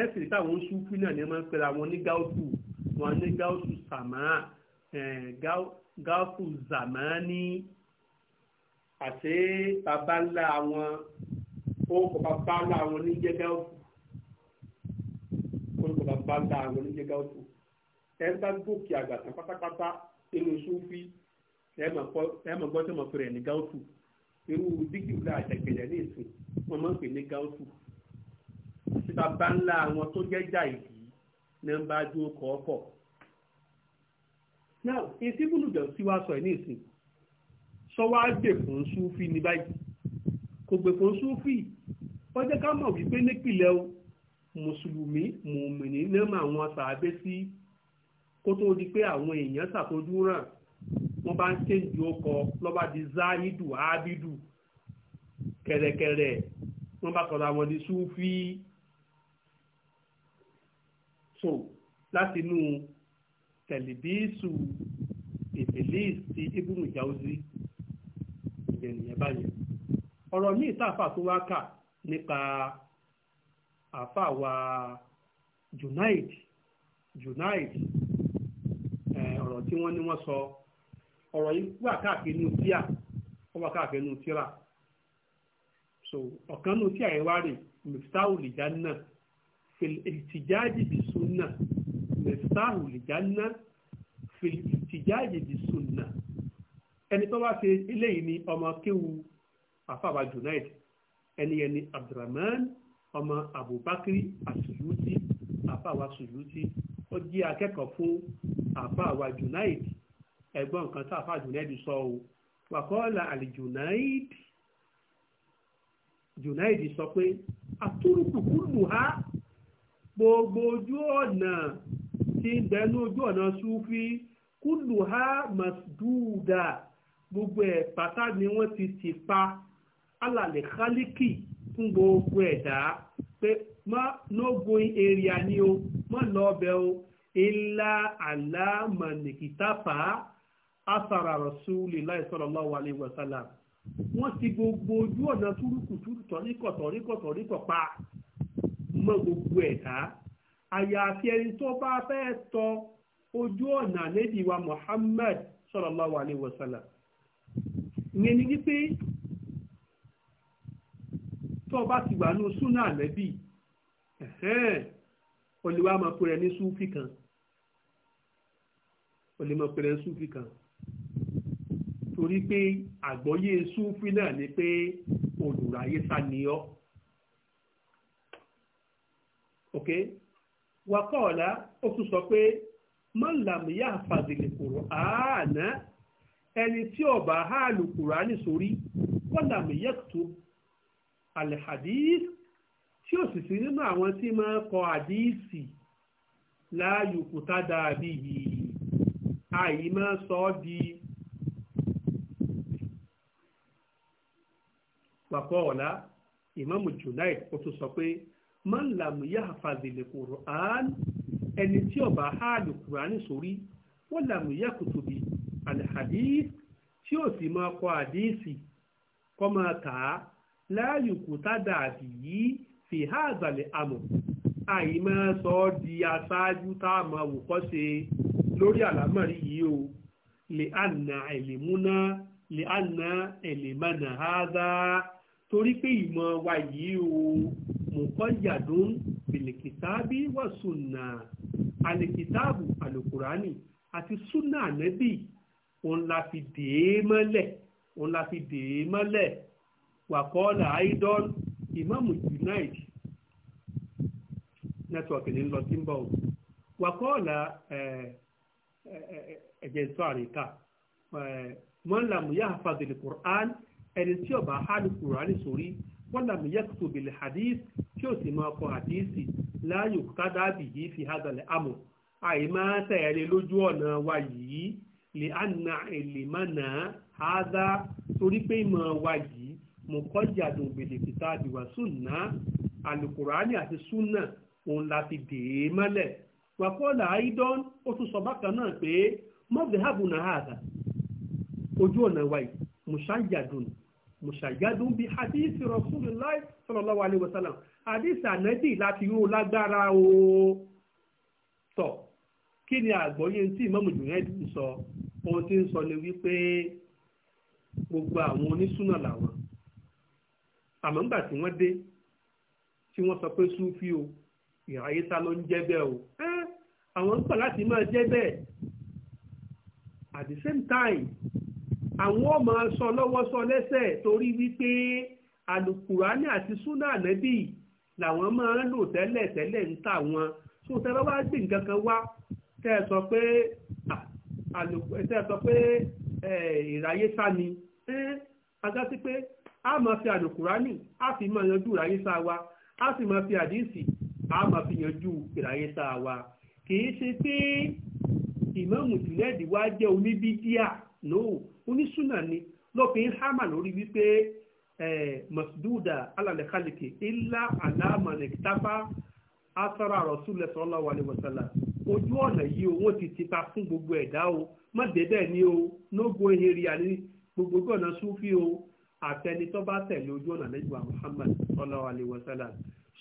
ẹ̀ sì táwọn súfì náà ní máa ń pera wọn ní gáútù wọn ní gáútù sàmáà gáútù zàmáà ní àti baba ńlá wọn orúkọ bàbá ńlá àwọn oníjẹ gáúsù orúkọ bàbá ńlá àwọn oníjẹ gáúsù ẹ ń bá gòkè àgbà tán pátápátá inú sùfí ẹ mọ̀ gbọ́ tó mọ̀ pé rẹ̀ ní gáúsù irú dígìlá àtẹ̀gbẹ̀rẹ̀ ní ìsìn wọn máa ń pè ní gáúsù síta bá ńlá àwọn tó jẹ́ jà ìdí ní ń bá dúró kọ́ pọ̀ now ìsìnkú lùdọ̀ sí wa sọ ẹ̀ ní ìsìn sọ wá dè fún sùfí ní báyìí kò gbè fún súfì wọ́n jẹ́ ká mọ̀ wípé nípìnlẹ̀ o mùsùlùmí mùmìnì náà mà wọn sàábé sí kó tó di pé àwọn èèyàn ṣàfojú ràn wọ́n bá ń ṣèǹdì ọkọ̀ lọ́ba di záídù ábídù kẹ̀rẹ̀kẹ̀rẹ̀ wọ́n bá sọ̀rọ̀ àwọn di súfì so láti inú tẹ̀lifíṣù ìfìlíìsì ibùnú ìjáwó sí ìgbẹ̀nìyàn báyẹn ọ̀rọ̀ míì táàfà tó wá kà nípa àfà wa Junaid Junaid ọ̀rọ̀ tí wọ́n ní wọ́n sọ ọ̀rọ̀ yìí wà káàkiri nù tíà ó wà káàkiri nù tíra so ọ̀kan nù tíà yẹn wá rè miftahu lijanna fil ihtijaji bi sunna miftahu lijanna fil ihtijaji bi sunna ẹni tó wá ṣe eléyìí ni ọmọ kéwu àfàwà junaid ẹni yẹn ni abdulrahman ọmọ abubakar asuyuti àfàwà suyuti ó jẹ́ akẹ́kọ̀ọ́ fún àfàwà junaid ẹ̀gbọ́n nǹkan tá àfàwà junaid sọ o wàkọ́ọ̀là àlè junaid junaid sọ pé àtúrùkù kúrùmù ha gbogbo ojú ọ̀nà tí ń bẹnu ojú ọ̀nà súfì kúlù ha masduda gbogbo ẹ̀ pátá ni wọ́n ti ti pa alàlẹ̀ kálíkì fún gbogbo ẹ̀dá pé má nógun èrìà ni o má lọ ọbẹ̀ o ilá àlámànìkìtàfà asàrà rasulillahi sallallahu alaihi wasallam wọ́n ti gbogbo ojú ọ̀nà túrúkùtù tọ̀ríkọ̀ tọ̀ríkọ̀ tọ̀ríkọ̀ pa mọ́ gbogbo ẹ̀dá àyàfi ẹni tó bá fẹ́ tọ ojú ọ̀nà nídìíwá Muhammad sallallahu alaihi wasallam ìyẹn ni wípé tó o bá ti wà ní súnà àlẹ́bí o lè wá máa pèrè ní kan o lè máa pèrè ní súfì kan torí pé àgbọ́yé súfì náà ni pé olùráyé sá ni ọ́ ok ó tún sọ pé mọ́làmíyà fàdìlẹ̀ Kùránì ẹni tí ó bá háàlù Kùránì alhadith tí ó sì sí nínú àwọn tí máa kọ àdíìsì láàyò kúta dàbí yìí àyí máa sọ ọ́ di pàpọ̀ ọ̀la ìmáàmù Junaid ó tún sọ pé man lam yahfazil Qur'an ẹni tí ó bá Qur'an sórí wọ́n lam yakutubi alhadith tí ó sì máa kọ àdíìsì kọ́ máa tàá láàyùkù tádà àbí yìí fi há àzàlẹ̀ àmọ̀ àìmọ́ sọ ọ́ di aṣáájú tá a máa wò kọ́ ṣe lórí àlámọ̀rí yìí o lè àna ẹ̀lẹ́múná lè àna ẹ̀lẹ́mánà háàdá torí pé ìmọ̀ wa yìí o mọ̀kọ́ yàdún bìlìkìtàbí wà sùnà àlìkìtàbù àlùkùránì àti sùnà ànẹ́bì òun la fi dè é mọ́lẹ̀ òun la fi dè é mọ́lẹ̀ wàkọ́ọ̀là idol ìmáàmù Junaid nẹ́tíwọ̀kì ní lọ sí ń bọ̀ wàkọ́ọ̀là ẹ̀jẹ̀ tó àríkà wọ́n làmú yá àfàdìlì Qur'an ẹni tí ó bá hàlù Qur'an sórí wọ́n làmú yá kùtùbìlì hadith tí ó sì máa kọ hadithi láàyò kádàbì yìí fi hádàlẹ̀ amọ̀ àìmá tẹ̀lé lójú ọ̀nà wa yìí lè àna èlè mánà torí pé ìmọ̀ wa yìí. mọ̀kọ́jàdùn gbèdè kìtà àdìwà súnà alukurani àti súnà òun la fi dè é mọ́lẹ̀ wàkọ́lá aidan ó tún sọ bákan náà pé mọ́bìhábù náà àdá ojú ọ̀nà wa mùsàjàdùn mùsàjàdùn bíi hadithi rasulillah sallallahu alayhi wa sallam hadithi anabi láti yóò lágbára o tọ kí ni àgbọ́yé tí ìmọ̀mù ń sọ ohun tí gbogbo àwọn làwọn àmọ́ ńgbà tí wọ́n dé tí wọ́n sọ pé súfì o ìráyésá ló ń jẹ́ bẹ́ẹ̀ o àwọn ń pọ̀ láti máa jẹ́ bẹ́ẹ̀ at the same time àwọn ọmọ sọ lọ́wọ́ sọ lẹ́sẹ̀ torí wípé alukurani àti suna ànábì làwọn máa ń lò tẹ́lẹ̀ tẹ́lẹ̀ ń tà wọn so tẹ́ bá wá gbé nǹkan kan wá tẹ́ ẹ sọ pé tẹ́ ẹ sọ pé ìráyésá ni agá sí pé a máa fi àlùkùránì a fi máa yanjú ìráyé sáà wa a sì máa fi àdíìsì a máa fi yanjú ìráyé sáà wa kì ṣe pé ìmáàmù jùlẹ́ẹ̀dì wa jẹ́ oníbídíà no onísùnà ni lópin hámà lórí wípé masduda alàlẹ́ kálíkì ilá àlámàlẹ̀ tábà asara rasulẹ sọlá wàlẹ wàsálà ojú ọ̀nà yìí o wọ́n ti tipa fún gbogbo ẹ̀dá o má àtẹni tó bá tẹ̀lé ojú ọ̀nà lẹ́yìn Muhammad sallallahu alaihi wasallam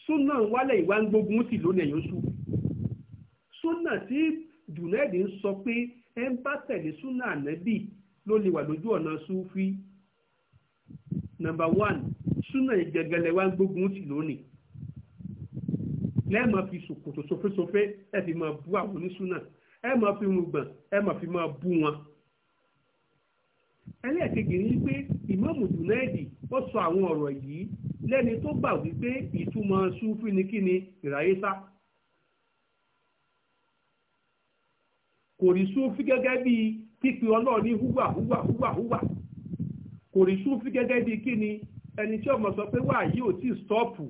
súnà wálẹ̀ ìwà ń gbógun tì lónìí ẹ̀yọ́ sùn súnà tí Junaid ń sọ pé ẹ ń bá tẹ̀lé súnà ànẹ́bì ló lè wà lójú ọ̀nà sufi number one súnà ìgẹ̀gẹ̀lẹ̀ wa ń gbógun tì lónìí lẹ́ẹ̀mọ́ fi sòkòtò sofésofe ẹ fi máa bú àwọn onísúnà ẹ máa fi rùgbọ̀n ẹ máa fi máa bú wọn ẹlẹ́ẹ̀kejì ní pé ìmáàmù Junaidi ó sọ àwọn ọ̀rọ̀ yìí lẹ́ni tó gbà wípé ìtumọ̀ súnfì ni kí ni ìráyésá kò rí súnfì gẹ́gẹ́ bí pípe ọlọ́ọ̀ ní húwà húwà húwà húwà kò rí súnfì gẹ́gẹ́ bí kí ni ẹni tí ọmọ sọ pé wáyé ò tí stọ́ọ̀pù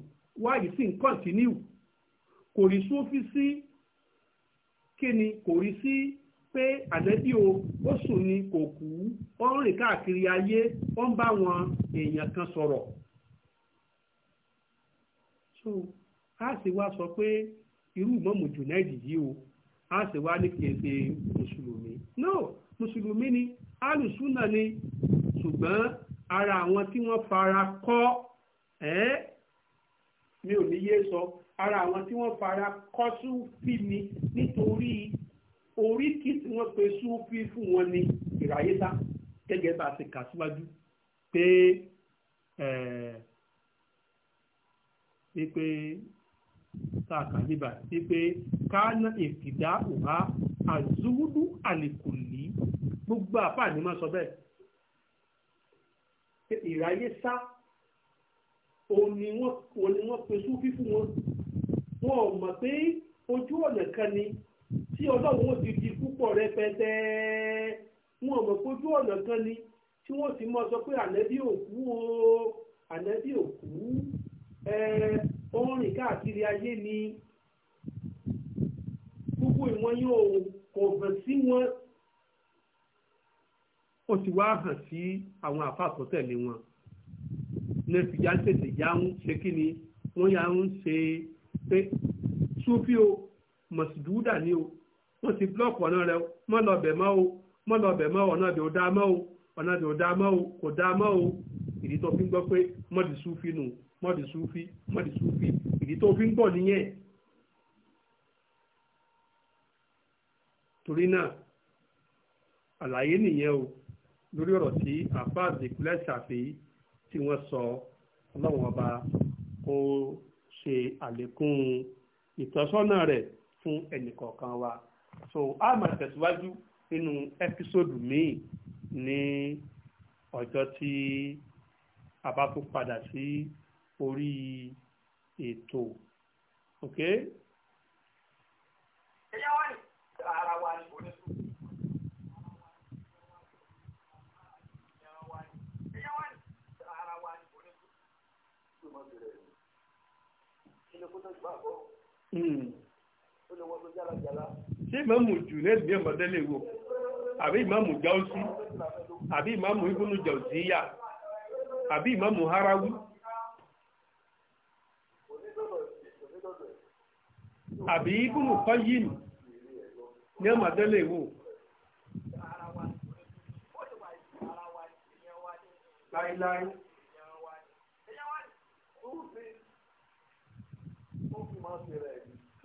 wáyé sì ń kọ́ntínú kò rí súnfì sí kí kò rí sí pé ànẹ́bí o ó sùn ni kò kú ó ń rìn káàkiri ayé ó ń bá wọn èèyàn kan sọ̀rọ̀ so a sì wá sọ pé irú mọ́mù jùnẹ́ẹ̀dì yìí o a sì wá ní kìí ṣe mùsùlùmí no mùsùlùmí ni alùsùnà ni ṣùgbọ́n ara àwọn tí wọ́n fara kọ́ ẹ́ mi ò ní yé sọ ara àwọn tí wọ́n fara kọ́ sún fí mi nítorí oríkì tí wọ́n pe súnfí fún wọn ní ìráyéta gẹ́gẹ́ bá a ti kà síwájú pé wípé káàkà níbà wípé káánà ìfìdá òhá àzúwúdú àlìkùlì gbogbo àfààní máa sọ bẹ́ẹ̀ ìráyé òní wọ́n pe súnfí fún wọn wọn ò mọ̀ pé ojú ọ̀nà kan ni tí ọlọ́run ó ti di púpọ̀ rẹpẹtẹ wọn ò mọ̀ pójú ọ̀nà kan ni tí wọ́n ti mọ̀ sọ pé ànẹ́bí òkú o ànẹ́bí òkú òun rìn káàkiri ayé ni gbogbo ìwọ̀n yóò kò hàn sí wọn ó ti wá hàn sí àwọn àfàkọ́ tẹ̀lé wọn lẹ́sì já ń tètè já ń ṣe kí ni wọ́n yà ń ṣe pé súnfí o mọ̀sídúúdà ni o wọ́n ti blọ́ọ̀kì ọ̀nà rẹ mọ́ lọ bẹ̀ mọ́ o mọ́ lọ bẹ̀ mọ́ ọ̀nà bẹ̀ ò dá mọ́ o ọ̀nà bẹ̀ ò dá mọ́ o kò dá mọ́ o ìdí tó fi ń gbọ́ pé mọ́dì súfì nù mọ́dì súfì mọ́dì súfì ìdí tó fi ń gbọ́ nìyẹn. torí náà àlàyé nìyẹn o lórí ọ̀rọ̀ tí àbá àdìkúlẹ̀ ṣàfihì tí wọ́n sọ ọlọ́run ọba kó ṣe àlékún ìtọ́sọ́nà rẹ̀ fún ẹnìkọ̀ọ̀kan wa so a máa tẹ̀síwájú nínú ẹ́písòdù míì ní ọjọ́ tí a bá tún padà sí orí ètò ok. ẹyá hmm. wà ṣé ìmáàmù jù lẹ́sìn ẹ̀mọ́tẹ́lẹ̀ wo àbí ìmáàmù jáùsí àbí ìmáàmù ibùnú jàùsíyà àbí ìmáàmù harawi àbí ibùnú kọ́yìn ní ẹ̀mọ́tẹ́lẹ̀ wo. láíláí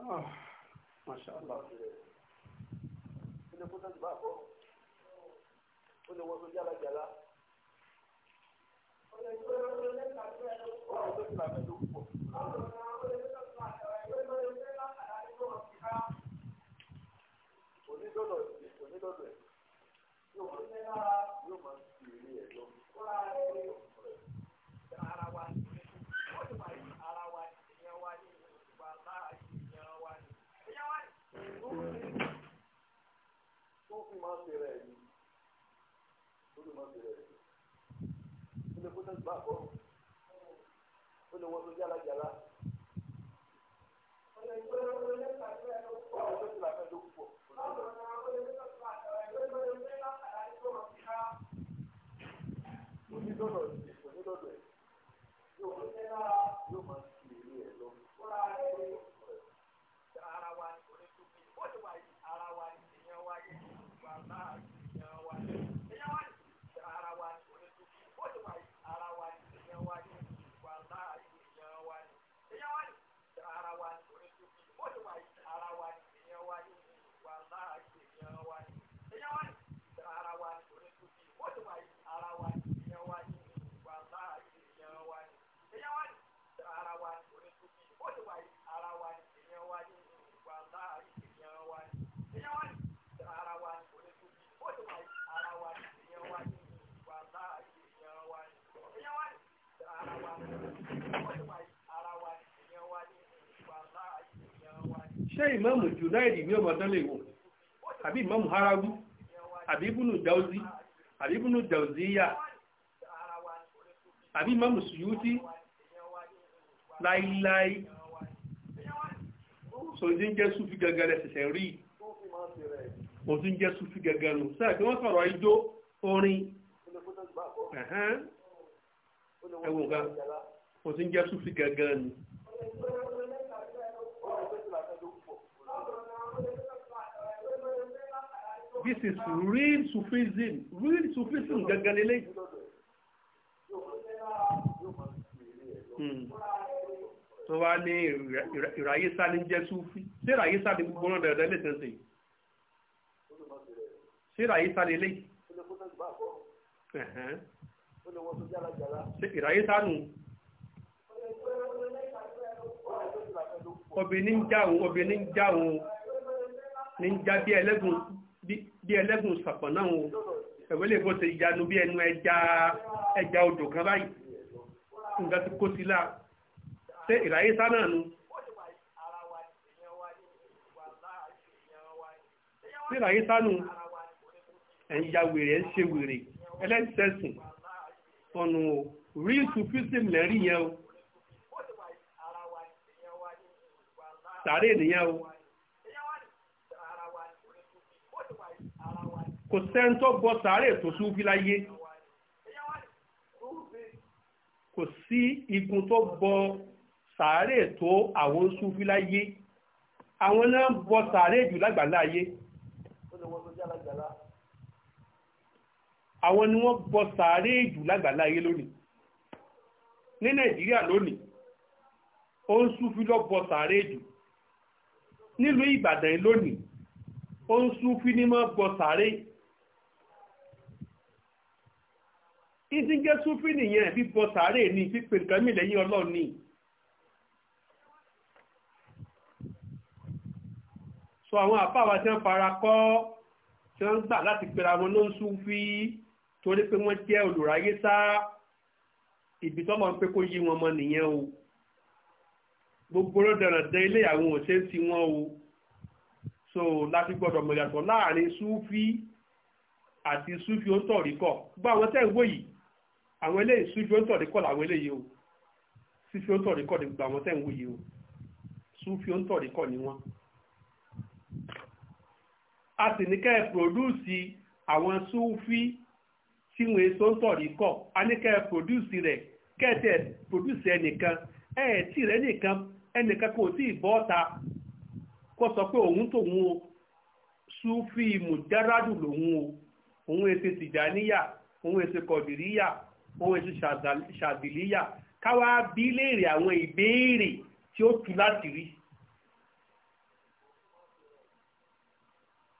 Oh. Masha Allah. ó lè kó sọ́jú bá a kọ́ ó lè wọ́n sójú alájàlá. ó lè tó lẹ́ka tó ẹ̀ ló. ó lè tó lẹ́ka tó ẹ̀ ló. onídọ́dọ̀ ẹ̀ onídọ́dọ̀ ẹ̀ yóò máa ń fi eré ẹ̀ lọ. bá bọ̀ ó lè wọ́n tó yára yàrá. Onídọ́dọ̀ ìdìbò nílọ́dọ̀ ẹ̀ yóò máa mu ìmáàmù junaidi ní ọmọ àbí ìmáàmù haragu àbí ibùnú àbí ibùnú jauziya àbí ìmáàmù lai jẹ́ súfì gangan lẹ́sẹ̀sẹ̀ rí òun jẹ́ súfì gangan orin this is real Sufism real Sufism gangan lélẹ̀. Hmm. tó wá ní ìràyíṣà ní jẹ́ Sufi ṣé ìràyíṣà ní gbogbo náà dandan lè tẹ̀sí ṣé ìràyíṣà ní lè. ṣé ìràyíṣà nù. obìnrin ń jáwó obìnrin ń jáwó ní ń já bí ẹlẹ́gùn bí ẹlẹ́gùn sàpọ̀ náà o ẹ̀wẹ́ lè bó ṣe ìyanu bí ẹnu ẹja odò kan báyìí nǹkan ti kó sí la ṣé ìráyé sá náà nu. ṣé ìráyé sá nu ẹ̀yìn ya wèrè ẹ̀ ń ṣe wèrè ẹlẹ́sẹ̀sìn ọ̀nà o real sufism yẹn o sàárè nìyẹn o. kò sẹ́ńtọ́ bọ́ sàárè tó súfí láyé kò sí igun tó bọ sàárè tó àwọn súfí láyé àwọn náà bọ sàárè jù lágbàlá ayé àwọn ni wọ́n bọ sàárè jù lágbàlá ayé lónìí ní nàìjíríà lónìí ó ń súfí lọ bọ sàárè jù nílùú ìbàdàn lónìí ó ń súfí ní mọ́ bọ sàárè jù ìsìnkẹ́ súfì nìyẹn bí bọ́ sàárè ní pípé nǹkan lẹ́yìn ọlọ́run ni. sọ àwọn àfáwà tí wọ́n fara kọ́ tí wọ́n gbà láti pera wọn ló ń súfì torí pé wọ́n jẹ́ olùráyé sá ibi tọ́lọ́ ń pé kó yí wọn mọ nìyẹn o gbogbo rọ́dọ̀rọ̀dọ̀ ilé àwọn òṣèlú ti wọn o so láti gbọ́dọ̀ mọ̀ yàtọ̀ láàrin súfì àti súfì ó tọ̀ríkọ̀ gbọ́ àwọn tẹ́ ń wò yìí àwọn eléyìí súfì ó ń tọ̀rí kọ́ làwọn eléyìí o súfì ó ń tọ̀rí kọ́ ní gbogbo àwọn tẹ́ ń wòye o súfì ó ń tọ̀rí kọ́ ní wọn. a sì ní kẹ́ ẹ pòdúùsì àwọn súfì tí wọn èso ń tọ̀rí kọ́ a ní kẹ́ ẹ pòdúùsì rẹ̀ kẹ́ pòdúùsì ẹnìkan ẹ̀ rẹ̀ nìkan ẹnìkan kò tí ì bọ́ ọ̀ta kó sọ pé òun tòun o súfì mùdáràdù lòun o òun èsè tìjàníyà òun èsè kọ̀dìríyà ohun èṣù ṣàdìlíyà káwá bí léèrè àwọn ìbéèrè tí ó tú láti rí